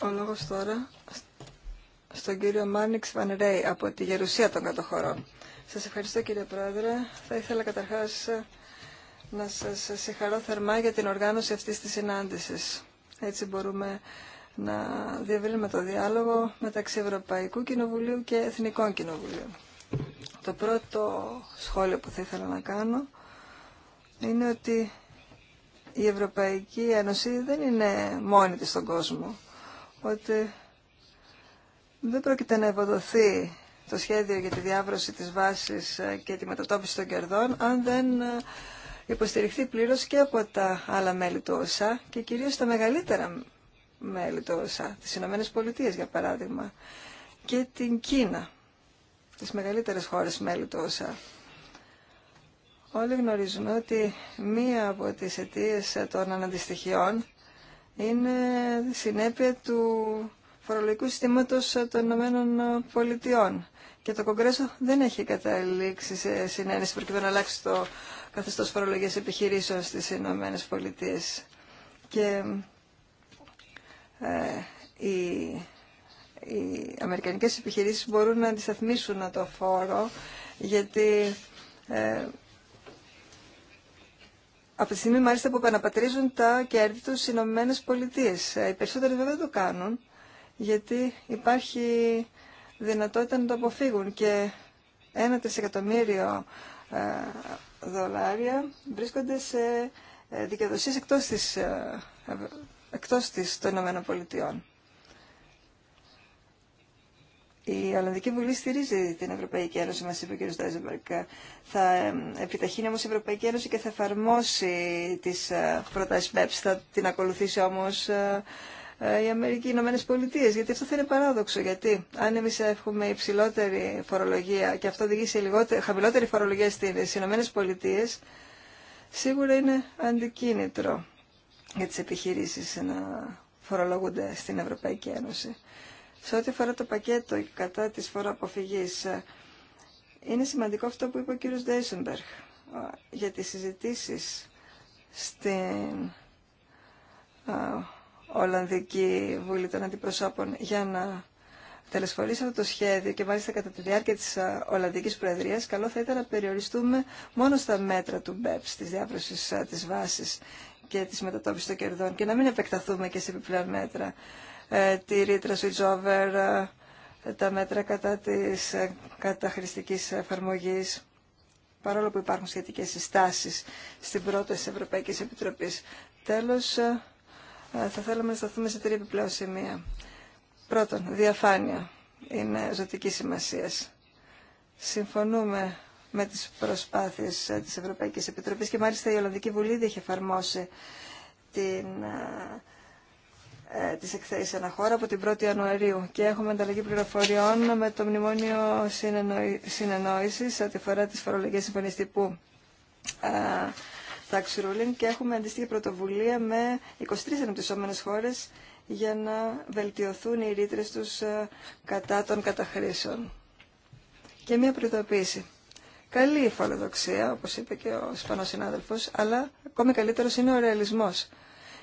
Ο λόγος τώρα στον κύριο Μάνιξ Βανρέη από τη Γερουσία των Κατοχωρών. Σας ευχαριστώ κύριε Πρόεδρε. Θα ήθελα καταρχάς να σας συγχαρώ θερμά για την οργάνωση αυτής της συνάντησης. Έτσι μπορούμε να διαβρύνουμε το διάλογο μεταξύ Ευρωπαϊκού Κοινοβουλίου και Εθνικών Κοινοβουλίων. Το πρώτο σχόλιο που θα ήθελα να κάνω είναι ότι η Ευρωπαϊκή Ένωση δεν είναι μόνη της στον κόσμο. Ότι δεν πρόκειται να ευοδοθεί το σχέδιο για τη διάβρωση της βάσης και τη μετατόπιση των κερδών αν δεν υποστηριχθεί πλήρως και από τα άλλα μέλη του ΩΣΑ και κυρίως τα μεγαλύτερα μέλη του ΩΣΑ, τις Ηνωμένες Πολιτείες για παράδειγμα, και την Κίνα, τις μεγαλύτερες χώρες μέλη του ΩΣΑ. Όλοι γνωρίζουμε ότι μία από τις αιτίες των αναντιστοιχειών είναι συνέπεια του φορολογικού συστήματος των Ηνωμένων Πολιτειών. Και το Κογκρέσο δεν έχει καταλήξει σε συνένεση προκειμένου να αλλάξει το καθεστώς φορολογίας επιχειρήσεων στις Ηνωμένες Πολιτείες. Και ε, οι, οι αμερικανικές επιχειρήσεις μπορούν να αντισταθμίσουν το φόρο γιατί ε, από τη στιγμή μάλιστα που επαναπατρίζουν τα κέρδη τους οι Ηνωμένες Πολιτείες. Ε, οι περισσότεροι βέβαια δεν το κάνουν γιατί υπάρχει δυνατότητα να το αποφύγουν και ένα τρισεκατομμύριο ε, δολάρια βρίσκονται σε δικαιοδοσίες εκτός της εκτός της, των Ηνωμένων Πολιτειών. Η Ολλανδική Βουλή στηρίζει την Ευρωπαϊκή Ένωση, μα είπε ο κ. Ντάιζεμπερκ Θα επιταχύνει όμως η Ευρωπαϊκή Ένωση και θα εφαρμόσει τις ε, προτάσεις BEPS. Ε θα την ακολουθήσει όμω ε, η Αμερική, οι Ηνωμένε Πολιτείε. Γιατί αυτό θα είναι παράδοξο. Γιατί αν εμεί έχουμε υψηλότερη φορολογία και αυτό οδηγεί σε λιγότερη, χαμηλότερη φορολογία στις Ηνωμένε Πολιτείε, σίγουρα είναι αντικίνητρο για τις επιχειρήσεις να φορολογούνται στην Ευρωπαϊκή Ένωση. Σε ό,τι αφορά το πακέτο κατά της φοροαποφυγής, είναι σημαντικό αυτό που είπε ο κύριος Ντέισενμπεργκ για τις συζητήσεις στην Ολλανδική Βουλή των Αντιπροσώπων για να τελεσφορήσει το σχέδιο και μάλιστα κατά τη διάρκεια της Ολλανδικής Προεδρίας καλό θα ήταν να περιοριστούμε μόνο στα μέτρα του BEPS, ε της διάβρωσης της βάσης και τη μετατόπιση των κερδών και να μην επεκταθούμε και σε επιπλέον μέτρα. Ε, τη ρήτρα switchover, ε, τα μέτρα κατά της ε, καταχρηστικής εφαρμογή, παρόλο που υπάρχουν σχετικέ συστάσεις στην πρόταση της Ευρωπαϊκής Επιτροπής. Τέλος, ε, θα θέλαμε να σταθούμε σε τρία επιπλέον σημεία. Πρώτον, διαφάνεια είναι ζωτική σημασία. Συμφωνούμε με τις προσπάθειες ε, της Ευρωπαϊκής Επιτροπής και μάλιστα η Ολλανδική Βουλή δεν είχε εφαρμόσει την, ε, ε τις εκθέσεις αναχώρα από την 1η Ιανουαρίου και έχουμε ανταλλαγή πληροφοριών με το Μνημόνιο Συνεννόησης ό,τι αφορά τις φορολογίες συμφωνίες τύπου ε, tax ruling και έχουμε αντίστοιχη πρωτοβουλία με 23 αναπτυσσόμενες χώρες για να βελτιωθούν οι ρήτρες τους ε, κατά των καταχρήσεων. Και μία προειδοποίηση καλή η φαλοδοξία, όπως είπε και ο Ισπανός συνάδελφος, αλλά ακόμη καλύτερος είναι ο ρεαλισμός.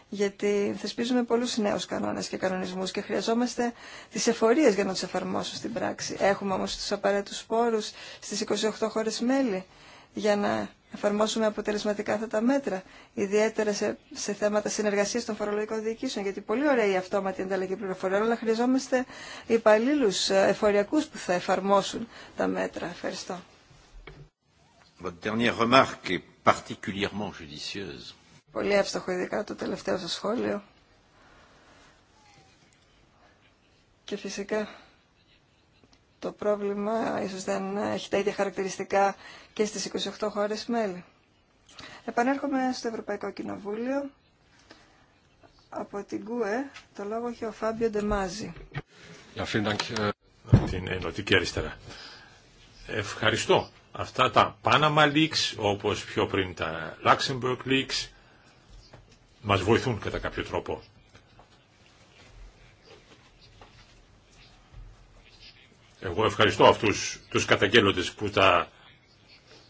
Γιατί θεσπίζουμε πολλούς νέους κανόνες και κανονισμούς και χρειαζόμαστε τις εφορίες για να τους εφαρμόσουμε στην πράξη. Έχουμε όμως τους απαραίτητους πόρους στις 28 χώρες μέλη για να εφαρμόσουμε αποτελεσματικά αυτά τα μέτρα, ιδιαίτερα σε, σε θέματα συνεργασία των φορολογικών διοικήσεων. Γιατί πολύ ωραία η αυτόματη ανταλλαγή πληροφοριών, αλλά χρειαζόμαστε υπαλλήλου ε, εφοριακού που θα εφαρμόσουν τα μέτρα. Ευχαριστώ. Votre dernière remarque est particulièrement judicieuse. Πολύ εύστοχο, ειδικά το τελευταίο σας σχόλιο. Και φυσικά το πρόβλημα ίσως δεν έχει τα ίδια χαρακτηριστικά και στις 28 χώρες μέλη. Επανέρχομαι στο Ευρωπαϊκό Κοινοβούλιο. Από την ΚΟΕ το λόγο έχει ο Φάμπιο Ντεμάζη. την Ενωτική Αριστερά. Ευχαριστώ αυτά τα Panama Leaks, όπως πιο πριν τα Luxembourg Leaks, μας βοηθούν κατά κάποιο τρόπο. Εγώ ευχαριστώ αυτούς τους καταγγέλλοντες που τα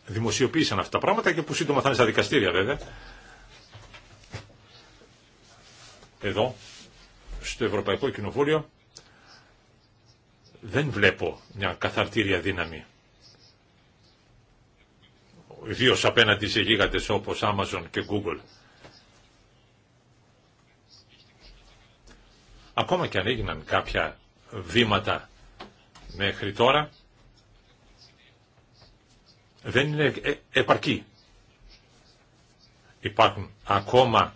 δημοσιοποίησαν αυτά τα πράγματα και που σύντομα θα είναι στα δικαστήρια βέβαια. Εδώ, στο Ευρωπαϊκό Κοινοβούλιο, δεν βλέπω μια καθαρτήρια δύναμη ιδίως απέναντι σε γίγαντες όπως Amazon και Google. Ακόμα και αν έγιναν κάποια βήματα μέχρι τώρα, δεν είναι ε, επαρκή. Υπάρχουν ακόμα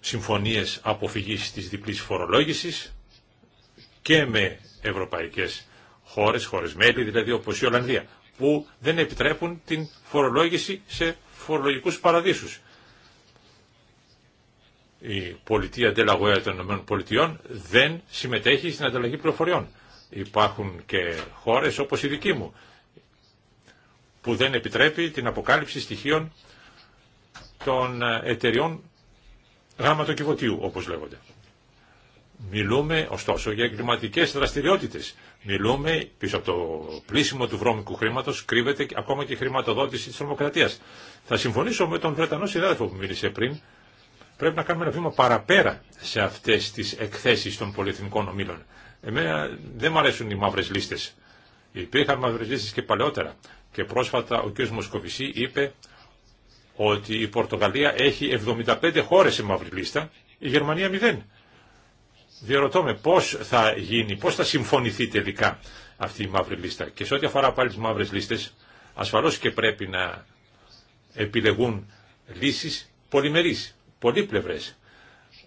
συμφωνίες αποφυγής της διπλής φορολόγησης και με ευρωπαϊκές χώρες, χώρες μέλη, δηλαδή όπως η Ολλανδία που δεν επιτρέπουν την φορολόγηση σε φορολογικούς παραδείσους. Η πολιτεία Delaware των ΗΠΑ δεν συμμετέχει στην ανταλλαγή πληροφοριών. Υπάρχουν και χώρες όπως η δική μου που δεν επιτρέπει την αποκάλυψη στοιχείων των εταιριών γάμματο κυβωτίου όπως λέγονται. Μιλούμε ωστόσο για εγκληματικέ δραστηριότητε. Μιλούμε πίσω από το πλήσιμο του βρώμικου χρήματο κρύβεται ακόμα και η χρηματοδότηση τη τρομοκρατία. Θα συμφωνήσω με τον Βρετανό συνάδελφο που μίλησε πριν. Πρέπει να κάνουμε ένα βήμα παραπέρα σε αυτέ τι εκθέσει των πολυεθνικών ομήλων. Εμένα δεν μου αρέσουν οι μαύρε λίστε. Υπήρχαν μαύρε λίστε και παλαιότερα. Και πρόσφατα ο κ. Μοσκοβισή είπε ότι η Πορτογαλία έχει 75 χώρε σε μαύρη λίστα, η Γερμανία 0. Διερωτώ με πώς θα γίνει, πώς θα συμφωνηθεί τελικά αυτή η μαύρη λίστα. Και σε ό,τι αφορά πάλι τις μαύρες λίστες, ασφαλώς και πρέπει να επιλεγούν λύσεις πολυμερείς, πολύπλευρες.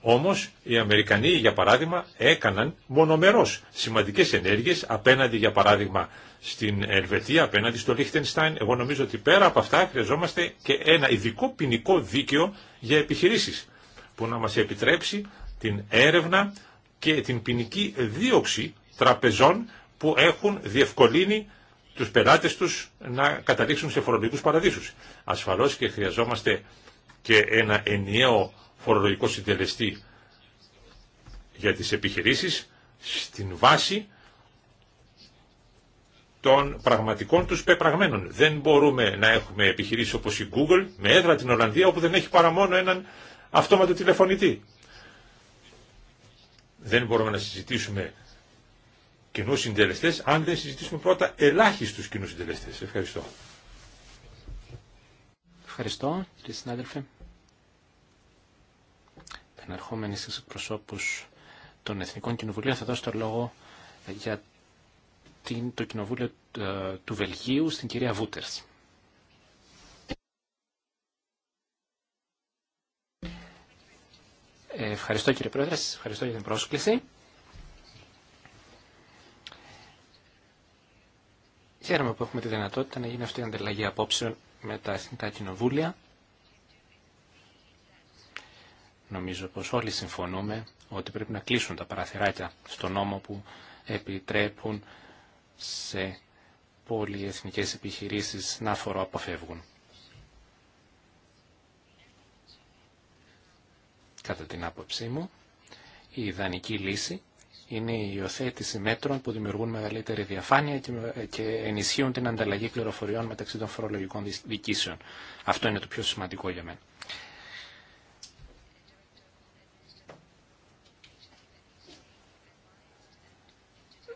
Όμως οι Αμερικανοί για παράδειγμα έκαναν μονομερός σημαντικές ενέργειες απέναντι για παράδειγμα στην Ελβετία, απέναντι στο Λίχτενστάιν. Εγώ νομίζω ότι πέρα από αυτά χρειαζόμαστε και ένα ειδικό ποινικό δίκαιο για επιχειρήσεις που να μας επιτρέψει την έρευνα και την ποινική δίωξη τραπεζών που έχουν διευκολύνει τους πελάτες τους να καταλήξουν σε φορολογικούς παραδείσους. Ασφαλώς και χρειαζόμαστε και ένα ενιαίο φορολογικό συντελεστή για τις επιχειρήσεις στην βάση των πραγματικών τους πεπραγμένων. Δεν μπορούμε να έχουμε επιχειρήσεις όπως η Google με έδρα την Ολλανδία όπου δεν έχει παρά μόνο έναν αυτόματο τηλεφωνητή. Δεν μπορούμε να συζητήσουμε κοινού συντελεστέ αν δεν συζητήσουμε πρώτα ελάχιστου κοινού συντελεστέ. Ευχαριστώ. Ευχαριστώ κύριε συνάδελφε. Επενερχόμενοι στου προσώπους των Εθνικών Κοινοβουλίων θα δώσω το λόγο για το Κοινοβούλιο ε, του Βελγίου στην κυρία Βούτερς. Ευχαριστώ κύριε Πρόεδρε, ευχαριστώ για την πρόσκληση. Χαίρομαι που έχουμε τη δυνατότητα να γίνει αυτή η ανταλλαγή απόψεων με τα εθνικά κοινοβούλια. Νομίζω πως όλοι συμφωνούμε ότι πρέπει να κλείσουν τα παραθυράκια στον νόμο που επιτρέπουν σε πολυεθνικές επιχειρήσεις να φοροαποφεύγουν. Κατά την άποψή μου, η ιδανική λύση είναι η υιοθέτηση μέτρων που δημιουργούν μεγαλύτερη διαφάνεια και ενισχύουν την ανταλλαγή πληροφοριών μεταξύ των φορολογικών διοικήσεων. Αυτό είναι το πιο σημαντικό για μένα.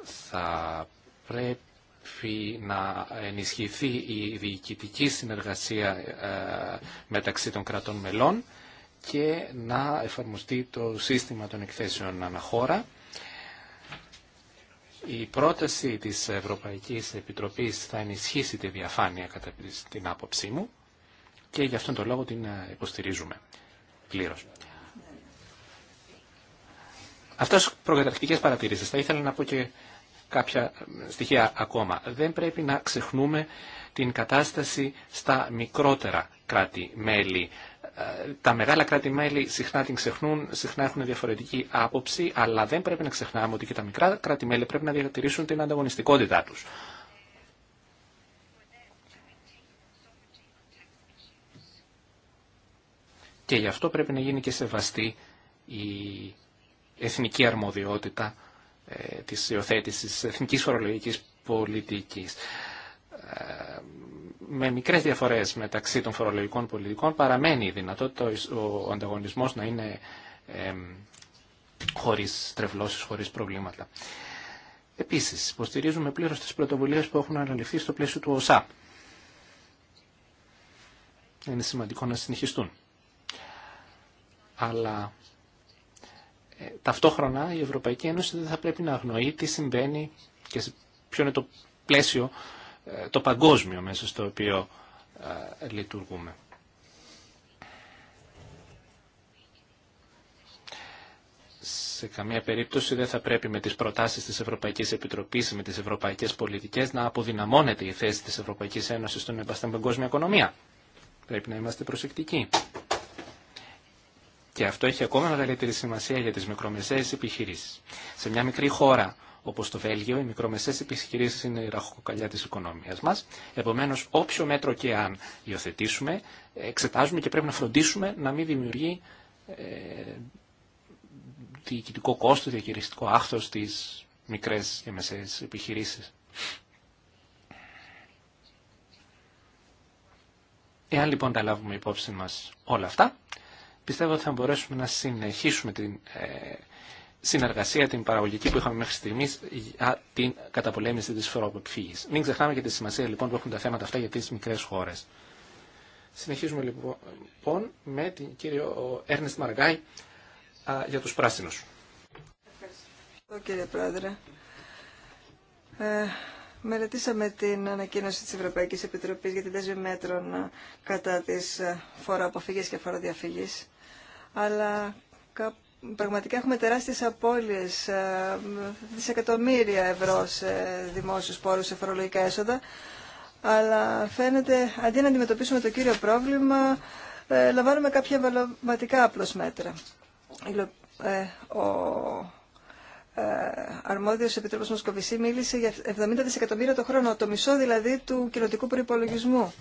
Θα πρέπει να ενισχυθεί η διοικητική συνεργασία ε, μεταξύ των κρατών μελών και να εφαρμοστεί το σύστημα των εκθέσεων αναχώρα. Η πρόταση της Ευρωπαϊκής Επιτροπής θα ενισχύσει τη διαφάνεια κατά την άποψή μου και γι' αυτόν τον λόγο την υποστηρίζουμε πλήρως. Αυτές οι προκαταρκτικές παρατηρήσεις θα ήθελα να πω και κάποια ε, στοιχεία ακόμα. Δεν πρέπει να ξεχνούμε την κατάσταση στα μικρότερα κράτη-μέλη. Ε, τα μεγάλα κράτη-μέλη συχνά την ξεχνούν, συχνά έχουν διαφορετική άποψη, αλλά δεν πρέπει να ξεχνάμε ότι και τα μικρά κράτη-μέλη πρέπει να διατηρήσουν την ανταγωνιστικότητά τους. Και γι' αυτό πρέπει να γίνει και σεβαστή η εθνική αρμοδιότητα ε, της υιοθέτηση της εθνικής φορολογικής πολιτικής ε, με μικρές διαφορές μεταξύ των φορολογικών πολιτικών παραμένει η δυνατότητα ο ανταγωνισμός να είναι χωρίς τρευλώσεις, χωρίς προβλήματα. Επίσης, υποστηρίζουμε πλήρως τις πρωτοβουλίες που έχουν αναλυφθεί στο πλαίσιο του ΟΣΑ. Είναι σημαντικό να συνεχιστούν. Αλλά ταυτόχρονα η Ευρωπαϊκή Ένωση δεν θα πρέπει να αγνοεί τι συμβαίνει και ποιο είναι το πλαίσιο, ε, το παγκόσμιο μέσα στο οποίο ε, λειτουργούμε. σε καμία περίπτωση δεν θα πρέπει με τις προτάσεις της Ευρωπαϊκής Επιτροπής με τις ευρωπαϊκές πολιτικές να αποδυναμώνεται η θέση της Ευρωπαϊκής Ένωσης στον στην παγκόσμια οικονομία. Πρέπει να είμαστε προσεκτικοί. Και αυτό έχει ακόμα μεγαλύτερη σημασία για τις μικρομεσαίες επιχειρήσεις. Σε μια μικρή χώρα όπως το Βέλγιο, οι μικρομεσαίες επιχειρήσεις είναι η ραχοκοκαλιά της οικονομίας μας. Επομένως, όποιο μέτρο και αν υιοθετήσουμε, εξετάζουμε και πρέπει να φροντίσουμε να μην δημιουργεί ε, διοικητικό κόστος, διαχειριστικό άχθο στι μικρέ και μεσαίε επιχειρήσει. Εάν λοιπόν τα λάβουμε υπόψη μας όλα αυτά, πιστεύω ότι θα μπορέσουμε να συνεχίσουμε την ε, συνεργασία, την παραγωγική που είχαμε μέχρι στιγμή για την καταπολέμηση τη φοροαποφύγης. Μην ξεχνάμε και τη σημασία λοιπόν που έχουν τα θέματα αυτά για τι μικρέ χώρε. Συνεχίζουμε λοιπόν με την κύριο Έρνεστ Μαργκάη για τους πράσινους. Ευχαριστώ κύριε Πρόεδρε. Ε, μελετήσαμε την ανακοίνωση της Ευρωπαϊκής Επιτροπής για την δέσμη μέτρων ε, κατά της ε, φοροαποφυγής και φοροδιαφυγής αλλά πραγματικά έχουμε τεράστιες απώλειες, ε, δισεκατομμύρια ευρώ σε δημόσιους πόρους, σε φορολογικά έσοδα, αλλά φαίνεται αντί να αντιμετωπίσουμε το κύριο πρόβλημα, ε, λαμβάνουμε κάποια βαλωματικά απλώς μέτρα. Ε, ο αρμόδιος Επιτρόπος Μοσκοβισή μίλησε για 70 δισεκατομμύρια το χρόνο, το μισό δηλαδή του κοινοτικού προϋπολογισμού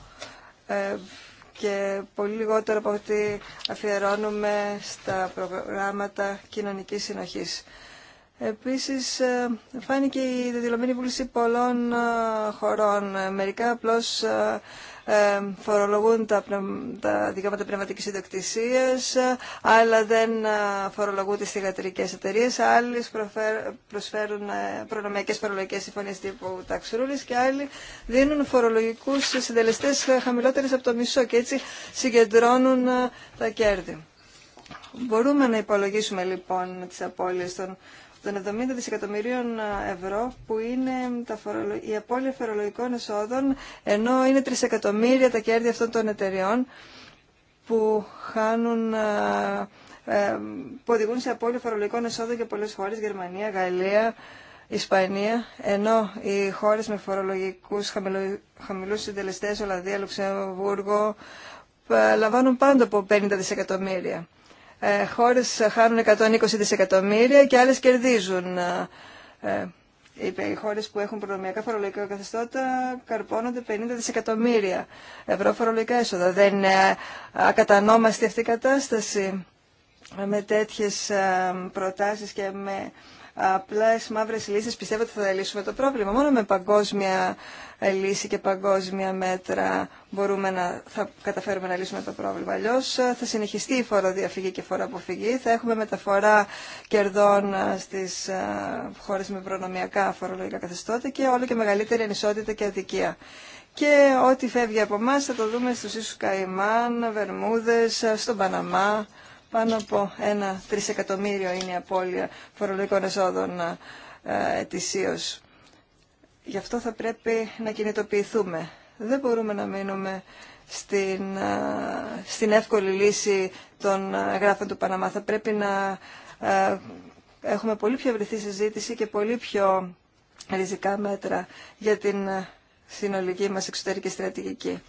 και πολύ λιγότερο από ό,τι αφιερώνουμε στα προγράμματα κοινωνικής συνοχής. Επίσης, ε, φάνηκε η δεδηλωμένη βούληση πολλών ε, χωρών. Μερικά απλώς ε, φορολογούν τα, τα δικαιώματα πνευματικής ιδιοκτησίας, άλλα δεν ε, φορολογούν τις θηγατρικές εταιρείες, άλλοι προσφέρουν ε, προνομιακές φορολογικές συμφωνίες τύπου tax και άλλοι δίνουν φορολογικούς συντελεστές χαμηλότερες από το μισό και έτσι συγκεντρώνουν ε, τα κέρδη. Μπορούμε να υπολογίσουμε λοιπόν τις απώλειες των των 70 δισεκατομμυρίων ευρώ που είναι τα η απώλεια φορολογικών εσόδων ενώ είναι τρισεκατομμύρια τα κέρδη αυτών των εταιριών που χάνουν ε, ε, που οδηγούν σε απώλεια φορολογικών εσόδων για πολλές χώρες, Γερμανία, Γαλλία, Ισπανία, ενώ οι χώρες με φορολογικούς χαμηλού, χαμηλούς συντελεστές, Ολλανδία, Λουξεμβούργο, ε, λαμβάνουν πάντα από 50 δισεκατομμύρια. Ε, χώρες χάνουν 120 δισεκατομμύρια και άλλες κερδίζουν. Ε, ε, οι χώρες που έχουν προνομιακά φορολογικά καθεστώτα καρπώνονται 50 δισεκατομμύρια ευρώ φορολογικά έσοδα. Δεν είναι ακατανόμαστη αυτή η κατάσταση με τέτοιες προτάσεις και με απλέ μαύρε λύσει, πιστεύω ότι θα λύσουμε το πρόβλημα. Μόνο με παγκόσμια λύση και παγκόσμια μέτρα μπορούμε να, θα καταφέρουμε να λύσουμε το πρόβλημα. Αλλιώ ε, θα συνεχιστεί η φοροδιαφυγή και η φοροαποφυγή. Θα έχουμε μεταφορά κερδών ε, στις ε, χώρε με προνομιακά φορολογικά καθεστώτα και όλο και μεγαλύτερη ανισότητα και αδικία. Και ό,τι φεύγει από εμά θα το δούμε στου ίσους Καϊμάν, βερμούδε, στον Παναμά, πάνω από ένα τρισεκατομμύριο είναι η απώλεια φορολογικών εσόδων ε, ετησίως. Γι' αυτό θα πρέπει να κινητοποιηθούμε. Δεν μπορούμε να μείνουμε στην, ε, στην εύκολη λύση των ε, γράφων του Παναμά. Θα πρέπει να έχουμε πολύ πιο ευρυθή συζήτηση και πολύ πιο ριζικά μέτρα για την συνολική μας εξωτερική στρατηγική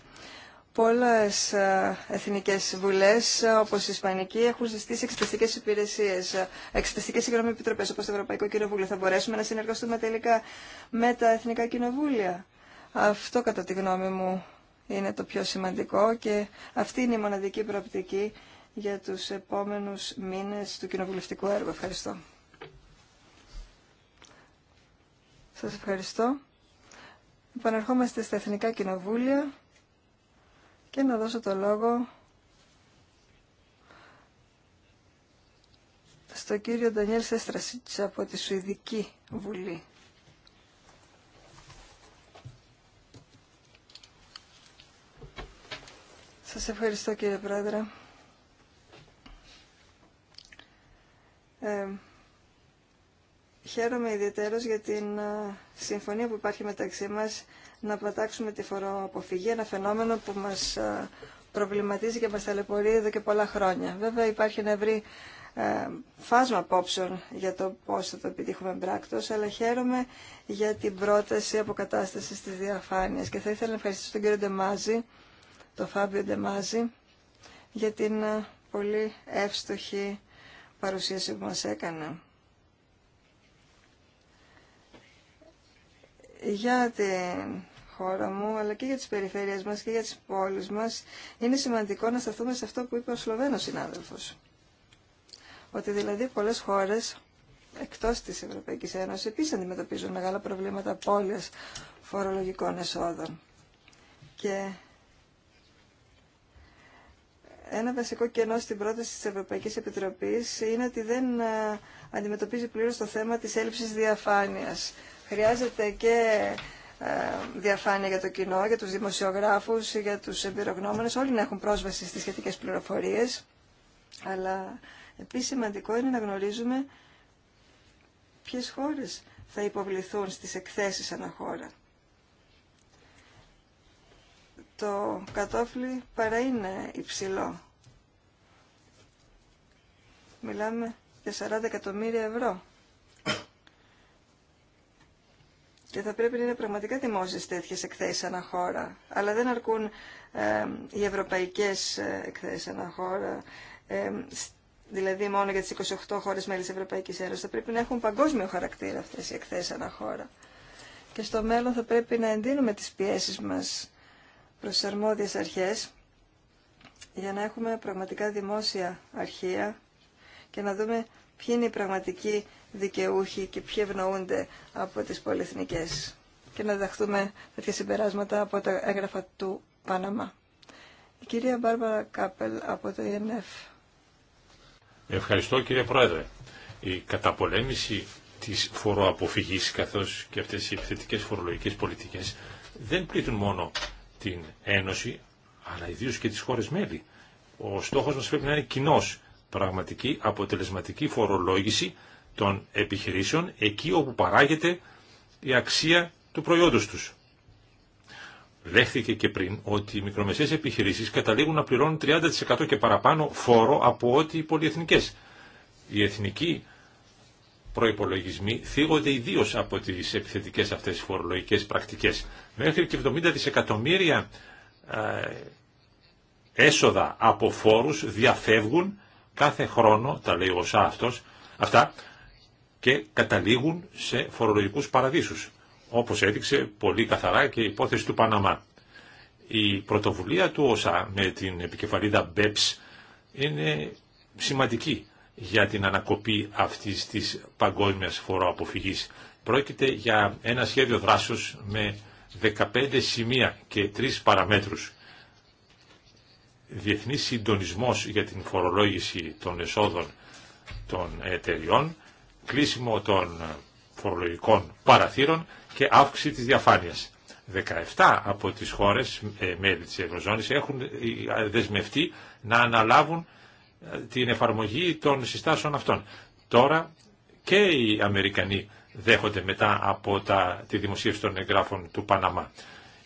πολλές ε, εθνικές βουλές, όπως η Ισπανική, έχουν ζητήσει εξεταστικές υπηρεσίες, εξεταστικές συγγνώμη επιτροπές, όπως το Ευρωπαϊκό Κοινοβούλιο. Θα μπορέσουμε να συνεργαστούμε τελικά με τα εθνικά κοινοβούλια. Αυτό, κατά τη γνώμη μου, είναι το πιο σημαντικό και αυτή είναι η μοναδική προοπτική για τους επόμενους μήνες του κοινοβουλευτικού έργου. Ευχαριστώ. Σας ευχαριστώ. Επαναρχόμαστε στα Εθνικά Κοινοβούλια και να δώσω το λόγο στο κύριο Ντανιέλ Σέστρασίτς από τη Σουηδική Βουλή. Σας ευχαριστώ κύριε Πρόεδρε. Ε, χαίρομαι ιδιαίτερως για την ε, συμφωνία που υπάρχει μεταξύ μας να πατάξουμε τη φοροαποφυγή, ένα φαινόμενο που μας ε, προβληματίζει και μας ταλαιπωρεί εδώ και πολλά χρόνια. Βέβαια υπάρχει ένα ευρύ ε, φάσμα απόψεων για το πώς θα το επιτύχουμε μπράκτος, αλλά χαίρομαι για την πρόταση αποκατάστασης της διαφάνειας και θα ήθελα να ευχαριστήσω τον κύριο Ντεμάζη, τον Φάβιο Ντεμάζη, για την ε, πολύ εύστοχη παρουσίαση που μας έκανε. Για την χώρα μου, αλλά και για τις περιφέρειες μας και για τις πόλεις μας, είναι σημαντικό να σταθούμε σε αυτό που είπε ο Σλοβαίνος συνάδελφος. Ότι δηλαδή πολλές χώρες εκτός της Ευρωπαϊκής Ένωσης επίσης αντιμετωπίζουν μεγάλα προβλήματα απώλειας φορολογικών εσόδων. Και ένα βασικό κενό στην πρόταση της Ευρωπαϊκής Επιτροπής είναι ότι δεν ε, αντιμετωπίζει πλήρως το θέμα της έλλειψης διαφάνειας. Χρειάζεται και ε, διαφάνεια για το κοινό, για τους δημοσιογράφους, για τους εμπειρογνώμονες, όλοι να έχουν πρόσβαση στις σχετικές πληροφορίες. Αλλά επίσης σημαντικό είναι να γνωρίζουμε ποιες χώρες θα υποβληθούν στις εκθέσεις αναχώρα. Το κατόφλι παρά είναι υψηλό. Μιλάμε για 40 εκατομμύρια ευρώ και θα πρέπει να είναι πραγματικά δημόσιες τέτοιες εκθέσεις αναχώρα. Αλλά δεν αρκούν οι ευρωπαϊκές ε, εκθέσεις αναχώρα, ε, δηλαδή μόνο για τις 28 χώρες μέλη της Ευρωπαϊκής Ένωσης. Θα πρέπει να έχουν παγκόσμιο χαρακτήρα αυτές οι εκθέσεις αναχώρα. Και στο μέλλον θα πρέπει να εντείνουμε τις πιέσεις μας προς αρμόδιες αρχές για να έχουμε πραγματικά δημόσια αρχεία και να δούμε ποιοι είναι οι πραγματικοί δικαιούχοι και ποιοι ευνοούνται από τις πολυεθνικές και να διδαχθούμε τέτοια συμπεράσματα από τα έγγραφα του Παναμά. Η κυρία Μπάρμπαρα Κάπελ από το ΙΕΝΕΦ. Ευχαριστώ κύριε Πρόεδρε. Η καταπολέμηση της φοροαποφυγής καθώς και αυτές οι επιθετικές φορολογικές πολιτικές δεν πλήττουν μόνο την Ένωση αλλά ιδίως και τις χώρες μέλη. Ο στόχος μας πρέπει να είναι κοινός πραγματική αποτελεσματική φορολόγηση των επιχειρήσεων εκεί όπου παράγεται η αξία του προϊόντος τους. Δέχθηκε και πριν ότι οι μικρομεσαίες επιχειρήσεις καταλήγουν να πληρώνουν 30% και παραπάνω φόρο από ό,τι οι πολυεθνικές. Οι εθνικοί προϋπολογισμοί θίγονται ιδίω από τις επιθετικές αυτές φορολογικές πρακτικές. Μέχρι και 70 δισεκατομμύρια ε, έσοδα από φόρους διαφεύγουν κάθε χρόνο, τα λέει ο αυτά, και καταλήγουν σε φορολογικούς παραδείσους, όπως έδειξε πολύ καθαρά και η υπόθεση του Παναμά. Η πρωτοβουλία του ΩΣΑ με την επικεφαλίδα BEPS είναι σημαντική για την ανακοπή αυτής της παγκόσμιας φοροαποφυγής. Πρόκειται για ένα σχέδιο δράσεως με 15 σημεία και 3 παραμέτρους. Διεθνή συντονισμός για την φορολόγηση των εσόδων των εταιριών, κλείσιμο των φορολογικών παραθύρων και αύξηση της διαφάνειας. 17 από τις χώρες ε, μέλη της Ευρωζώνης έχουν ε, δεσμευτεί να αναλάβουν ε, την εφαρμογή των συστάσεων αυτών. Τώρα και οι Αμερικανοί δέχονται μετά από τα, τη δημοσίευση των εγγράφων του Παναμά.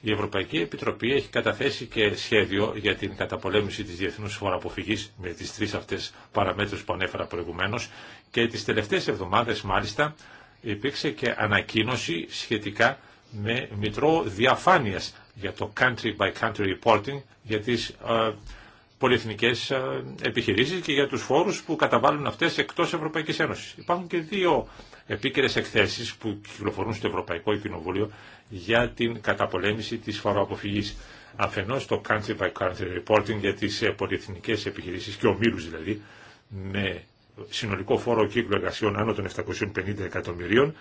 Η Ευρωπαϊκή Επιτροπή έχει καταθέσει και σχέδιο για την καταπολέμηση της διεθνούς φοροαποφυγής με τις τρεις αυτές παραμέτρους που ανέφερα προηγουμένως και τις τελευταίες εβδομάδες μάλιστα υπήρξε και ανακοίνωση σχετικά με μητρό διαφάνειας για το country by country reporting για τις ε, πολυεθνικές ε, επιχειρήσεις και για τους φόρους που καταβάλουν αυτές εκτός Ευρωπαϊκής Ένωσης. Υπάρχουν και δύο επίκαιρες εκθέσεις που κυκλοφορούν στο Ευρωπαϊκό Κοινοβούλιο για την καταπολέμηση της φοροαποφυγής. Αφενός το country by country reporting για τις ε, πολυεθνικές επιχειρήσεις και ομίλους δηλαδή με συνολικό φόρο κύκλου εργασιών άνω των 750 εκατομμυρίων.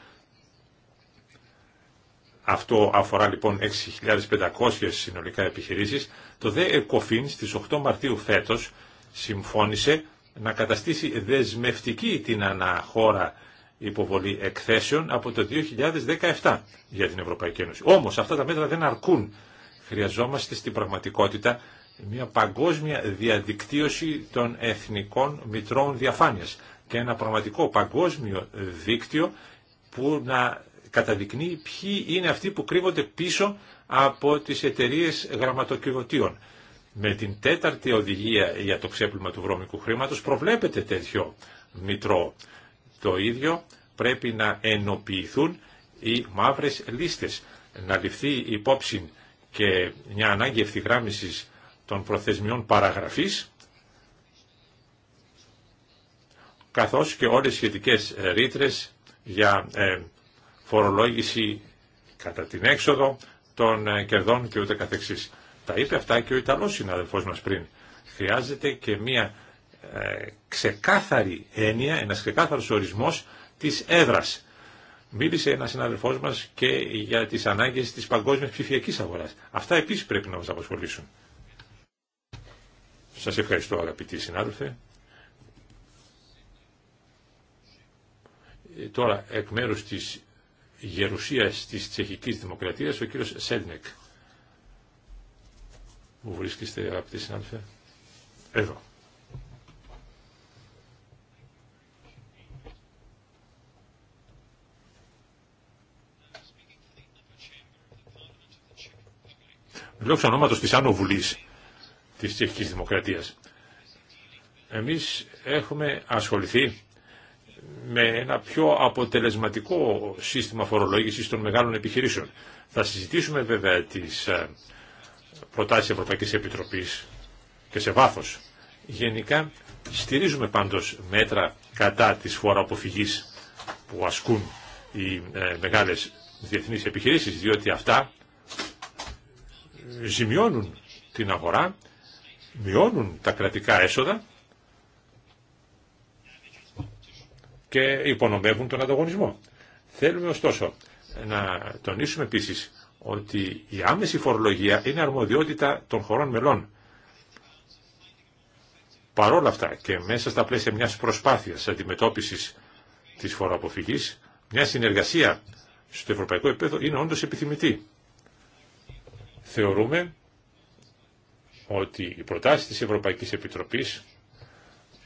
Αυτό αφορά λοιπόν 6.500 συνολικά επιχειρήσεις. Το ΔΕ ΕΚΟΦΗΝ στις 8 Μαρτίου φέτος συμφώνησε να καταστήσει δεσμευτική την αναχώρα υποβολή εκθέσεων από το 2017 για την Ευρωπαϊκή Ένωση. Όμως αυτά τα μέτρα δεν αρκούν. Χρειαζόμαστε στην πραγματικότητα μια παγκόσμια διαδικτύωση των εθνικών μητρών διαφάνειας και ένα πραγματικό παγκόσμιο δίκτυο που να καταδεικνύει ποιοι είναι αυτοί που κρύβονται πίσω από τις εταιρείε γραμματοκιβωτίων. Με την τέταρτη οδηγία για το ξέπλυμα του βρώμικου χρήματος προβλέπεται τέτοιο μητρό. Το ίδιο πρέπει να ενοποιηθούν οι μαύρες λίστες, να ληφθεί υπόψη και μια ανάγκη ευθυγράμμισης των προθεσμιών παραγραφής, καθώς και όλες οι σχετικές ρήτρες για ε, φορολόγηση κατά την έξοδο των ε, κερδών και ούτε καθεξής. Τα είπε αυτά και ο Ιταλός συναδελφός μας πριν. Χρειάζεται και μια ε, ξεκάθαρη έννοια, ένας ξεκάθαρος ορισμός της έδρας. Μίλησε ένας συναδελφός μας και για τις ανάγκες της παγκόσμιας ψηφιακής αγοράς. Αυτά επίσης πρέπει να μας απασχολήσουν. Σας ευχαριστώ αγαπητοί συνάδελφε. Ε, τώρα εκ μέρους της γερουσίας της τσεχικής δημοκρατίας ο κύριος Σέλνεκ. Μου βρίσκεστε αγαπητοί συνάδελφε. Εδώ. λόγω ονόματος της Άνω Βουλής της Τσεχικής Δημοκρατίας. Εμείς έχουμε ασχοληθεί με ένα πιο αποτελεσματικό σύστημα φορολόγησης των μεγάλων επιχειρήσεων. Θα συζητήσουμε βέβαια τις ε, προτάσεις Ευρωπαϊκής Επιτροπής και σε βάθος. Γενικά στηρίζουμε πάντως μέτρα κατά της φοροαποφυγής που ασκούν οι ε, μεγάλες διεθνείς επιχειρήσεις, διότι αυτά ζημιώνουν την αγορά, μειώνουν τα κρατικά έσοδα και υπονομεύουν τον ανταγωνισμό. Θέλουμε ωστόσο να τονίσουμε επίσης ότι η άμεση φορολογία είναι αρμοδιότητα των χωρών μελών. Παρόλα αυτά και μέσα στα πλαίσια μιας προσπάθειας αντιμετώπισης της φοροαποφυγής, μια συνεργασία στο ευρωπαϊκό επίπεδο είναι όντως επιθυμητή. Θεωρούμε ότι οι προτάσεις της Ευρωπαϊκής Επιτροπής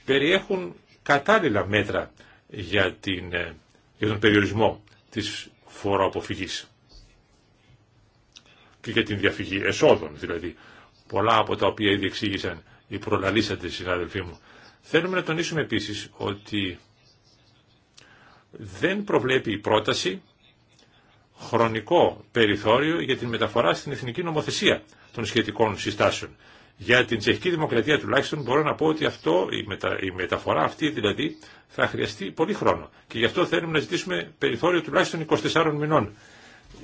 περιέχουν κατάλληλα μέτρα για, την, ε, τον περιορισμό της φοροαποφυγής και για την διαφυγή εσόδων δηλαδή. Πολλά από τα οποία ήδη εξήγησαν οι προλαλήσαντες συνάδελφοί μου. Θέλουμε να τονίσουμε επίσης ότι δεν προβλέπει η πρόταση χρονικό περιθώριο για την μεταφορά στην εθνική νομοθεσία των σχετικών συστάσεων. Για την τσεχική δημοκρατία τουλάχιστον μπορώ να πω ότι αυτό, η, μετα, η μεταφορά αυτή δηλαδή θα χρειαστεί πολύ χρόνο. Και γι' αυτό θέλουμε να ζητήσουμε περιθώριο τουλάχιστον 24 μηνών.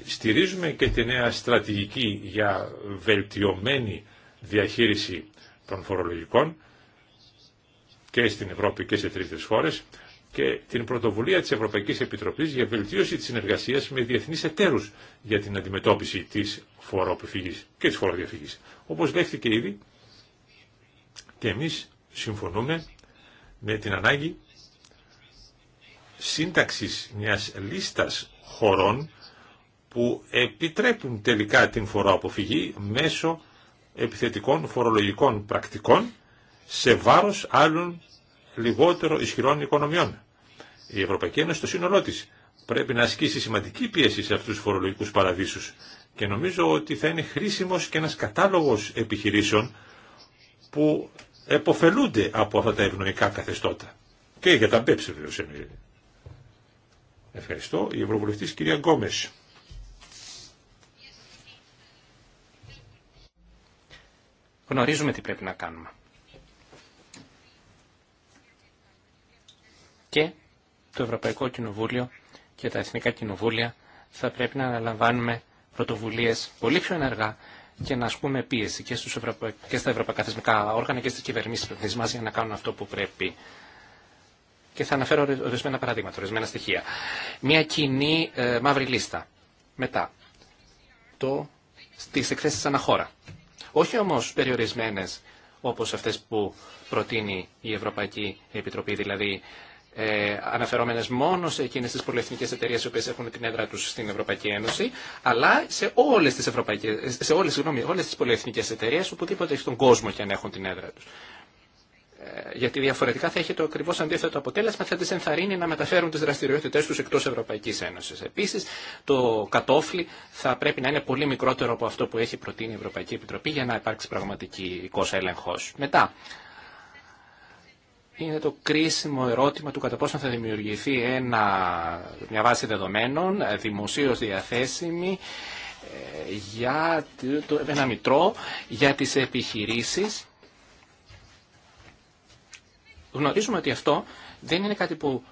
Στηρίζουμε και τη νέα στρατηγική για βελτιωμένη διαχείριση των φορολογικών και στην Ευρώπη και σε τρίτες χώρες και την πρωτοβουλία της Ευρωπαϊκής Επιτροπής για βελτίωση της συνεργασίας με διεθνείς εταίρους για την αντιμετώπιση της φοροαποφυγής και της φοροδιαφυγής. Όπως λέχθηκε ήδη και εμείς συμφωνούμε με την ανάγκη σύνταξης μιας λίστας χωρών που επιτρέπουν τελικά την φοροαποφυγή μέσω επιθετικών φορολογικών πρακτικών σε βάρος άλλων λιγότερο ισχυρών οικονομιών. Η Ευρωπαϊκή Ένωση στο σύνολό τη πρέπει να ασκήσει σημαντική πίεση σε αυτού του φορολογικού παραδείσου και νομίζω ότι θα είναι χρήσιμο και ένα κατάλογο επιχειρήσεων που εποφελούνται από αυτά τα ευνοϊκά καθεστώτα. Και για τα μπέψε βεβαίω Ευχαριστώ. Η Ευρωβουλευτή κυρία Γκόμε. Γνωρίζουμε τι πρέπει να κάνουμε. και το Ευρωπαϊκό Κοινοβούλιο και τα Εθνικά Κοινοβούλια θα πρέπει να αναλαμβάνουμε πρωτοβουλίες πολύ πιο ενεργά και να ασκούμε πίεση και, στους και στα ευρωπαϊκά θεσμικά όργανα και στις κυβερνήσεις μας για να κάνουν αυτό που πρέπει. Και θα αναφέρω ορισμένα παραδείγματα, ορισμένα στοιχεία. Μια κοινή ε, μαύρη λίστα. Μετά, το, στις εκθέσεις αναχώρα. Όχι όμως περιορισμένες όπως αυτές που προτείνει η Ευρωπαϊκή Επιτροπή, δηλαδή ε, αναφερόμενες μόνο σε εκείνες τις πολυεθνικές εταιρείες οι οποίες έχουν την έδρα τους στην Ευρωπαϊκή Ένωση, αλλά σε όλες τις, σε όλες, συγγνώμη, όλες τις πολυεθνικές εταιρείες οπουδήποτε στον κόσμο και αν έχουν την έδρα τους. Ε, γιατί διαφορετικά θα έχει το ακριβώ αντίθετο αποτέλεσμα, θα τι ενθαρρύνει να μεταφέρουν τι δραστηριότητέ του εκτό Ευρωπαϊκή Ένωση. Επίση, το κατόφλι θα πρέπει να είναι πολύ μικρότερο από αυτό που έχει προτείνει η Ευρωπαϊκή Επιτροπή για να υπάρξει πραγματική έλεγχο. Μετά, είναι το κρίσιμο ερώτημα του κατά πόσο θα δημιουργηθεί ένα, μια βάση δεδομένων ε, δημοσίως διαθέσιμη ε, για το, ένα μητρό για τις επιχειρήσεις. Γνωρίζουμε ότι αυτό δεν είναι κάτι που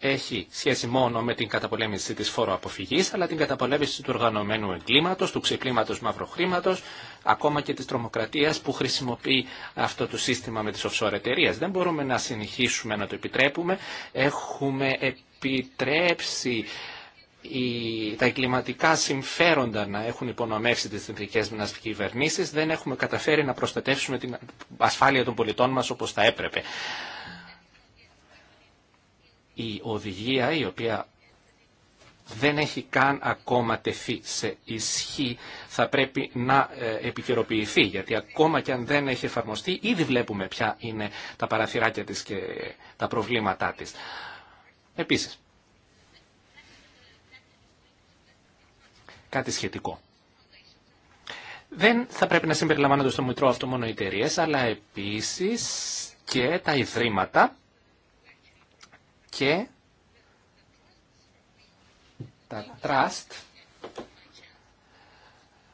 έχει σχέση μόνο με την καταπολέμηση της φοροαποφυγής, αλλά την καταπολέμηση του οργανωμένου εγκλήματος, του ξεπλήματος μαύρο χρήματο, ακόμα και της τρομοκρατίας που χρησιμοποιεί αυτό το σύστημα με τις offshore εταιρείες. Δεν μπορούμε να συνεχίσουμε να το επιτρέπουμε. Έχουμε επιτρέψει τα εγκληματικά συμφέροντα να έχουν υπονομεύσει τις δυτικές μας κυβερνήσεις, δεν έχουμε καταφέρει να προστατεύσουμε την ασφάλεια των πολιτών μας όπως θα έπρεπε η οδηγία η οποία δεν έχει καν ακόμα τεθεί σε ισχύ, θα πρέπει να ε, επικαιροποιηθεί, γιατί ακόμα και αν δεν έχει εφαρμοστεί, ήδη βλέπουμε ποια είναι τα παραθυράκια της και τα προβλήματά της. Επίσης, κάτι σχετικό. Δεν θα πρέπει να συμπεριλαμβάνονται στο μητρό αυτό μόνο οι εταιρείε, αλλά επίσης και τα ιδρύματα και τα trust.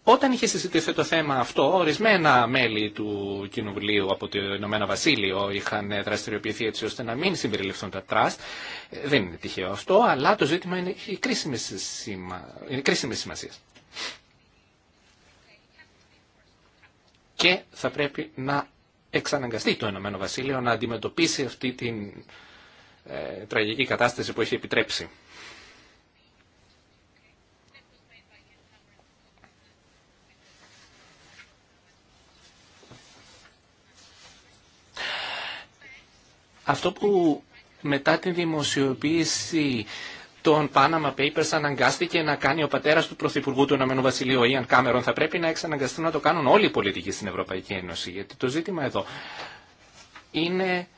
Όταν είχε συζητηθεί το θέμα αυτό, ορισμένα μέλη του Κοινοβουλίου από το Ηνωμένο Βασίλειο είχαν δραστηριοποιηθεί έτσι ώστε να μην συμπεριληφθούν τα τραστ. Δεν είναι τυχαίο αυτό, αλλά το ζήτημα είναι κρίσιμη σημασία. Και θα πρέπει να εξαναγκαστεί το Ηνωμένο Βασίλειο να αντιμετωπίσει αυτή την ε, τραγική κατάσταση που έχει επιτρέψει. Αυτό που μετά την δημοσιοποίηση των Panama Papers αναγκάστηκε να κάνει ο πατέρας του Πρωθυπουργού του Ηνωμένου Βασιλείου, ο Ιαν Κάμερον, θα πρέπει να εξαναγκαστούν να το κάνουν όλοι οι πολιτικοί στην Ευρωπαϊκή Ένωση. Γιατί το ζήτημα εδώ είναι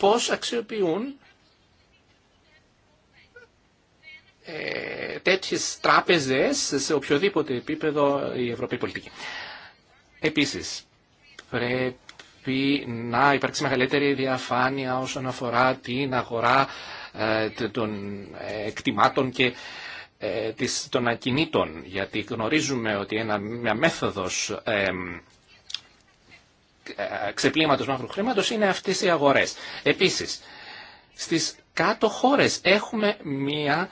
πώς αξιοποιούν ε, τέτοιες τράπεζες σε οποιοδήποτε επίπεδο η ευρωπαϊκή πολιτική. Επίσης, πρέπει να υπάρξει μεγαλύτερη διαφάνεια όσον αφορά την αγορά ε, των εκτιμάτων και ε, των ακινήτων, γιατί γνωρίζουμε ότι ένα, μια μέθοδος ε, ξεπλήματος μαύρου χρήματος είναι αυτές οι αγορές. Επίσης, στις κάτω χώρες έχουμε μια,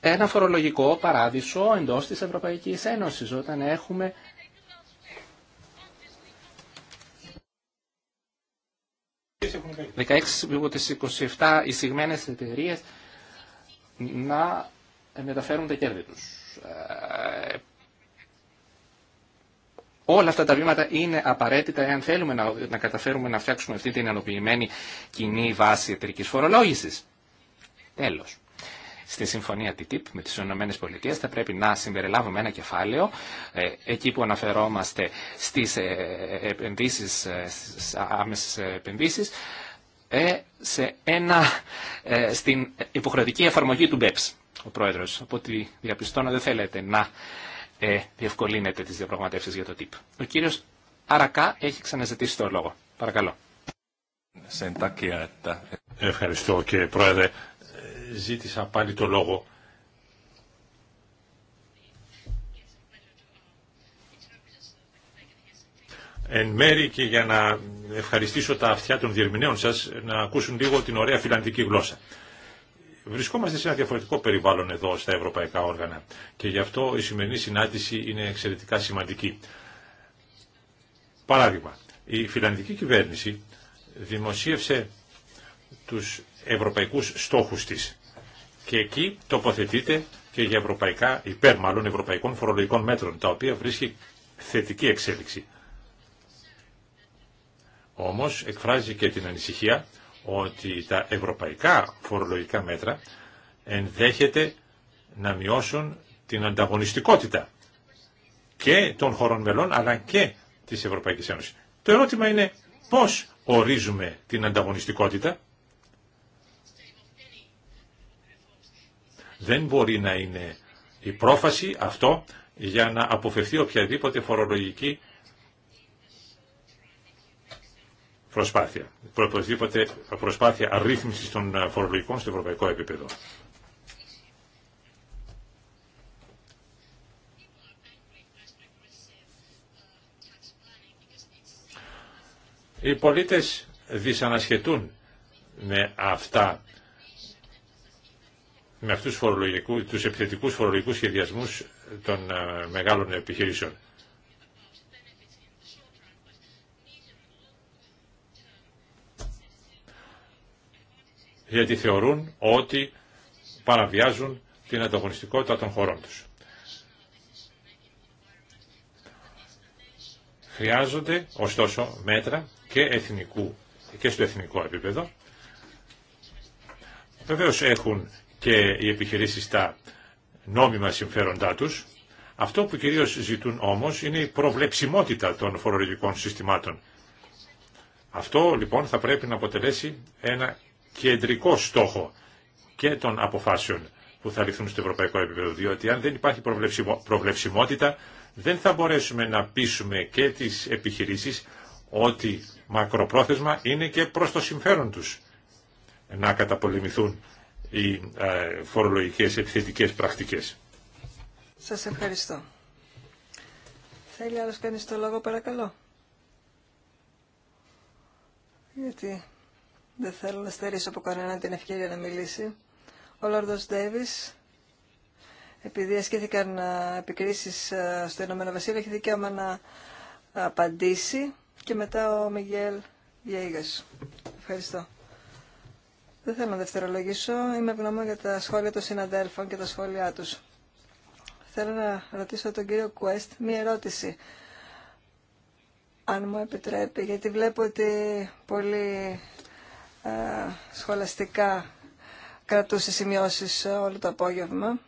ένα φορολογικό παράδεισο εντός της Ευρωπαϊκής Ένωσης, όταν έχουμε ...16 από 27 εισηγμένες εταιρείες να μεταφέρουν τα κέρδη τους. Ε, Όλα αυτά τα βήματα είναι απαραίτητα εάν θέλουμε να, καταφέρουμε να φτιάξουμε αυτή την ενοποιημένη κοινή βάση εταιρική φορολόγηση. Τέλο. Στη συμφωνία TTIP με τις ΗΠΑ θα πρέπει να συμπεριλάβουμε ένα κεφάλαιο ε, εκεί που αναφερόμαστε στις άμεσε ε, ε, στις άμεσες επενδύσεις σε ένα, στην υποχρεωτική εφαρμογή του BEPS. Ο πρόεδρος, από ό,τι διαπιστώνω δεν θέλετε να ε, διευκολύνεται τις διαπραγματεύσεις για το TIP. Ο κύριος Αρακά έχει ξαναζητήσει το λόγο. Παρακαλώ. Ευχαριστώ κύριε Πρόεδρε. Ζήτησα πάλι το λόγο. Εν μέρη και για να ευχαριστήσω τα αυτιά των διερμηνέων σας να ακούσουν λίγο την ωραία φιλανδική γλώσσα. Βρισκόμαστε σε ένα διαφορετικό περιβάλλον εδώ στα ευρωπαϊκά όργανα και γι' αυτό η σημερινή συνάντηση είναι εξαιρετικά σημαντική. Παράδειγμα, η φιλανδική κυβέρνηση δημοσίευσε τους ευρωπαϊκούς στόχους της και εκεί τοποθετείται και για ευρωπαϊκά, υπέρ μάλλον ευρωπαϊκών φορολογικών μέτρων, τα οποία βρίσκει θετική εξέλιξη. Όμως εκφράζει και την ανησυχία ότι τα ευρωπαϊκά φορολογικά μέτρα ενδέχεται να μειώσουν την ανταγωνιστικότητα και των χωρών μελών αλλά και της Ευρωπαϊκής Ένωσης. Το ερώτημα είναι πώς ορίζουμε την ανταγωνιστικότητα. Δεν μπορεί να είναι η πρόφαση αυτό για να αποφευθεί οποιαδήποτε φορολογική προσπάθεια. Οπωσδήποτε προσπάθεια αρρύθμισης των ε, φορολογικών στο ευρωπαϊκό επίπεδο. Οι πολίτες δυσανασχετούν με αυτά με αυτούς τους επιθετικούς φορολογικούς σχεδιασμούς των ε, μεγάλων επιχειρήσεων. γιατί θεωρούν ότι παραβιάζουν την ανταγωνιστικότητα των χωρών τους. Χρειάζονται, ωστόσο, μέτρα και, εθνικού, και στο εθνικό επίπεδο. Βεβαίως έχουν και οι επιχειρήσεις τα νόμιμα συμφέροντά τους. Αυτό που κυρίως ζητούν όμως είναι η προβλεψιμότητα των φορολογικών συστημάτων. Αυτό λοιπόν θα πρέπει να αποτελέσει ένα κεντρικό στόχο και των αποφάσεων που θα ληφθούν στο ευρωπαϊκό επίπεδο. Διότι αν δεν υπάρχει προβλεψιμότητα, δεν θα μπορέσουμε να πείσουμε και τις επιχειρήσεις ότι μακροπρόθεσμα είναι και προς το συμφέρον τους να καταπολεμηθούν οι ε, φορολογικές επιθετικές πρακτικές. Σας ευχαριστώ. Θέλει άλλος κανείς το λόγο παρακαλώ. Γιατί δεν θέλω να στερήσω από κανέναν την ευκαιρία να μιλήσει. Ο Λόρδος Ντέβις, επειδή ασκήθηκαν επικρίσεις στο Ηνωμένο Βασίλειο, έχει δικαίωμα να απαντήσει και μετά ο Μιγγέλ Βιέγας. Ευχαριστώ. Δεν θέλω να δευτερολογήσω. Είμαι ευγνώμων για τα σχόλια των συναδέλφων και τα σχόλιά τους. Θέλω να ρωτήσω τον κύριο Κουέστ μία ερώτηση, αν μου επιτρέπει, γιατί βλέπω ότι πολλοί ε, σχολαστικά κρατούσε σημειώσεις όλο το απόγευμα.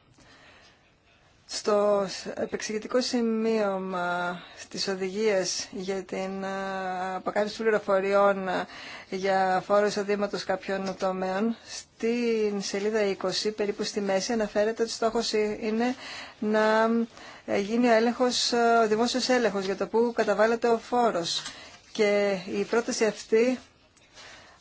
Στο επεξηγητικό σημείωμα στις οδηγίες για την ε, αποκάλυψη πληροφοριών ε, για φόρο εισοδήματος κάποιων τομέων, στην σελίδα 20, περίπου στη μέση, αναφέρεται ότι στόχος είναι να γίνει ο, έλεγχος, ο δημόσιος έλεγχος για το που καταβάλλεται ο φόρος. Και η πρόταση αυτή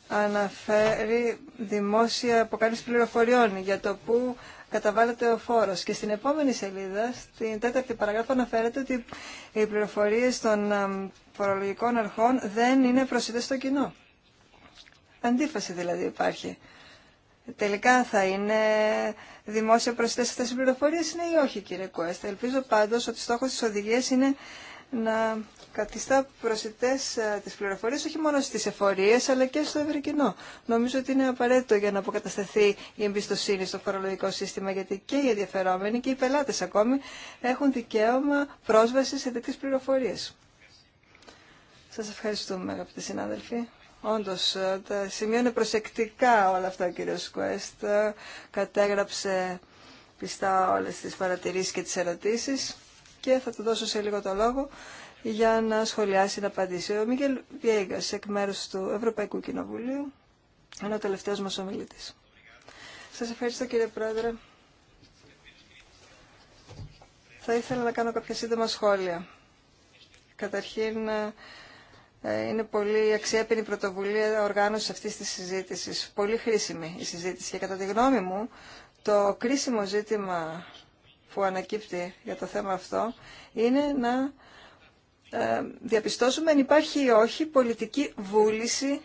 αναφέρει δημόσια αποκάλυψη πληροφοριών για το πού καταβάλλεται ο φόρος. Και στην επόμενη σελίδα, στην τέταρτη παραγράφη, αναφέρεται ότι οι πληροφορίες των φορολογικών αρχών δεν είναι προσιτές στο κοινό. Αντίφαση δηλαδή υπάρχει. Τελικά θα είναι δημόσια προσιτές αυτές οι πληροφορίες, είναι ή όχι κύριε Κουέστα. Ελπίζω πάντως ότι στόχος της οδηγίας είναι να καθιστά προσιτές ε, τις πληροφορίες όχι μόνο στις εφορίες αλλά και στο ευρύ Νομίζω ότι είναι απαραίτητο για να αποκατασταθεί η εμπιστοσύνη στο φορολογικό σύστημα γιατί και οι ενδιαφερόμενοι και οι πελάτες ακόμη έχουν δικαίωμα πρόσβαση σε τέτοιες πληροφορίες. Σας ευχαριστούμε αγαπητοί συνάδελφοι. Όντω ε, τα σημειώνει προσεκτικά όλα αυτά ο κύριο Κουέστ. Κατέγραψε πιστά όλε τι παρατηρήσει και τι ερωτήσει και θα του δώσω σε λίγο το λόγο για να σχολιάσει να απαντήσει. Ο Μίγκελ Βιέγκας εκ μέρους του Ευρωπαϊκού Κοινοβουλίου είναι ο τελευταίο μα ομιλητή. Σας ευχαριστώ κύριε Πρόεδρε. Θα ήθελα να κάνω κάποια σύντομα σχόλια. Καταρχήν, ε, είναι πολύ αξιέπαινη πρωτοβουλία οργάνωση αυτής τη συζήτηση, Πολύ χρήσιμη η συζήτηση και κατά τη γνώμη μου το κρίσιμο ζήτημα που ανακύπτει για το θέμα αυτό είναι να ε, διαπιστώσουμε αν υπάρχει ή όχι πολιτική βούληση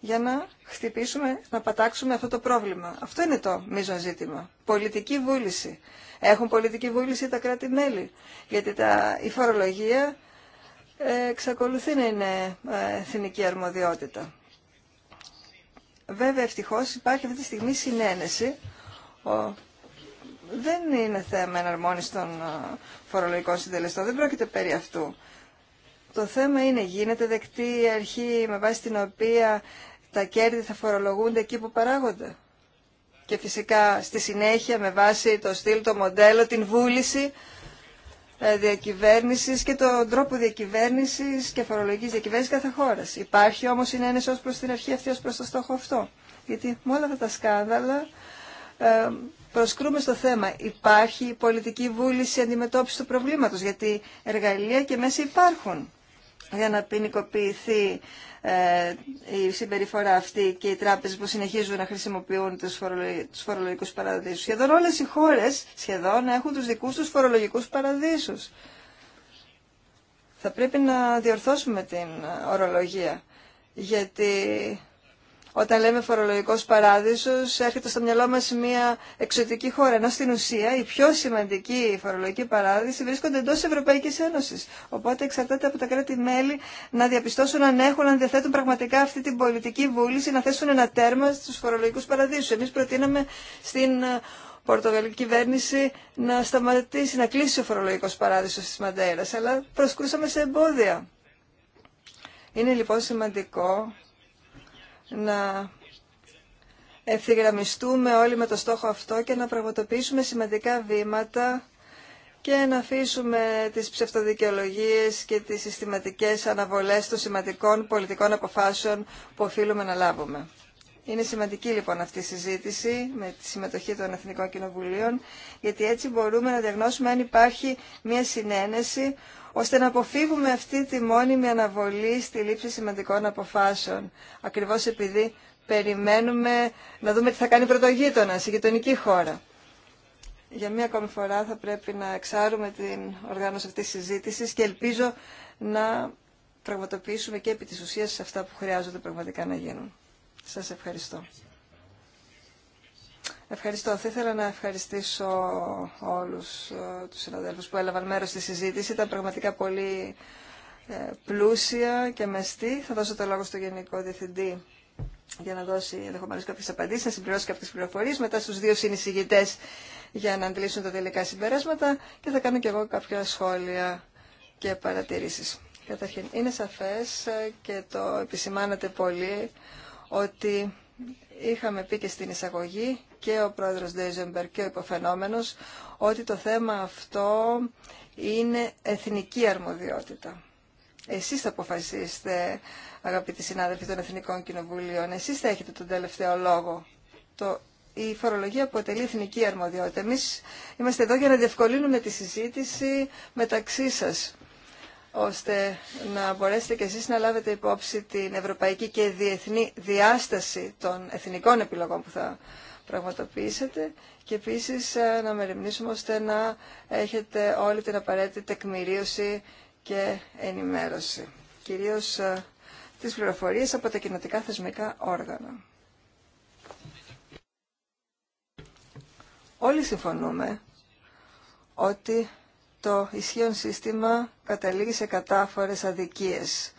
για να χτυπήσουμε, να πατάξουμε αυτό το πρόβλημα. Αυτό είναι το μείζον ζήτημα. Πολιτική βούληση. Έχουν πολιτική βούληση τα κράτη-μέλη. Γιατί τα, η φορολογία ε, εξακολουθεί να είναι ε, εθνική αρμοδιότητα. Βέβαια, ευτυχώς, υπάρχει αυτή τη στιγμή συνένεση δεν είναι θέμα εναρμόνιση των ε, φορολογικών συντελεστών. Δεν πρόκειται περί αυτού. Το θέμα είναι, γίνεται δεκτή η αρχή με βάση την οποία τα κέρδη θα φορολογούνται εκεί που παράγονται. Και φυσικά στη συνέχεια με βάση το στυλ, το μοντέλο, την βούληση ε, διακυβέρνησης και τον τρόπο διακυβέρνησης και φορολογικής διακυβέρνησης κάθε χώρας. Υπάρχει όμως συνένεση ως προς την αρχή αυτή, ως προς το στόχο αυτό. Γιατί με όλα αυτά τα σκάνδαλα ε, προσκρούμε στο θέμα. Υπάρχει πολιτική βούληση αντιμετώπιση του προβλήματος, γιατί εργαλεία και μέσα υπάρχουν για να ποινικοποιηθεί ε, η συμπεριφορά αυτή και οι τράπεζες που συνεχίζουν να χρησιμοποιούν τους, φορολογικού τους φορολογικούς παραδείσους. Σχεδόν όλες οι χώρες σχεδόν έχουν τους δικούς τους φορολογικούς παραδείσους. Θα πρέπει να διορθώσουμε την ε, ορολογία, γιατί όταν λέμε φορολογικός παράδεισος, έρχεται στο μυαλό μας μια εξωτική χώρα, ενώ στην ουσία οι πιο σημαντικοί φορολογικοί παράδεισοι βρίσκονται εντός Ευρωπαϊκής Ένωσης. Οπότε εξαρτάται από τα κράτη-μέλη να διαπιστώσουν αν έχουν, αν διαθέτουν πραγματικά αυτή την πολιτική βούληση να θέσουν ένα τέρμα στους φορολογικούς παραδείσους. Εμείς προτείναμε στην ε, Πορτογαλική κυβέρνηση να σταματήσει, να κλείσει ο φορολογικός παράδεισος της Μαντέρας, αλλά προσκούσαμε σε εμπόδια. Είναι λοιπόν σημαντικό να ευθυγραμμιστούμε όλοι με το στόχο αυτό και να πραγματοποιήσουμε σημαντικά βήματα και να αφήσουμε τις ψευτοδικαιολογίες και τις συστηματικές αναβολές των σημαντικών πολιτικών αποφάσεων που οφείλουμε να λάβουμε. Είναι σημαντική λοιπόν αυτή η συζήτηση με τη συμμετοχή των Εθνικών Κοινοβουλίων, γιατί έτσι μπορούμε να διαγνώσουμε αν υπάρχει μια συνένεση ώστε να αποφύγουμε αυτή τη μόνιμη αναβολή στη λήψη σημαντικών αποφάσεων. Ακριβώς επειδή περιμένουμε να δούμε τι θα κάνει πρωτογείτονα, η γειτονική χώρα. Για μία ακόμη φορά θα πρέπει να εξάρουμε την οργάνωση αυτής της συζήτησης και ελπίζω να πραγματοποιήσουμε και επί της ουσίας αυτά που χρειάζονται πραγματικά να γίνουν. Σας ευχαριστώ. Ευχαριστώ. Θα ήθελα να ευχαριστήσω όλους ε, τους συναδέλφους που έλαβαν μέρος στη συζήτηση. Ήταν πραγματικά πολύ ε, πλούσια και μεστή. Θα δώσω το λόγο στο Γενικό Διευθυντή για να δώσει ενδεχομένω κάποιε απαντήσει, να συμπληρώσει κάποιε πληροφορίε, μετά στου δύο συνεισηγητέ για να αντλήσουν τα τελικά συμπεράσματα και θα κάνω και εγώ κάποια σχόλια και παρατηρήσει. Καταρχήν, είναι σαφέ ε, και το επισημάνατε πολύ ότι είχαμε πει και στην εισαγωγή και ο πρόεδρος Ντέιζεμπερ και ο υποφαινόμενος ότι το θέμα αυτό είναι εθνική αρμοδιότητα. Εσείς θα αποφασίσετε, αγαπητοί συνάδελφοι των Εθνικών Κοινοβουλίων, εσείς θα έχετε τον τελευταίο λόγο. Το, η φορολογία αποτελεί εθνική αρμοδιότητα. Εμείς είμαστε εδώ για να διευκολύνουμε τη συζήτηση μεταξύ σας ώστε να μπορέσετε και εσείς να λάβετε υπόψη την ευρωπαϊκή και διεθνή διάσταση των εθνικών επιλογών που θα πραγματοποιήσετε και επίσης ε, να μεριμνήσουμε ώστε να έχετε όλη την απαραίτητη τεκμηρίωση και ενημέρωση, κυρίως ε, τις πληροφορίες από τα κοινοτικά θεσμικά όργανα. Όλοι συμφωνούμε ότι το ισχύον σύστημα καταλήγει σε κατάφορες αδικίες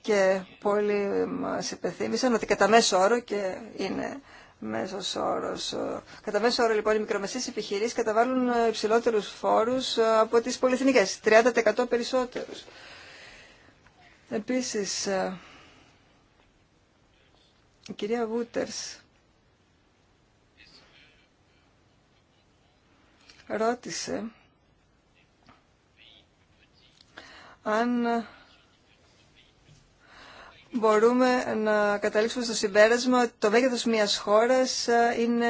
και πολλοί μας υπενθύμησαν ότι κατά μέσο όρο και είναι Μέσο όρο. Ε, κατά μέσο όρο λοιπόν οι μικρομεσαίες επιχειρήσει καταβάλουν ε, υψηλότερου φόρους ε, από τις πολυεθνικές, 30% περισσότερους. Επίσης, η κυρία Βούτερ. ρώτησε αν μπορούμε να καταλήξουμε στο συμπέρασμα ότι το μέγεθος μιας χώρας ε, είναι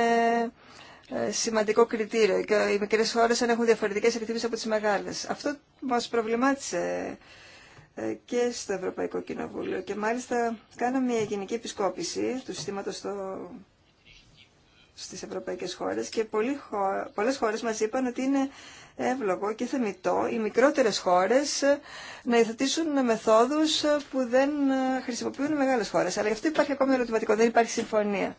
ε, σημαντικό κριτήριο και οι μικρές χώρες αν έχουν διαφορετικές εκτιμήσεις από τις μεγάλες. Αυτό μας προβλημάτισε ε, και στο Ευρωπαϊκό Κοινοβούλιο και μάλιστα κάναμε μια γενική επισκόπηση του συστήματος στο στις ευρωπαϊκές χώρες και πολλές χώρες μας είπαν ότι είναι εύλογο και θεμητό οι μικρότερες χώρες να υιοθετήσουν μεθόδους που δεν χρησιμοποιούν οι μεγάλες χώρες. Αλλά γι' αυτό υπάρχει ακόμη ερωτηματικό, δεν υπάρχει συμφωνία.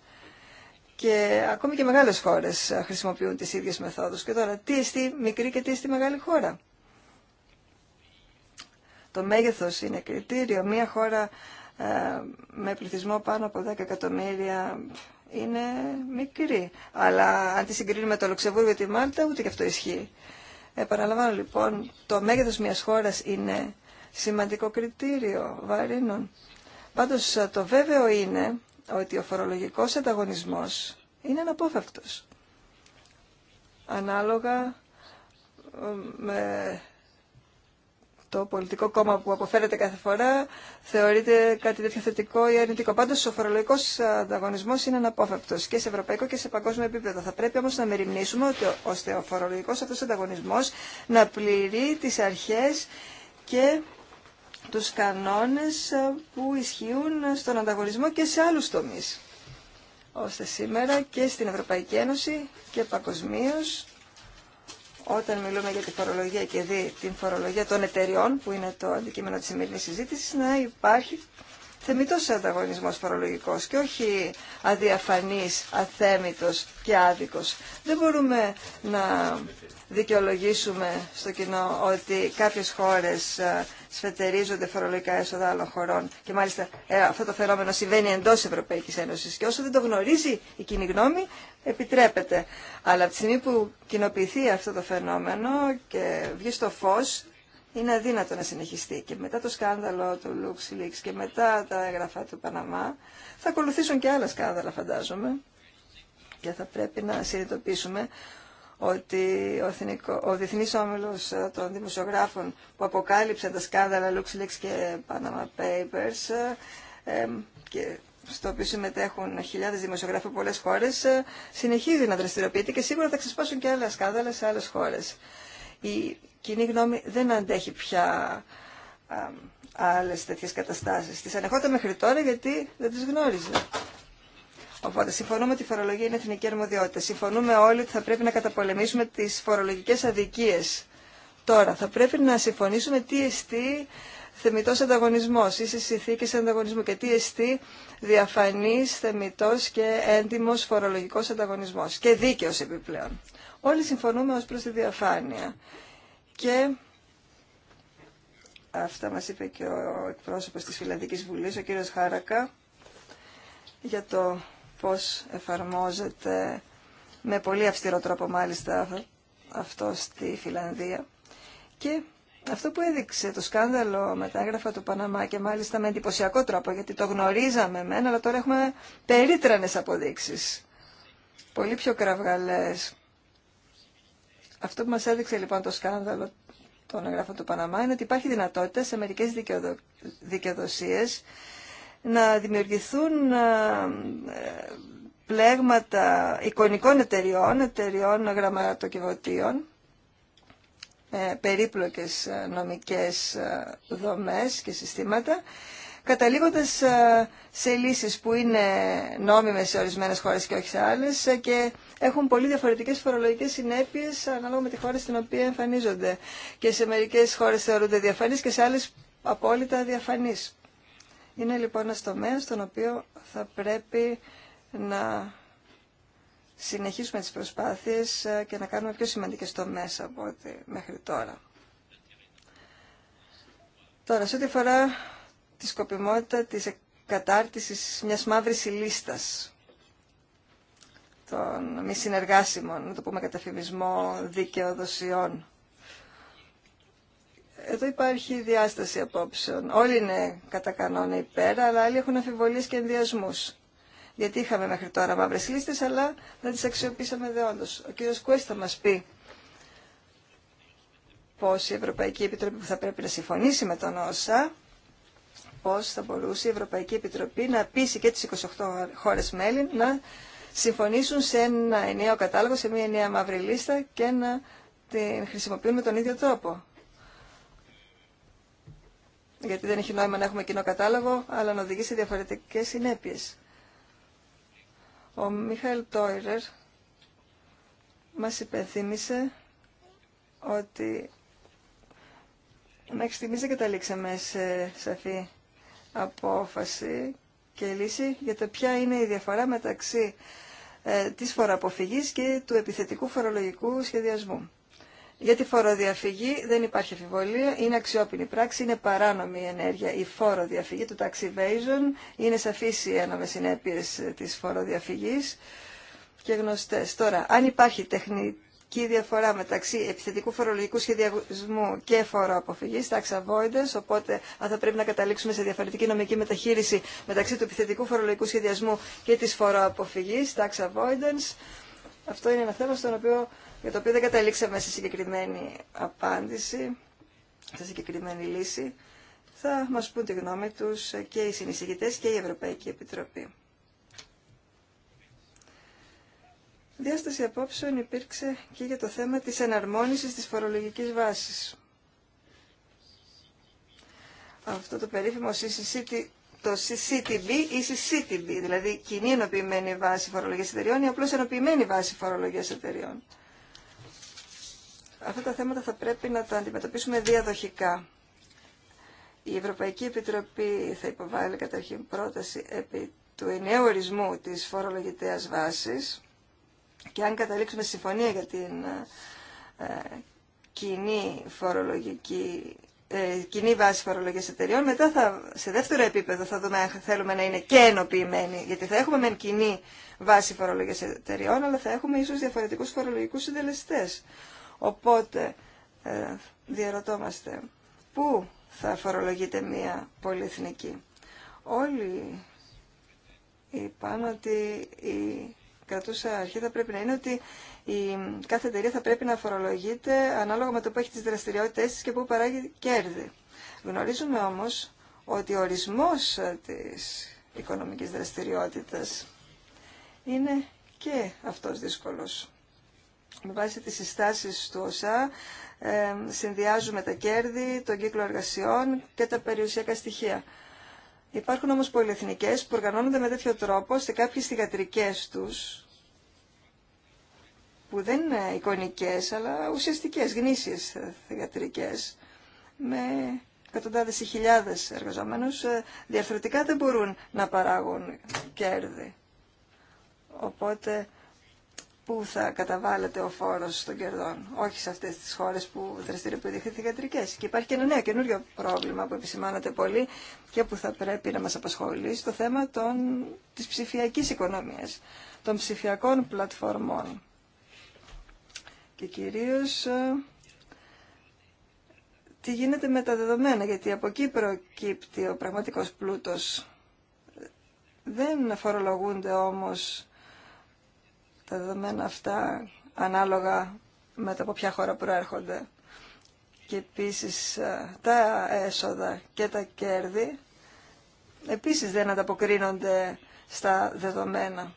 Και ακόμη και μεγάλες χώρες χρησιμοποιούν τις ίδιες μεθόδους. Και τώρα, τι εστί μικρή και τι εστί μεγάλη χώρα. Το μέγεθος είναι κριτήριο. Μία χώρα ε, με πληθυσμό πάνω από 10 εκατομμύρια είναι μικρή. Αλλά αν τη συγκρίνουμε το Λουξεμβούργο ή τη Μάλτα, ούτε και αυτό ισχύει. Επαναλαμβάνω λοιπόν, το μέγεθος μια χώρας είναι σημαντικό κριτήριο βαρύνων. Πάντως το βέβαιο είναι ότι ο φορολογικό ανταγωνισμός είναι αναπόφευκτο. Ανάλογα ε, με το πολιτικό κόμμα που αποφέρεται κάθε φορά θεωρείται κάτι τέτοιο θετικό ή αρνητικό. Πάντως ο φορολογικός ανταγωνισμός είναι αναπόφευκτος και σε ευρωπαϊκό και σε παγκόσμιο επίπεδο. Θα πρέπει όμως να μεριμνήσουμε ότι, ώστε ο φορολογικός αυτός ανταγωνισμός να πληρεί τις αρχές και τους κανόνες ε, που ισχύουν στον ανταγωνισμό και σε άλλους τομείς ώστε σήμερα και στην Ευρωπαϊκή Ένωση και παγκοσμίω όταν μιλούμε για τη φορολογία και δι, την φορολογία των εταιριών, που είναι το αντικείμενο της σημερινής συζήτηση να υπάρχει θεμητός ανταγωνισμός φορολογικός και όχι αδιαφανής, αθέμητος και άδικος. Δεν μπορούμε να δικαιολογήσουμε στο κοινό ότι κάποιες χώρες ε, σφετερίζονται φορολογικά έσοδα άλλων χωρών και μάλιστα ε, αυτό το φαινόμενο συμβαίνει εντός Ευρωπαϊκής Ένωσης και όσο δεν το γνωρίζει η κοινή γνώμη επιτρέπεται. Αλλά από τη στιγμή που κοινοποιηθεί αυτό το φαινόμενο και βγει στο φως, είναι αδύνατο να συνεχιστεί. Και μετά το σκάνδαλο του LuxLeaks και μετά τα έγγραφα του Παναμά, θα ακολουθήσουν και άλλα σκάνδαλα φαντάζομαι. Και θα πρέπει να συνειδητοποιήσουμε ότι ο, διεθνή ο Διεθνής των Δημοσιογράφων που αποκάλυψε τα σκάνδαλα LuxLeaks και Panama Papers ε, και στο οποίο συμμετέχουν χιλιάδες δημοσιογράφοι από πολλές χώρες, ε, συνεχίζει να δραστηριοποιείται και σίγουρα θα ξεσπάσουν και άλλα σκάνδαλα σε άλλες χώρες. Η κοινή γνώμη δεν αντέχει πια άλλες τέτοιες καταστάσεις. Τις ανεχόταν μέχρι τώρα γιατί δεν τις γνώριζε. Οπότε συμφωνούμε ότι η φορολογία είναι εθνική αρμοδιότητα. Συμφωνούμε όλοι ότι θα πρέπει να καταπολεμήσουμε τις φορολογικές αδικίες. Τώρα θα πρέπει να συμφωνήσουμε τι εστί θεμητός ανταγωνισμός, σε συνθήκε ανταγωνισμού και τι εστί διαφανής, θεμητό και έντιμος φορολογικό ανταγωνισμό και δίκαιο επιπλέον. Όλοι συμφωνούμε ως προς τη διαφάνεια και αυτά μα είπε και ο εκπρόσωπο της Φιλανδικής Βουλής, ο κύριος Χάρακα, για το πώς εφαρμόζεται με πολύ αυστηρό τρόπο μάλιστα αυτό στη Φιλανδία. Και αυτό που έδειξε το σκάνδαλο με τα έγγραφα του Παναμά και μάλιστα με εντυπωσιακό τρόπο, γιατί το γνωρίζαμε εμένα αλλά τώρα έχουμε περίτρανες αποδείξεις, πολύ πιο κραυγαλές. Αυτό που μας έδειξε λοιπόν το σκάνδαλο των εγγράφων του Παναμά είναι ότι υπάρχει δυνατότητα σε μερικές δικαιοδο... δικαιοδοσίες να δημιουργηθούν ε, πλέγματα εικονικών εταιριών, εταιριών γραμματοκιβωτίων, ε, περίπλοκες ε, νομικές ε, δομές και συστήματα, καταλήγοντας σε λύσεις που είναι νόμιμες σε ορισμένες χώρες και όχι σε άλλες και έχουν πολύ διαφορετικές φορολογικές συνέπειες ανάλογα με τη χώρα στην οποία εμφανίζονται. Και σε μερικές χώρες θεωρούνται διαφανείς και σε άλλες απόλυτα διαφανείς. Είναι λοιπόν ένα τομέα στον οποίο θα πρέπει να συνεχίσουμε τις προσπάθειες ε, και να κάνουμε πιο σημαντικές τομές από ό,τι μέχρι τώρα. Τώρα, σε ό,τι αφορά τη σκοπιμότητα της κατάρτισης μιας μαύρης λίστας των μη συνεργάσιμων, να το πούμε καταφημισμό δικαιοδοσιών. Εδώ υπάρχει διάσταση απόψεων. Όλοι είναι κατά κανόνα υπέρα, αλλά άλλοι έχουν αμφιβολίες και ενδιασμούς γιατί είχαμε μέχρι τώρα μαύρε λίστες, αλλά δεν τι αξιοποίησαμε δεόντω. Ο κύριος Κουέστα μα μας πει πω η Ευρωπαϊκή Επιτροπή που θα πρέπει να συμφωνήσει με τον ΩΣΑ, πώ θα μπορούσε η Ευρωπαϊκή Επιτροπή να πείσει και τι 28 χώρε μέλη να συμφωνήσουν σε ένα ενιαίο κατάλογο, σε μια ενιαία μαύρη λίστα και να την χρησιμοποιούν με τον ίδιο τρόπο. Γιατί δεν έχει νόημα να έχουμε κοινό κατάλογο, αλλά να οδηγεί σε διαφορετικέ συνέπειε. Ο Μιχαήλ Τόιρερ μας υπενθύμησε ότι μέχρι στιγμής δεν καταλήξαμε σε σαφή απόφαση και λύση για το ποια είναι η διαφορά μεταξύ ε, της φοροαποφυγής και του επιθετικού φορολογικού σχεδιασμού. Για τη φοροδιαφυγή δεν υπάρχει αφιβολία, είναι αξιόπινη πράξη, είναι παράνομη η ενέργεια. Η φοροδιαφυγή του tax evasion είναι σαφής οι ένομες συνέπειες της φοροδιαφυγής και γνωστές. Τώρα, αν υπάρχει τεχνική διαφορά μεταξύ επιθετικού φορολογικού σχεδιασμού και φοροαποφυγής, tax avoidance, οπότε αν θα πρέπει να καταλήξουμε σε διαφορετική νομική μεταχείριση μεταξύ του επιθετικού φορολογικού σχεδιασμού και της φοροαποφυγής, tax avoidance, αυτό είναι ένα θέμα στον οποίο για το οποίο δεν καταλήξαμε σε συγκεκριμένη απάντηση, σε συγκεκριμένη λύση. Θα μας πούν τη γνώμη τους και οι συνεισηγητές και η Ευρωπαϊκή Επιτροπή. Διάσταση απόψεων υπήρξε και για το θέμα της εναρμόνισης της φορολογικής βάσης. Αυτό το περίφημο CCCT, το CCTB ή CCTB, δηλαδή κοινή ενοποιημένη βάση φορολογίας εταιριών ή απλώς ενοποιημένη βάση φορολογίας εταιριών. Αυτά τα θέματα θα πρέπει να τα αντιμετωπίσουμε διαδοχικά. Η Ευρωπαϊκή Επιτροπή θα υποβάλει καταρχήν πρόταση επί του ενιαίου ορισμού της φορολογητέας βάσης και αν καταλήξουμε συμφωνία για την ε, κοινή, φορολογική, ε, βάση φορολογίας εταιριών, μετά θα, σε δεύτερο επίπεδο θα δούμε αν θέλουμε να είναι και ενοποιημένοι, γιατί θα έχουμε μεν κοινή βάση φορολογίας εταιριών, αλλά θα έχουμε ίσως διαφορετικούς φορολογικούς συντελεστές. Οπότε ε, διαρωτόμαστε πού θα φορολογείται μία πολυεθνική. Όλοι είπαν ότι η κρατούσα αρχή θα πρέπει να είναι ότι η κάθε εταιρεία θα πρέπει να φορολογείται ανάλογα με το που έχει τις δραστηριότητες και που παράγει κέρδη. Γνωρίζουμε όμως ότι ο ορισμός της οικονομικής δραστηριότητας είναι και αυτός δύσκολος. Με βάση τις συστάσεις του ΩΣΑ ε, συνδυάζουμε τα κέρδη, τον κύκλο εργασιών και τα περιουσιακά στοιχεία. Υπάρχουν όμως πολυεθνικές που οργανώνονται με τέτοιο τρόπο σε κάποιες θηγατρικές τους, που δεν είναι εικονικές αλλά ουσιαστικές, γνήσιες θηγατρικές, με εκατοντάδες ή χιλιάδες εργαζόμενους, ε, διαφορετικά δεν μπορούν να παράγουν κέρδη. Οπότε πού θα καταβάλλεται ο φόρος των κερδών, όχι σε αυτές τις χώρες που δραστηριοποιούνται οι φόρο Και υπάρχει και ένα νέο καινούριο πρόβλημα που δραστηριοποιουνται οι και υπαρχει και ενα πολύ και που θα πρέπει να μας απασχολεί στο θέμα τη της οικονομία, οικονομίας, των ψηφιακών πλατφορμών. Και κυρίως ε, τι γίνεται με τα δεδομένα, γιατί από εκεί προκύπτει ο πραγματικός πλούτος. Δεν φορολογούνται όμως τα δεδομένα αυτά ανάλογα με τα από ποια χώρα προέρχονται. Και επίσης ε, τα έσοδα και τα κέρδη επίσης δεν ανταποκρίνονται στα δεδομένα.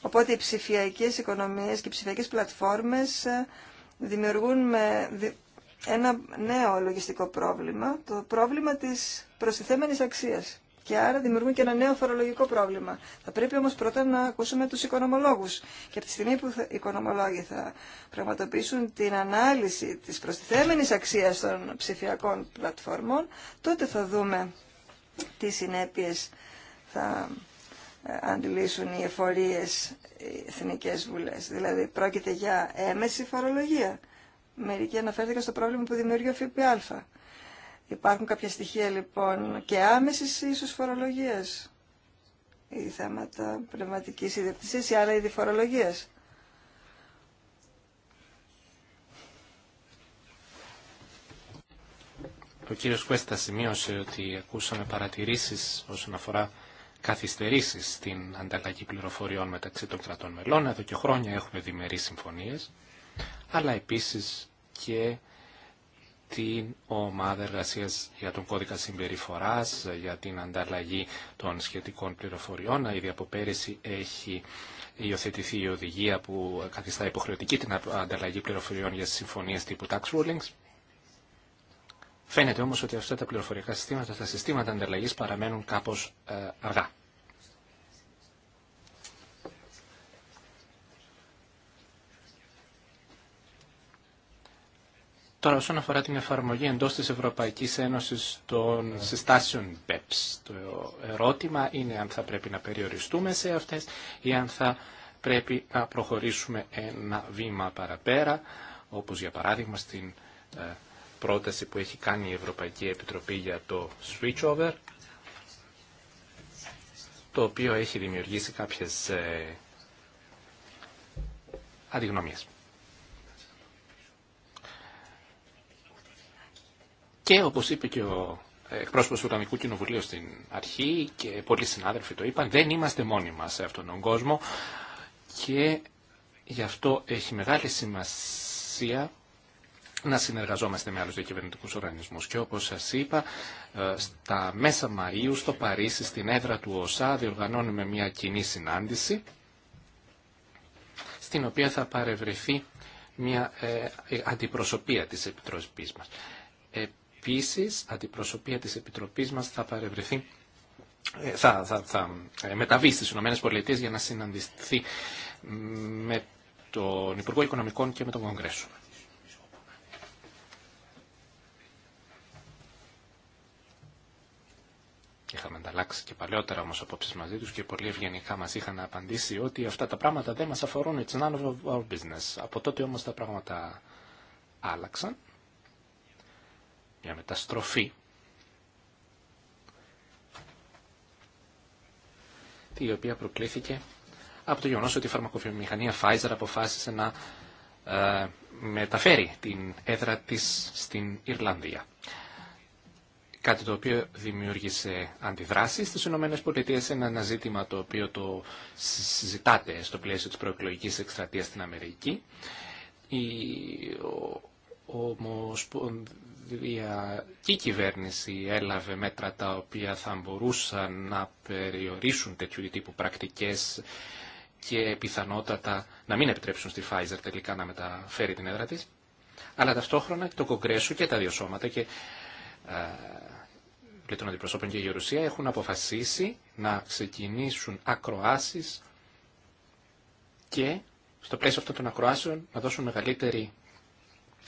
Οπότε οι ψηφιακές οικονομίες και οι ψηφιακές πλατφόρμες ε, δημιουργούν ένα νέο λογιστικό πρόβλημα, το πρόβλημα της προστιθέμενης αξίας. Και άρα δημιουργούν και ένα νέο φορολογικό πρόβλημα. Θα πρέπει όμω πρώτα να ακούσουμε του οικονομολόγους. Και από τη στιγμή που οι οικονομολόγοι θα πραγματοποιήσουν την ανάλυση τη προστιθέμενης αξία των ψηφιακών πλατφόρμων, τότε θα δούμε τι συνέπειε θα ε, αντιλήσουν οι εφορίε οι εθνικέ βουλέ. Δηλαδή πρόκειται για έμεση φορολογία. Μερικοί αναφέρθηκαν στο πρόβλημα που δημιουργεί ο ΦΠΑ. Υπάρχουν κάποια στοιχεία λοιπόν και άμεσης ίσως φορολογίας ή θέματα πνευματικη ιδιοκτησία ή άλλα είδη φορολογίας. Ο κύριος Κουέστα σημείωσε ότι ακούσαμε παρατηρήσεις όσον αφορά καθυστερήσεις στην ανταλλαγή πληροφοριών μεταξύ των κρατών μελών. Εδώ και χρόνια έχουμε διμερεί συμφωνίες, αλλά επίσης και την ομάδα εργασία για τον κώδικα συμπεριφορά για την ανταλλαγή των σχετικών πληροφοριών. Ήδη από πέρυσι έχει υιοθετηθεί η οδηγία που καθιστά υποχρεωτική την ανταλλαγή πληροφοριών για συμφωνίες τύπου tax rulings. Φαίνεται όμως ότι αυτά τα πληροφοριακά συστήματα, τα συστήματα ανταλλαγής παραμένουν κάπως ε, αργά. Τώρα, όσον αφορά την εφαρμογή εντό τη Ευρωπαϊκή Ένωση των συστάσεων BEPS, ε το ερώτημα είναι αν θα πρέπει να περιοριστούμε σε αυτέ ή αν θα πρέπει να προχωρήσουμε ένα βήμα παραπέρα, όπω για παράδειγμα στην ε, πρόταση που έχει κάνει η Ευρωπαϊκή Επιτροπή για το switchover, το οποίο έχει δημιουργήσει κάποιε ε, αντιγνωμίες. Και όπως είπε και ο ε, εκπρόσωπο του Ουρανικού Κοινοβουλίου στην αρχή και πολλοί συνάδελφοι το είπαν, δεν είμαστε μόνοι μας σε αυτόν τον κόσμο και γι' αυτό έχει μεγάλη σημασία να συνεργαζόμαστε με άλλους διακυβερνητικούς οργανισμούς. Και όπως σας είπα, ε, στα μέσα Μαΐου στο Παρίσι, στην έδρα του ΟΣΑ, διοργανώνουμε μια κοινή συνάντηση, στην οποία θα παρευρεθεί μια ε, αντιπροσωπεία της Επιτροπής μας. Επίσης, αντιπροσωπεία της Επιτροπής μας θα παρευρεθεί ε, θα, θα, θα ε, μεταβεί στις ΗΠΑ για να συναντηθεί με τον Υπουργό Οικονομικών και με τον Κογκρέσο. Είχαμε ανταλλάξει και παλαιότερα όμως απόψεις μαζί τους και πολύ ευγενικά μας είχαν απαντήσει ότι αυτά τα πράγματα δεν μας αφορούν, it's none of our business. Από τότε όμως τα πράγματα άλλαξαν μια μεταστροφή. η οποία προκλήθηκε από το γεγονό ότι η φαρμακοβιομηχανία Pfizer αποφάσισε να ε, μεταφέρει την έδρα της στην Ιρλανδία. Κάτι το οποίο δημιούργησε αντιδράσεις στις ΗΠΑ σε ένα ζήτημα το οποίο το συζητάτε στο πλαίσιο της προεκλογικής εκστρατείας στην Αμερική. Η, η κυβέρνηση έλαβε μέτρα τα οποία θα μπορούσαν να περιορίσουν τέτοιου τύπου πρακτικές και πιθανότατα να μην επιτρέψουν στη Pfizer τελικά να μεταφέρει την έδρα της. Αλλά ταυτόχρονα το Κογκρέσο και τα δύο σώματα και τον ε, των αντιπροσώπων και η Γερουσία έχουν αποφασίσει να ξεκινήσουν ακροάσεις και στο πλαίσιο αυτών των ακροάσεων να δώσουν μεγαλύτερη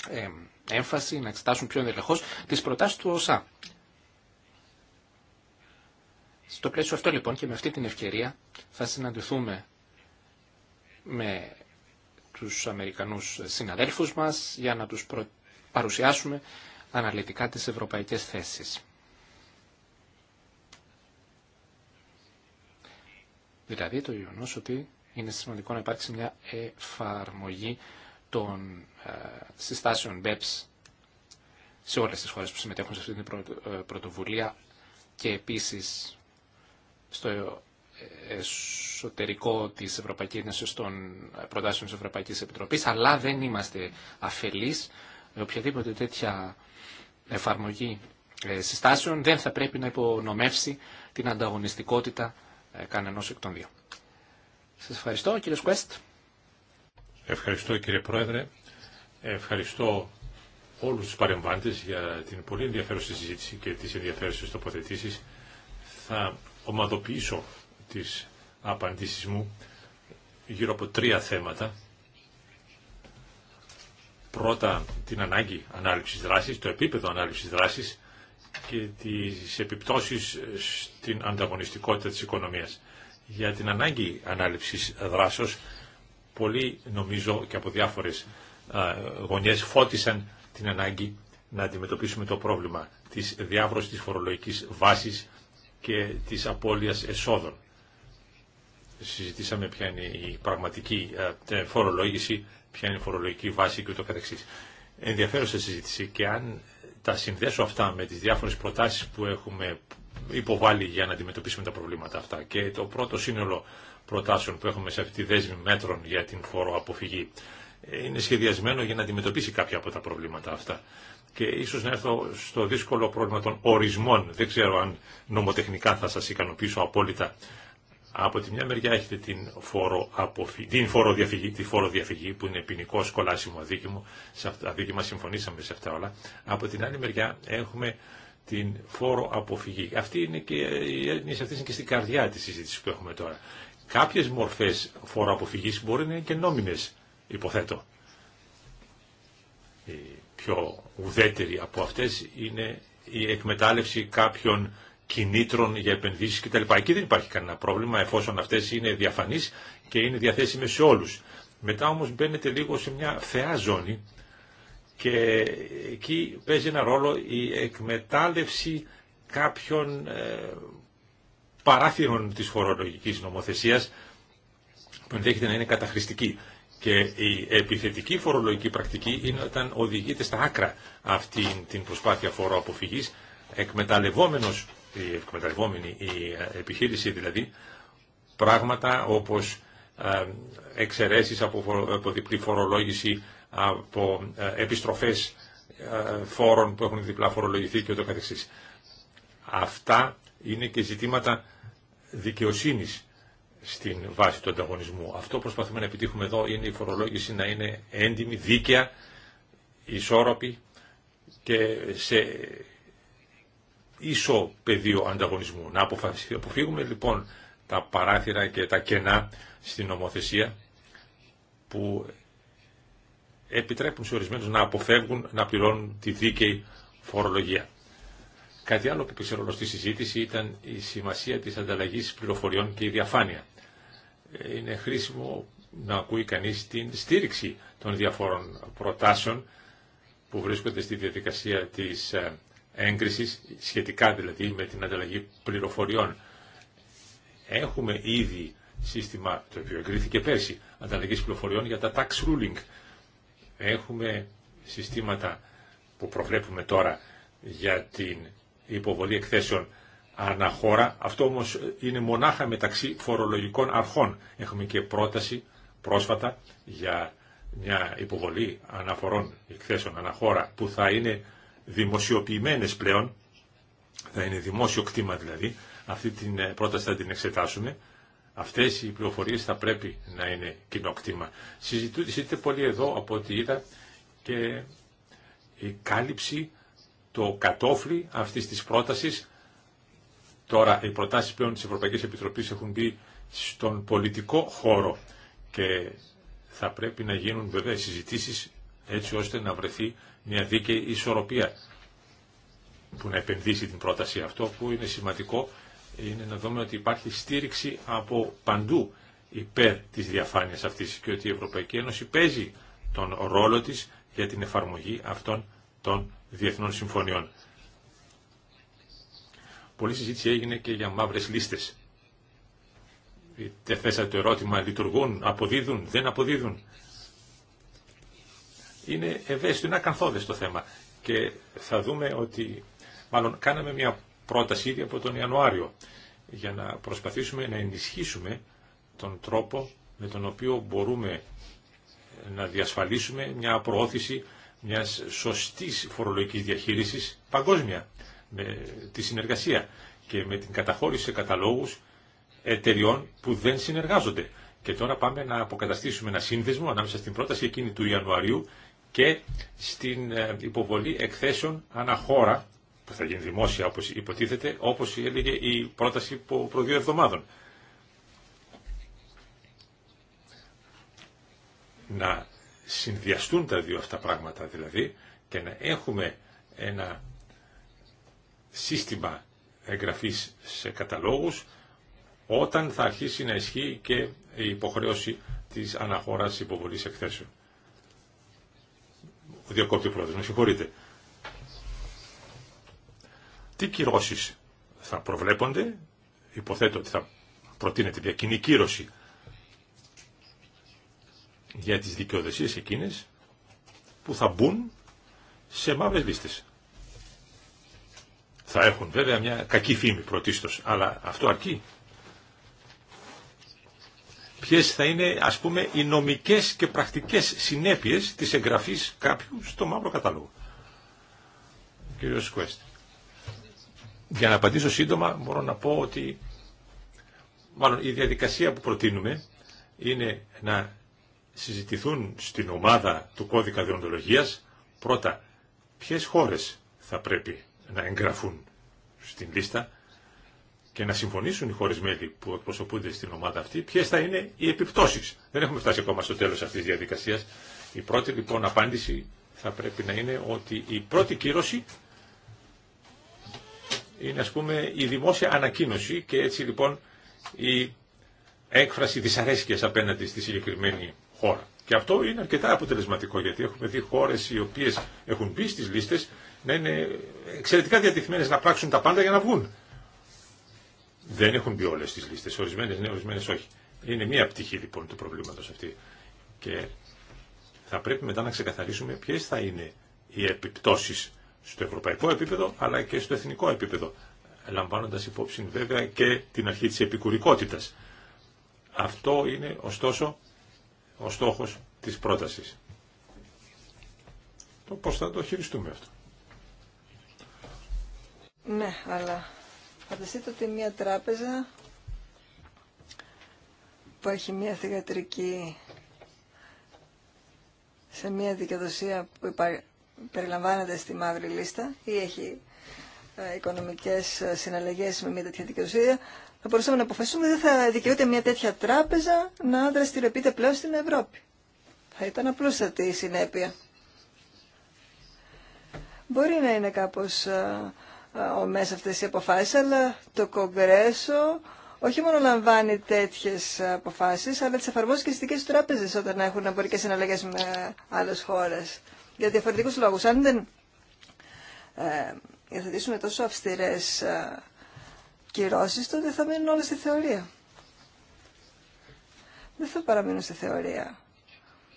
ε, έμφαση, να εξετάσουν πιο ενδελεχώς τις προτάσεις του ΩΣΑ. Στο πλαίσιο αυτό λοιπόν και με αυτή την ευκαιρία θα συναντηθούμε με τους Αμερικανούς συναδέλφους μας για να τους παρουσιάσουμε αναλυτικά τις ευρωπαϊκές θέσεις. Δηλαδή το γεγονό ότι είναι σημαντικό να υπάρξει μια εφαρμογή των ε, συστάσεων BEPS σε όλες τις χώρες που συμμετέχουν σε αυτή την ε, πρωτοβουλία και επίσης στο ε, εσωτερικό της Ευρωπαϊκής Ένωσης των προτάσεων της Ευρωπαϊκής Επιτροπής, αλλά δεν είμαστε αφελείς με οποιαδήποτε τέτοια εφαρμογή συστάσεων δεν θα πρέπει να υπονομεύσει την ανταγωνιστικότητα κανενός εκ των δύο. Σας ευχαριστώ κύριε Κουέστ. Ευχαριστώ κύριε Πρόεδρε. Ευχαριστώ όλους τους παρεμβάντες για την πολύ ενδιαφέρουσα συζήτηση και τις ενδιαφέρουσες τοποθετήσεις. Θα ομαδοποιήσω τις απαντήσεις μου γύρω από τρία θέματα. Πρώτα την ανάγκη ανάληψης δράσης, το επίπεδο ανάληψης δράσης και τις επιπτώσεις στην ανταγωνιστικότητα της οικονομίας. Για την ανάγκη ανάληψης δράσεως πολλοί νομίζω και από διάφορες ε, γωνιές φώτισαν την ανάγκη να αντιμετωπίσουμε το πρόβλημα της διάβρωσης της φορολογικής βάσης και της απώλειας εσόδων. Συζητήσαμε ποια είναι η πραγματική ε, φορολόγηση, ποια είναι η φορολογική βάση και ούτω καθεξής. Ενδιαφέρουσα συζήτηση και αν τα συνδέσω αυτά με τις διάφορες προτάσεις που έχουμε υποβάλει για να αντιμετωπίσουμε τα προβλήματα αυτά και το πρώτο σύνολο προτάσεων που έχουμε σε αυτή τη δέσμη μέτρων για την φοροαποφυγή είναι σχεδιασμένο για να αντιμετωπίσει κάποια από τα προβλήματα αυτά. Και ίσω να έρθω στο δύσκολο πρόβλημα των ορισμών. Δεν ξέρω αν νομοτεχνικά θα σα ικανοποιήσω απόλυτα. Από τη μια μεριά έχετε την, φορο αποφυ... την φοροδιαφυγή, τη φοροδιαφυγή που είναι ποινικό κολάσιμο, αδίκημο, σε αυτά, αδίκημα συμφωνήσαμε σε αυτά όλα. Από την άλλη μεριά έχουμε την φόρο αποφυγή. Αυτή είναι και, η έννοια αυτή είναι και στην καρδιά τη συζήτηση που έχουμε τώρα. Κάποιες μορφές φοροαποφυγής μπορεί να είναι και νόμιμες, υποθέτω. Η πιο ουδέτερη από αυτές είναι η εκμετάλλευση κάποιων κινήτρων για επενδύσεις κτλ. Εκεί δεν υπάρχει κανένα πρόβλημα εφόσον αυτές είναι διαφανείς και είναι διαθέσιμες σε όλους. Μετά όμως μπαίνετε λίγο σε μια θεά ζώνη και εκεί παίζει ένα ρόλο η εκμετάλλευση κάποιων ε, παράθυρων της φορολογικής νομοθεσίας που ενδέχεται να είναι καταχρηστική. Και η επιθετική φορολογική πρακτική είναι όταν οδηγείται στα άκρα αυτή την προσπάθεια φοροαποφυγής, εκμεταλλευόμενος, η εκμεταλλευόμενη η ε, επιχείρηση δηλαδή, πράγματα όπως ε, εξαιρέσεις από, από διπλή φορολόγηση, από ε, επιστροφές φόρων που έχουν διπλά φορολογηθεί και Αυτά είναι και ζητήματα δικαιοσύνης στην βάση του ανταγωνισμού. Αυτό που προσπαθούμε να επιτύχουμε εδώ είναι η φορολόγηση να είναι έντιμη, δίκαια, ισόρροπη και σε ίσο πεδίο ανταγωνισμού. Να αποφύγουμε λοιπόν τα παράθυρα και τα κενά στην νομοθεσία που επιτρέπουν σε ορισμένους να αποφεύγουν να πληρώνουν τη δίκαιη φορολογία. Κάτι άλλο που έπαιξε ρόλο στη συζήτηση ήταν η σημασία της ανταλλαγής πληροφοριών και η διαφάνεια. Είναι χρήσιμο να ακούει κανείς την στήριξη των διαφόρων προτάσεων που βρίσκονται στη διαδικασία της ε, έγκρισης, σχετικά δηλαδή με την ανταλλαγή πληροφοριών. Έχουμε ήδη σύστημα, το οποίο εγκρίθηκε πέρσι, ανταλλαγής πληροφοριών για τα tax ruling. Έχουμε συστήματα που προβλέπουμε τώρα για την υποβολή εκθέσεων αναχώρα. Αυτό όμως είναι μονάχα μεταξύ φορολογικών αρχών. Έχουμε και πρόταση πρόσφατα για μια υποβολή αναφορών εκθέσεων αναχώρα που θα είναι δημοσιοποιημένες πλέον, θα είναι δημόσιο κτήμα δηλαδή. Αυτή την ε, πρόταση θα την εξετάσουμε. Αυτές οι πληροφορίες θα πρέπει να είναι κοινό κτήμα. Συζητούνται πολύ εδώ από ό,τι είδα και η κάλυψη το κατόφλι αυτής της πρότασης. Τώρα οι προτάσεις πλέον της Ευρωπαϊκής Επιτροπής έχουν μπει στον πολιτικό χώρο και θα πρέπει να γίνουν βέβαια συζητήσεις έτσι ώστε να βρεθεί μια δίκαιη ισορροπία που να επενδύσει την πρόταση. Αυτό που είναι σημαντικό είναι να δούμε ότι υπάρχει στήριξη από παντού υπέρ της διαφάνειας αυτής και ότι η Ευρωπαϊκή Ένωση παίζει τον ρόλο της για την εφαρμογή αυτών των διεθνών συμφωνιών. Πολλή συζήτηση έγινε και για μαύρες λίστες. Είτε θέσατε το ερώτημα, λειτουργούν, αποδίδουν, δεν αποδίδουν. Είναι ευαίσθητο, είναι ακαθόδες το θέμα. Και θα δούμε ότι, μάλλον κάναμε μια πρόταση ήδη από τον Ιανουάριο, για να προσπαθήσουμε να ενισχύσουμε τον τρόπο με τον οποίο μπορούμε να διασφαλίσουμε μια προώθηση μιας σωστής φορολογικής διαχείρισης παγκόσμια με τη συνεργασία και με την καταχώρηση σε καταλόγους εταιριών που δεν συνεργάζονται. Και τώρα πάμε να αποκαταστήσουμε ένα σύνδεσμο ανάμεσα στην πρόταση εκείνη του Ιανουαρίου και στην ε, υποβολή εκθέσεων αναχώρα, που θα γίνει δημόσια όπως υποτίθεται, όπως έλεγε η πρόταση προ δύο εβδομάδων. Να συνδυαστούν τα δύο αυτά πράγματα δηλαδή και να έχουμε ένα σύστημα εγγραφής σε καταλόγους όταν θα αρχίσει να ισχύει και η υποχρέωση της αναχώρας υποβολής εκθέσεων. Ο διακόπτη πρόεδρος, με συγχωρείτε. Τι κυρώσεις θα προβλέπονται, υποθέτω ότι θα προτείνεται μια κοινή κύρωση για τις δικαιοδοσίες εκείνες που θα μπουν σε μαύρες λίστες. Θα έχουν βέβαια μια κακή φήμη πρωτίστως, αλλά αυτό αρκεί. Ποιες θα είναι ας πούμε οι νομικές και πρακτικές συνέπειες της εγγραφής κάποιου στο μαύρο κατάλογο. Κύριος Κουέστ. Για να απαντήσω σύντομα μπορώ να πω ότι μάλλον η διαδικασία που προτείνουμε είναι να συζητηθούν στην ομάδα του κώδικα διοντολογίας πρώτα ποιες χώρες θα πρέπει να εγγραφούν στην λίστα και να συμφωνήσουν οι χώρες μέλη που εκπροσωπούνται στην ομάδα αυτή ποιες θα είναι οι επιπτώσεις. Δεν έχουμε φτάσει ακόμα στο τέλος αυτής της διαδικασίας. Η πρώτη λοιπόν απάντηση θα πρέπει να είναι ότι η πρώτη κύρωση είναι ας πούμε η δημόσια ανακοίνωση και έτσι λοιπόν η έκφραση δυσαρέσκειας απέναντι στη συγκεκριμένη χώρα. Και αυτό είναι αρκετά αποτελεσματικό γιατί έχουμε δει χώρε οι οποίε έχουν μπει στι λίστε να είναι εξαιρετικά διατεθειμένε να πράξουν τα πάντα για να βγουν. Δεν έχουν μπει όλε τι λίστε. Ορισμένε ναι, ορισμένε όχι. Είναι μία πτυχή λοιπόν του προβλήματο αυτή. Και θα πρέπει μετά να ξεκαθαρίσουμε ποιε θα είναι οι επιπτώσει στο ευρωπαϊκό επίπεδο αλλά και στο εθνικό επίπεδο. Λαμβάνοντα υπόψη βέβαια και την αρχή τη επικουρικότητα. Αυτό είναι ωστόσο ο στόχος της πρότασης. Το πώς θα το χειριστούμε αυτό. Ναι, αλλά φανταστείτε ότι μια τράπεζα που έχει μια θηγατρική σε μια δικαιοδοσία που υπά... περιλαμβάνεται στη μαύρη λίστα ή έχει ε, οικονομικές συναλλαγές με μια τέτοια δικαιοδοσία θα μπορούσαμε να αποφασίσουμε ότι δεν θα δικαιούται μια τέτοια τράπεζα να δραστηριοποιείται πλέον στην Ευρώπη. Θα ήταν απλούστατη η συνέπεια. Μπορεί να είναι κάπως ομές αυτές οι αποφάσεις, αλλά το Κογκρέσο όχι μόνο λαμβάνει τέτοιες αποφάσεις, αλλά τις εφαρμόζει και στις δικές τράπεζες όταν έχουν εμπορικές συναλλαγές με άλλες χώρες. Για διαφορετικούς λόγους. Αν δεν ε, υιοθετήσουμε τόσο αυστηρές ε, κυρώσεις, τότε θα μείνουν όλα στη θεωρία. Δεν θα παραμείνουν στη θεωρία.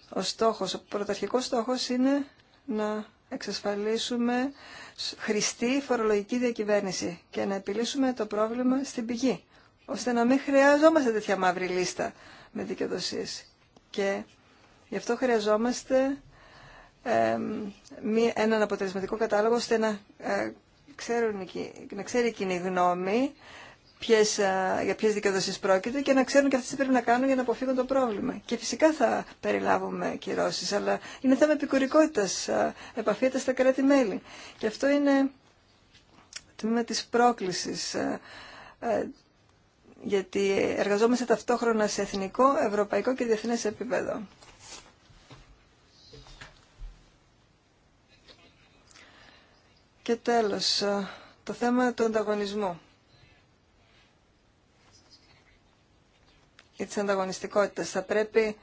Ο στόχος, ο πρωταρχικός στόχος είναι να εξασφαλίσουμε χρηστή φορολογική διακυβέρνηση και να επιλύσουμε το πρόβλημα στην πηγή, ώστε να μην χρειαζόμαστε τέτοια μαύρη λίστα με δικαιοδοσίες. Και γι' αυτό χρειαζόμαστε ε, έναν αποτελεσματικό κατάλογο ώστε να ε, ξέρουν, να ξέρει η γνώμη ποιες, για ποιες δικαιοδοσίες πρόκειται και να ξέρουν και αυτές τι πρέπει να κάνουν για να αποφύγουν το πρόβλημα. Και φυσικά θα περιλάβουμε κυρώσεις, αλλά είναι θέμα επικουρικότητας, επαφείται στα κράτη-μέλη. Και αυτό είναι τμήμα της πρόκλησης, γιατί εργαζόμαστε ταυτόχρονα σε εθνικό, ευρωπαϊκό και διεθνές επίπεδο. Και τέλος, το θέμα του ανταγωνισμού. Ή της ανταγωνιστικότητας. Θα πρέπει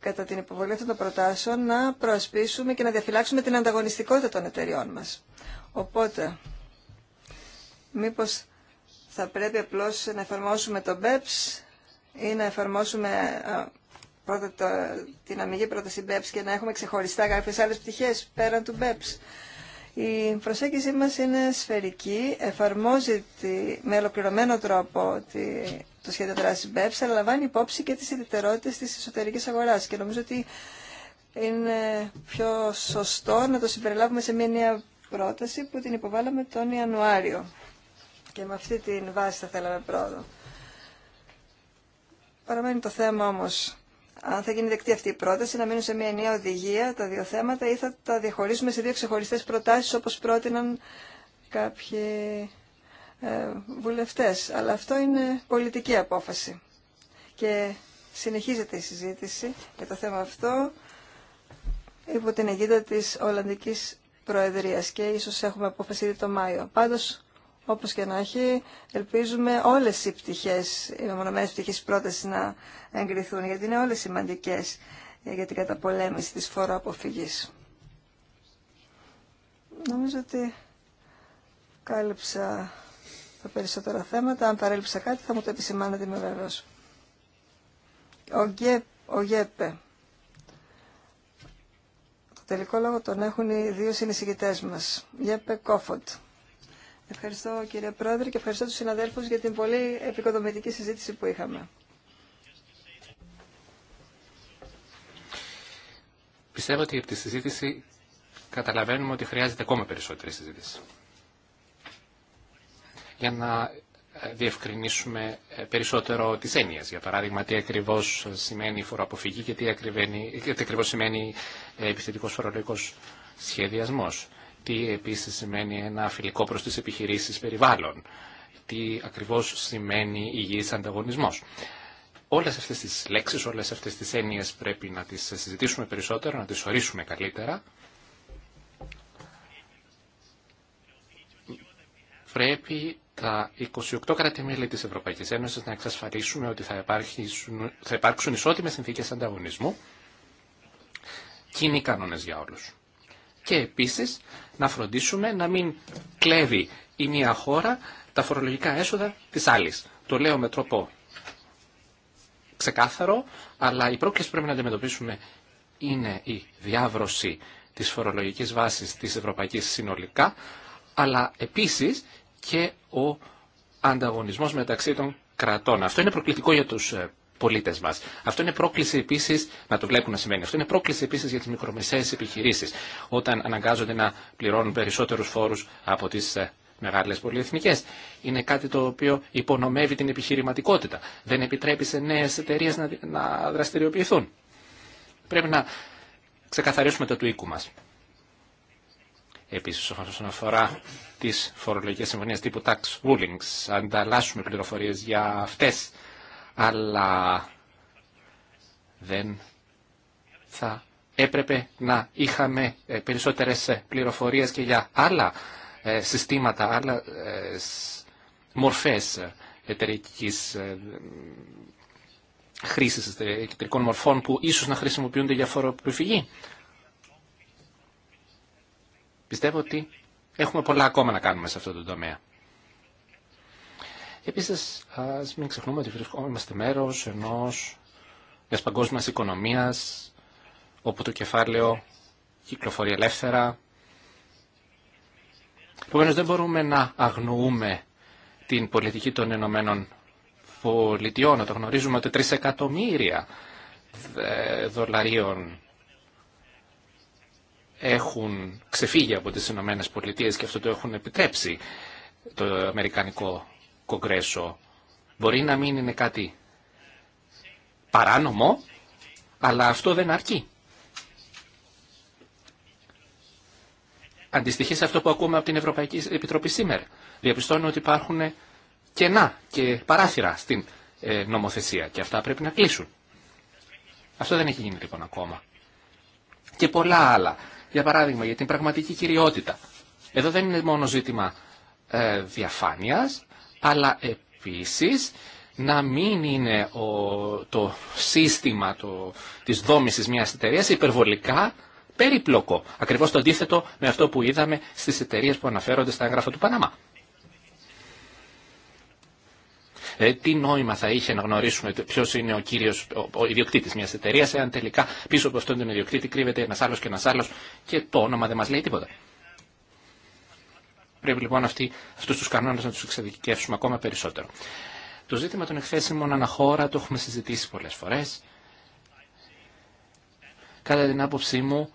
κατά την υποβολή αυτών των προτάσεων να προασπίσουμε και να διαφυλάξουμε την ανταγωνιστικότητα των εταιριών μας. Οπότε, μήπως θα πρέπει απλώς να εφαρμόσουμε το BEPS ή να εφαρμόσουμε πρώτα το, την αμυγή πρόταση BEPS και να έχουμε ξεχωριστά κάποιες άλλες πτυχές πέραν του BEPS. Η προσέγγιση μας είναι σφαιρική, εφαρμόζει τη, με ολοκληρωμένο τρόπο τη, το σχέδιο δράση BEPS, αλλά λαμβάνει υπόψη και τις ιδιαιτερότητες της εσωτερικής αγοράς και νομίζω ότι είναι πιο σωστό να το συμπεριλάβουμε σε μια νέα πρόταση που την υποβάλαμε τον Ιανουάριο και με αυτή την βάση θα θέλαμε πρόοδο. Παραμένει το θέμα όμως αν θα γίνει δεκτή αυτή η πρόταση, να μείνουν σε μια νέα οδηγία τα δύο θέματα ή θα τα διαχωρίσουμε σε δύο ξεχωριστές προτάσεις όπως πρότειναν κάποιοι ε, βουλευτές. Αλλά αυτό είναι πολιτική απόφαση. Και συνεχίζεται η συζήτηση για το θέμα αυτό υπό την αιγύδα της Ολλανδικής Προεδρίας και ίσως έχουμε ήδη το Μάιο. Πάντως όπως και να έχει, ελπίζουμε όλες οι πτυχές, οι μεμονωμένες πτυχές πρόταση να εγκριθούν, γιατί είναι όλες σημαντικές για την καταπολέμηση της φοροαποφυγής. Νομίζω ότι κάλυψα τα περισσότερα θέματα. Αν παρέλειψα κάτι θα μου το επισημάνετε, με βέβαιος. Ο, Γε, ο Γέπε. Το τελικό λόγο τον έχουν οι δύο συνεισηγητές μας. Γέπε Κόφοντ. Ευχαριστώ κύριε Πρόεδρε και ευχαριστώ τους συναδέλφους για την πολύ επικοδομητική συζήτηση που είχαμε. Πιστεύω ότι από τη συζήτηση καταλαβαίνουμε ότι χρειάζεται ακόμα περισσότερη συζήτηση. Για να ε, διευκρινίσουμε ε, περισσότερο τις έννοιες. Για παράδειγμα, τι ακριβώς σημαίνει φοροαποφυγή και τι ακριβώς σημαίνει ε, επιθετικός φορολογικός σχεδιασμός τι επίσης σημαίνει ένα φιλικό προς τις επιχειρήσεις περιβάλλον, τι ακριβώς σημαίνει υγιής ανταγωνισμός. Όλες αυτές τις λέξεις, όλες αυτές τις έννοιες πρέπει να τις συζητήσουμε περισσότερο, να τις ορίσουμε καλύτερα. Πρέπει τα 28 κράτη-μέλη της Ευρωπαϊκής Ένωσης να εξασφαλίσουμε ότι θα, υπάρξουν, θα υπάρξουν ισότιμες συνθήκες ανταγωνισμού και είναι κανόνες για όλους και επίσης να φροντίσουμε να μην κλέβει η μία χώρα τα φορολογικά έσοδα της άλλης. Το λέω με τρόπο ξεκάθαρο, αλλά η πρόκληση που πρέπει να αντιμετωπίσουμε είναι η διάβρωση της φορολογικής βάσης της Ευρωπαϊκής συνολικά, αλλά επίσης και ο ανταγωνισμός μεταξύ των κρατών. Αυτό είναι προκλητικό για τους ε, πολίτε μα. Αυτό είναι πρόκληση επίση, να το βλέπουν να σημαίνει, αυτό είναι πρόκληση επίση για τι μικρομεσαίε επιχειρήσει, όταν αναγκάζονται να πληρώνουν περισσότερου φόρου από τι ε, μεγάλε πολυεθνικέ. Είναι κάτι το οποίο υπονομεύει την επιχειρηματικότητα. Δεν επιτρέπει σε νέε εταιρείε να, να δραστηριοποιηθούν. Πρέπει να ξεκαθαρίσουμε το του οίκου μα. Επίση, όσον αφορά τι φορολογικέ συμφωνίε τύπου tax rulings, ανταλλάσσουμε πληροφορίε για αυτέ αλλά δεν θα έπρεπε να είχαμε ε, περισσότερες ε, πληροφορίες και για άλλα ε, συστήματα, άλλα μορφές εταιρικής χρήσης εταιρικών μορφών που ίσως να χρησιμοποιούνται για φοροπροφυγή. Πιστεύω ότι έχουμε πολλά ακόμα να κάνουμε σε αυτό το τομέα. Επίσης, ας μην ξεχνούμε ότι βρισκόμαστε μέρος ενός μιας παγκόσμιας οικονομίας, όπου το κεφάλαιο κυκλοφορεί ελεύθερα. Επομένως, δεν μπορούμε να αγνοούμε την πολιτική των Ηνωμένων Πολιτειών. Το γνωρίζουμε ότι 3 εκατομμύρια δολαρίων έχουν ξεφύγει από τις Ηνωμένε Πολιτείες και αυτό το έχουν επιτρέψει το Αμερικανικό Κογκρέσο. Μπορεί να μην είναι κάτι παράνομο, αλλά αυτό δεν αρκεί. Αντιστοιχεί σε αυτό που ακούμε από την Ευρωπαϊκή Επιτροπή σήμερα. Διαπιστώνω ότι υπάρχουν κενά και παράθυρα στην ε, νομοθεσία και αυτά πρέπει να κλείσουν. Αυτό δεν έχει γίνει λοιπόν ακόμα. Και πολλά άλλα. Για παράδειγμα για την πραγματική κυριότητα. Εδώ δεν είναι μόνο ζήτημα ε, διαφάνειας, αλλά επίσης να μην είναι το σύστημα το, της δόμησης μιας εταιρεία υπερβολικά περίπλοκο. Ακριβώς το αντίθετο με αυτό που είδαμε στις εταιρείε που αναφέρονται στα έγγραφα του Παναμά. Ε, τι νόημα θα είχε να γνωρίσουμε ποιο είναι ο κύριο ο, ο ιδιοκτήτη μια εταιρεία, εάν τελικά πίσω από αυτόν τον ιδιοκτήτη κρύβεται ένα άλλο και ένα άλλο και το όνομα δεν μα λέει τίποτα. Πρέπει λοιπόν αυτού του τους κανόνες να τους εξειδικεύσουμε ακόμα περισσότερο. Το ζήτημα των εκθέσιμων αναχώρα το έχουμε συζητήσει πολλέ φορές. Κατά την άποψή μου,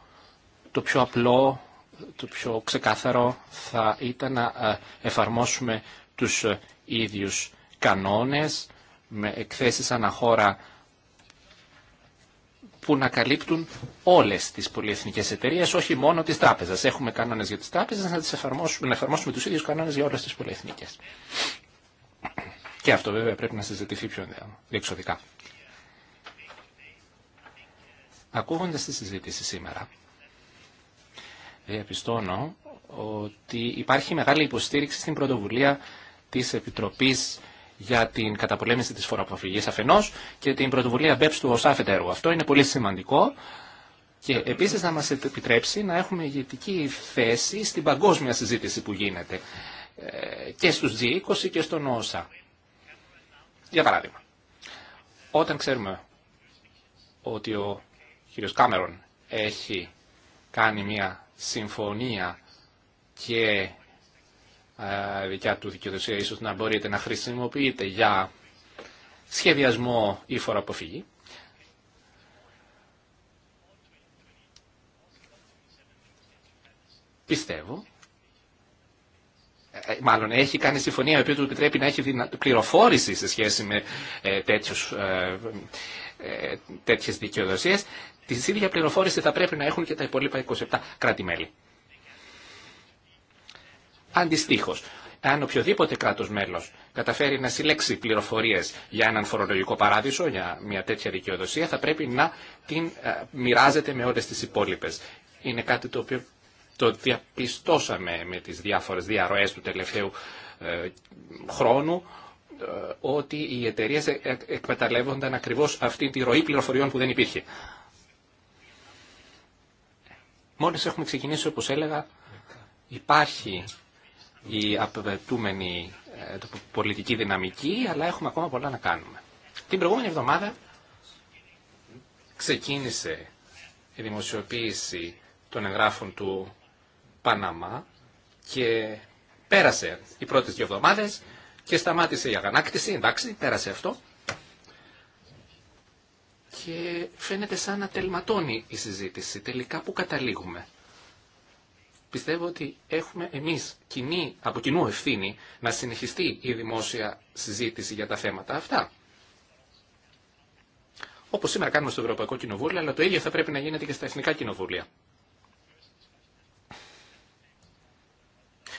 το πιο απλό, το πιο ξεκάθαρο θα ήταν να ε, εφαρμόσουμε τους ε, ίδιους κανόνες με εκθέσεις αναχώρα που να καλύπτουν όλες τις πολυεθνικές εταιρείε, όχι μόνο τις τράπεζες. Έχουμε κανόνε για τι τράπεζε να, εφαρμόσουμε, να εφαρμόσουμε τους ίδιους κανόνες για όλες τις πολυεθνικές. Και αυτό βέβαια πρέπει να συζητηθεί πιο διεξοδικά. Ακούγοντας τη συζήτηση σήμερα, διαπιστώνω ότι υπάρχει μεγάλη υποστήριξη στην πρωτοβουλία της Επιτροπής για την καταπολέμηση της φοροαποφυγής αφενός και την πρωτοβουλία BEPS του ΩΣΑ αφετέρου. Αυτό είναι πολύ σημαντικό και επίσης να μας επιτρέψει να έχουμε ηγετική θέση στην παγκόσμια συζήτηση που γίνεται ε, και στους G20 και στον ΟΣΑ. Για παράδειγμα, όταν ξέρουμε ότι ο κ. Κάμερον έχει κάνει μια συμφωνία και ε, δικιά του δικαιοδοσία ίσως να μπορείτε να χρησιμοποιείτε για σχεδιασμό ή φοροαποφυγή. Πιστεύω. Ε, μάλλον έχει κάνει συμφωνία η οποία του επιτρέπει να έχει πληροφόρηση σε σχέση με ε, τέτοιους, τέτοιες δικαιοδοσίες. Τη ίδια πληροφόρηση θα πρέπει να έχουν και τα υπόλοιπα 27 κράτη-μέλη. Αντιστοίχω, αν οποιοδήποτε κράτο μέλο καταφέρει να συλλέξει πληροφορίε για έναν φορολογικό παράδεισο, για μια τέτοια δικαιοδοσία, θα πρέπει να την ε, μοιράζεται με όλε τι υπόλοιπε. Είναι κάτι το οποίο το διαπιστώσαμε με τι διάφορε διαρροέ του τελευταίου ε, χρόνου ε, ότι οι εταιρείε εκμεταλλεύονταν ακριβώ αυτή τη ροή πληροφοριών που δεν υπήρχε. Μόλι έχουμε ξεκινήσει όπω έλεγα υπάρχει η απαιτούμενη ε, πολιτική δυναμική, αλλά έχουμε ακόμα πολλά να κάνουμε. Την προηγούμενη εβδομάδα ξεκίνησε η δημοσιοποίηση των εγγράφων του Παναμά και πέρασε οι πρώτες δύο εβδομάδες και σταμάτησε η αγανάκτηση, εντάξει, πέρασε αυτό. Και φαίνεται σαν να τελματώνει η συζήτηση. Τελικά που καταλήγουμε πιστεύω ότι έχουμε εμεί κοινή, από κοινού ευθύνη να συνεχιστεί η δημόσια συζήτηση για τα θέματα αυτά. Όπω σήμερα κάνουμε στο Ευρωπαϊκό Κοινοβούλιο, αλλά το ίδιο θα πρέπει να γίνεται και στα Εθνικά Κοινοβούλια.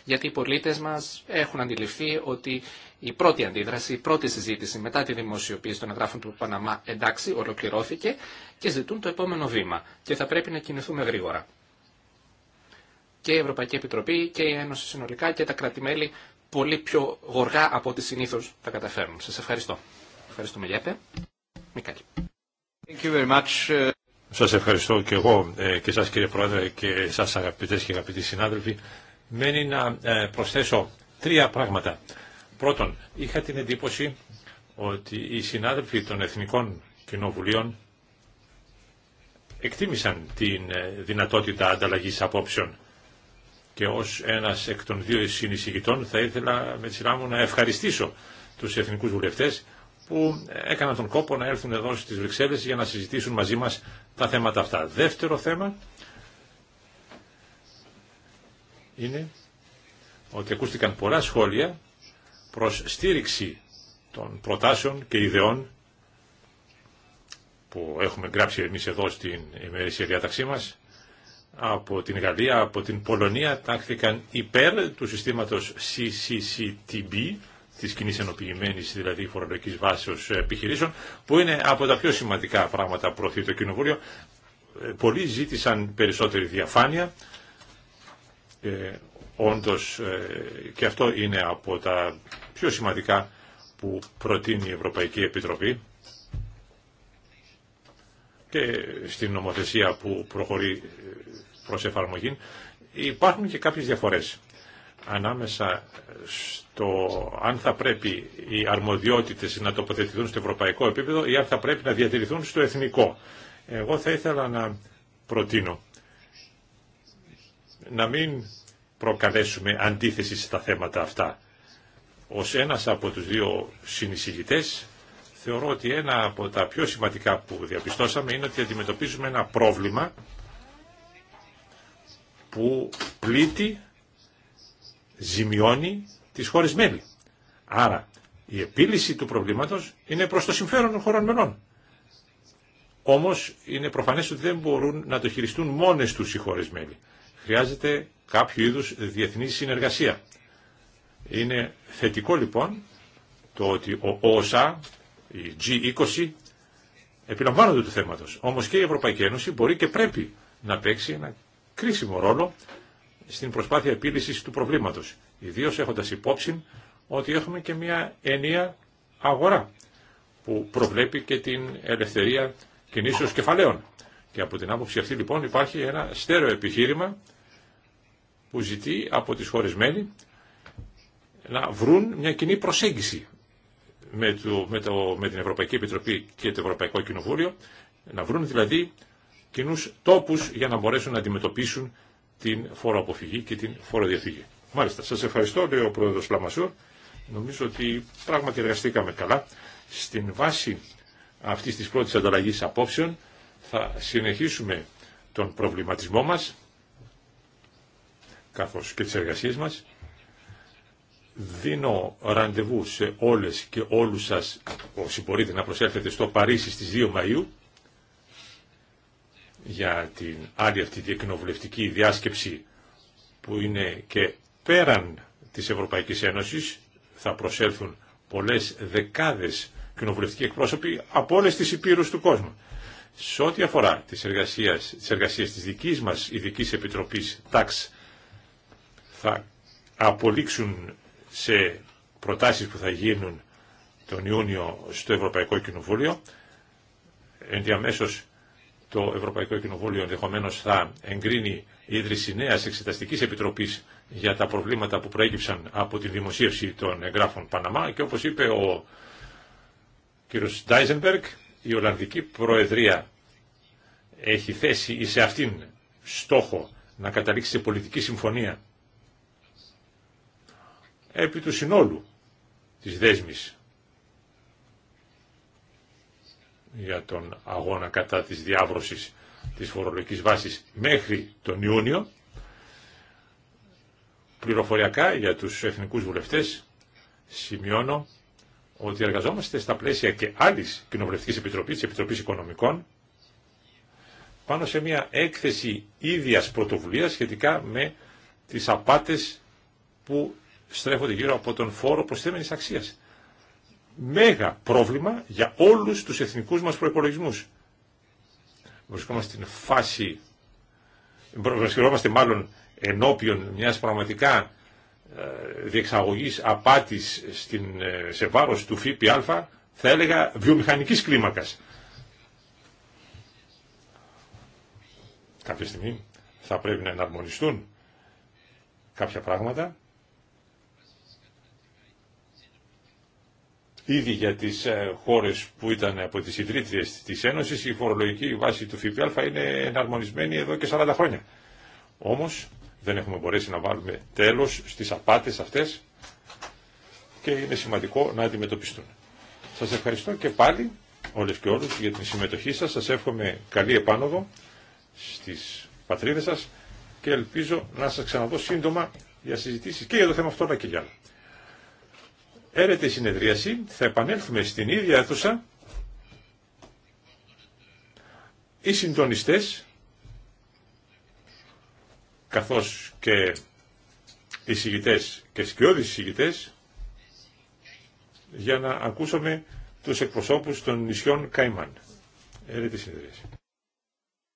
Γιατί οι πολίτε μα έχουν αντιληφθεί ότι η πρώτη αντίδραση, η πρώτη συζήτηση μετά τη δημοσιοποίηση των εγγράφων του Παναμά εντάξει, ολοκληρώθηκε και ζητούν το επόμενο βήμα και θα πρέπει να κινηθούμε γρήγορα και η Ευρωπαϊκή Επιτροπή και η Ένωση συνολικά και τα κρατημέλη πολύ πιο γοργά από ό,τι συνήθω τα καταφέρνουν. Σα ευχαριστώ. Ευχαριστούμε, Γιέπε. Μικάλη. Σας ευχαριστώ και εγώ ε, και σας κύριε Πρόεδρε και σας αγαπητές και αγαπητοί συνάδελφοι. Μένει να ε, προσθέσω τρία πράγματα. Πρώτον, είχα την εντύπωση ότι οι συνάδελφοι των Εθνικών Κοινοβουλίων εκτίμησαν την ε, δυνατότητα ανταλλαγής απόψεων και ως ένας εκ των δύο συνεισηγητών θα ήθελα με τη σειρά μου να ευχαριστήσω τους εθνικούς βουλευτές που έκαναν τον κόπο να έρθουν εδώ στις Βρυξέλλες για να συζητήσουν μαζί μας τα θέματα αυτά. Δεύτερο θέμα είναι ότι ακούστηκαν πολλά σχόλια προς στήριξη των προτάσεων και ιδεών που έχουμε γράψει εμείς εδώ στην ημερήσια διάταξή μας από την Γαλλία, από την Πολωνία τάχθηκαν υπέρ του συστήματος CCCTB, της κοινή ενοποιημένη δηλαδή Φορολογικής βάσεως επιχειρήσεων, που είναι από τα πιο σημαντικά πράγματα που προωθεί το Κοινοβούλιο. Ε, πολλοί ζήτησαν περισσότερη διαφάνεια. Ε, όντως ε, και αυτό είναι από τα πιο σημαντικά που προτείνει η Ευρωπαϊκή Επιτροπή και στην νομοθεσία που προχωρεί προς εφαρμογή, υπάρχουν και κάποιες διαφορές ανάμεσα στο αν θα πρέπει οι αρμοδιότητες να τοποθετηθούν στο ευρωπαϊκό επίπεδο ή αν θα πρέπει να διατηρηθούν στο εθνικό. Εγώ θα ήθελα να προτείνω να μην προκαλέσουμε αντίθεση στα θέματα αυτά. Ως ένας από τους δύο συνεισηγητές θεωρώ ότι ένα από τα πιο σημαντικά που διαπιστώσαμε είναι ότι αντιμετωπίζουμε ένα πρόβλημα που πλήττει, ζημιώνει τις χώρες μέλη. Άρα η επίλυση του προβλήματος είναι προς το συμφέρον των χωρών μελών. Όμως είναι προφανές ότι δεν μπορούν να το χειριστούν μόνες τους οι χώρες μέλη. Χρειάζεται κάποιο είδους διεθνή συνεργασία. Είναι θετικό λοιπόν το ότι ο ΩΣΑ η G20 επιλαμβάνονται του θέματος. Όμως και η Ευρωπαϊκή Ένωση μπορεί και πρέπει να παίξει ένα κρίσιμο ρόλο στην προσπάθεια επίλυσης του προβλήματος. Ιδίως έχοντας υπόψη ότι έχουμε και μια ενία αγορά που προβλέπει και την ελευθερία κινήσεως κεφαλαίων. Και από την άποψη αυτή λοιπόν υπάρχει ένα στέρεο επιχείρημα που ζητεί από τις χώρες να βρουν μια κοινή προσέγγιση με, το, με, το, με την Ευρωπαϊκή Επιτροπή και το Ευρωπαϊκό Κοινοβούλιο, να βρουν δηλαδή κοινού τόπου για να μπορέσουν να αντιμετωπίσουν την φοροαποφυγή και την φοροδιαφυγή. Μάλιστα, σα ευχαριστώ, λέει ο πρόεδρο Λαμασούρ. Νομίζω ότι πράγματι εργαστήκαμε καλά. Στην βάση αυτή τη πρώτη ανταλλαγή απόψεων θα συνεχίσουμε τον προβληματισμό μα καθώς και τις εργασίες μας δίνω ραντεβού σε όλες και όλους σας όσοι μπορείτε να προσέλθετε στο Παρίσι στις 2 Μαΐου για την άλλη αυτή κοινοβουλευτική διάσκεψη που είναι και πέραν της Ευρωπαϊκής Ένωσης θα προσέλθουν πολλές δεκάδες κοινοβουλευτικοί εκπρόσωποι από όλες τις υπήρους του κόσμου. Σε ό,τι αφορά τις εργασίες, τη εργασίες της δικής μας ειδική Επιτροπής ΤΑΞ θα απολύξουν σε προτάσεις που θα γίνουν τον Ιούνιο στο Ευρωπαϊκό Κοινοβούλιο. Ενδιαμέσως το Ευρωπαϊκό Κοινοβούλιο ενδεχομένω θα εγκρίνει η ίδρυση νέας εξεταστικής επιτροπής για τα προβλήματα που προέκυψαν από τη δημοσίευση των εγγράφων Παναμά και όπως είπε ο κ. Ντάιζενμπεργκ, η Ολλανδική Προεδρία έχει θέσει σε αυτήν στόχο να καταλήξει σε πολιτική συμφωνία επί του συνόλου της δέσμης για τον αγώνα κατά της διάβρωσης της φορολογικής βάσης μέχρι τον Ιούνιο πληροφοριακά για τους εθνικούς βουλευτές σημειώνω ότι εργαζόμαστε στα πλαίσια και άλλης κοινοβουλευτικής επιτροπής, της Επιτροπής Οικονομικών, πάνω σε μια έκθεση ίδιας πρωτοβουλίας σχετικά με τις απάτες που στρέφονται γύρω από τον φόρο προσθέμενης αξίας. Μέγα πρόβλημα για όλους τους εθνικούς μας προϋπολογισμούς. Βρισκόμαστε στην φάση, βρισκόμαστε μάλλον ενώπιον μιας πραγματικά ε, διεξαγωγής απάτης στην, ε, σε βάρος του ΦΠΑ, θα έλεγα βιομηχανικής κλίμακας. Κάποια στιγμή θα πρέπει να εναρμονιστούν κάποια πράγματα Ήδη για τις ε, χώρες που ήταν από τις ιδρύτριες της Ένωσης η φορολογική βάση του ΦΠΑ είναι εναρμονισμένη εδώ και 40 χρόνια. Όμως δεν έχουμε μπορέσει να βάλουμε τέλος στις απάτες αυτές και είναι σημαντικό να αντιμετωπιστούν. Σας ευχαριστώ και πάλι όλες και όλους για την συμμετοχή σας. Σας εύχομαι καλή επάνωδο στις πατρίδες σας και ελπίζω να σας ξαναδώ σύντομα για συζητήσεις και για το θέμα αυτό αλλά και για άλλα. Έρετε συνεδρίαση, θα επανέλθουμε στην ίδια αίθουσα. Οι συντονιστές, καθώς και οι συγητές και σκιώδεις συγητές, για να ακούσουμε τους εκπροσώπους των νησιών Καϊμάν. Έρετε συνεδρίαση.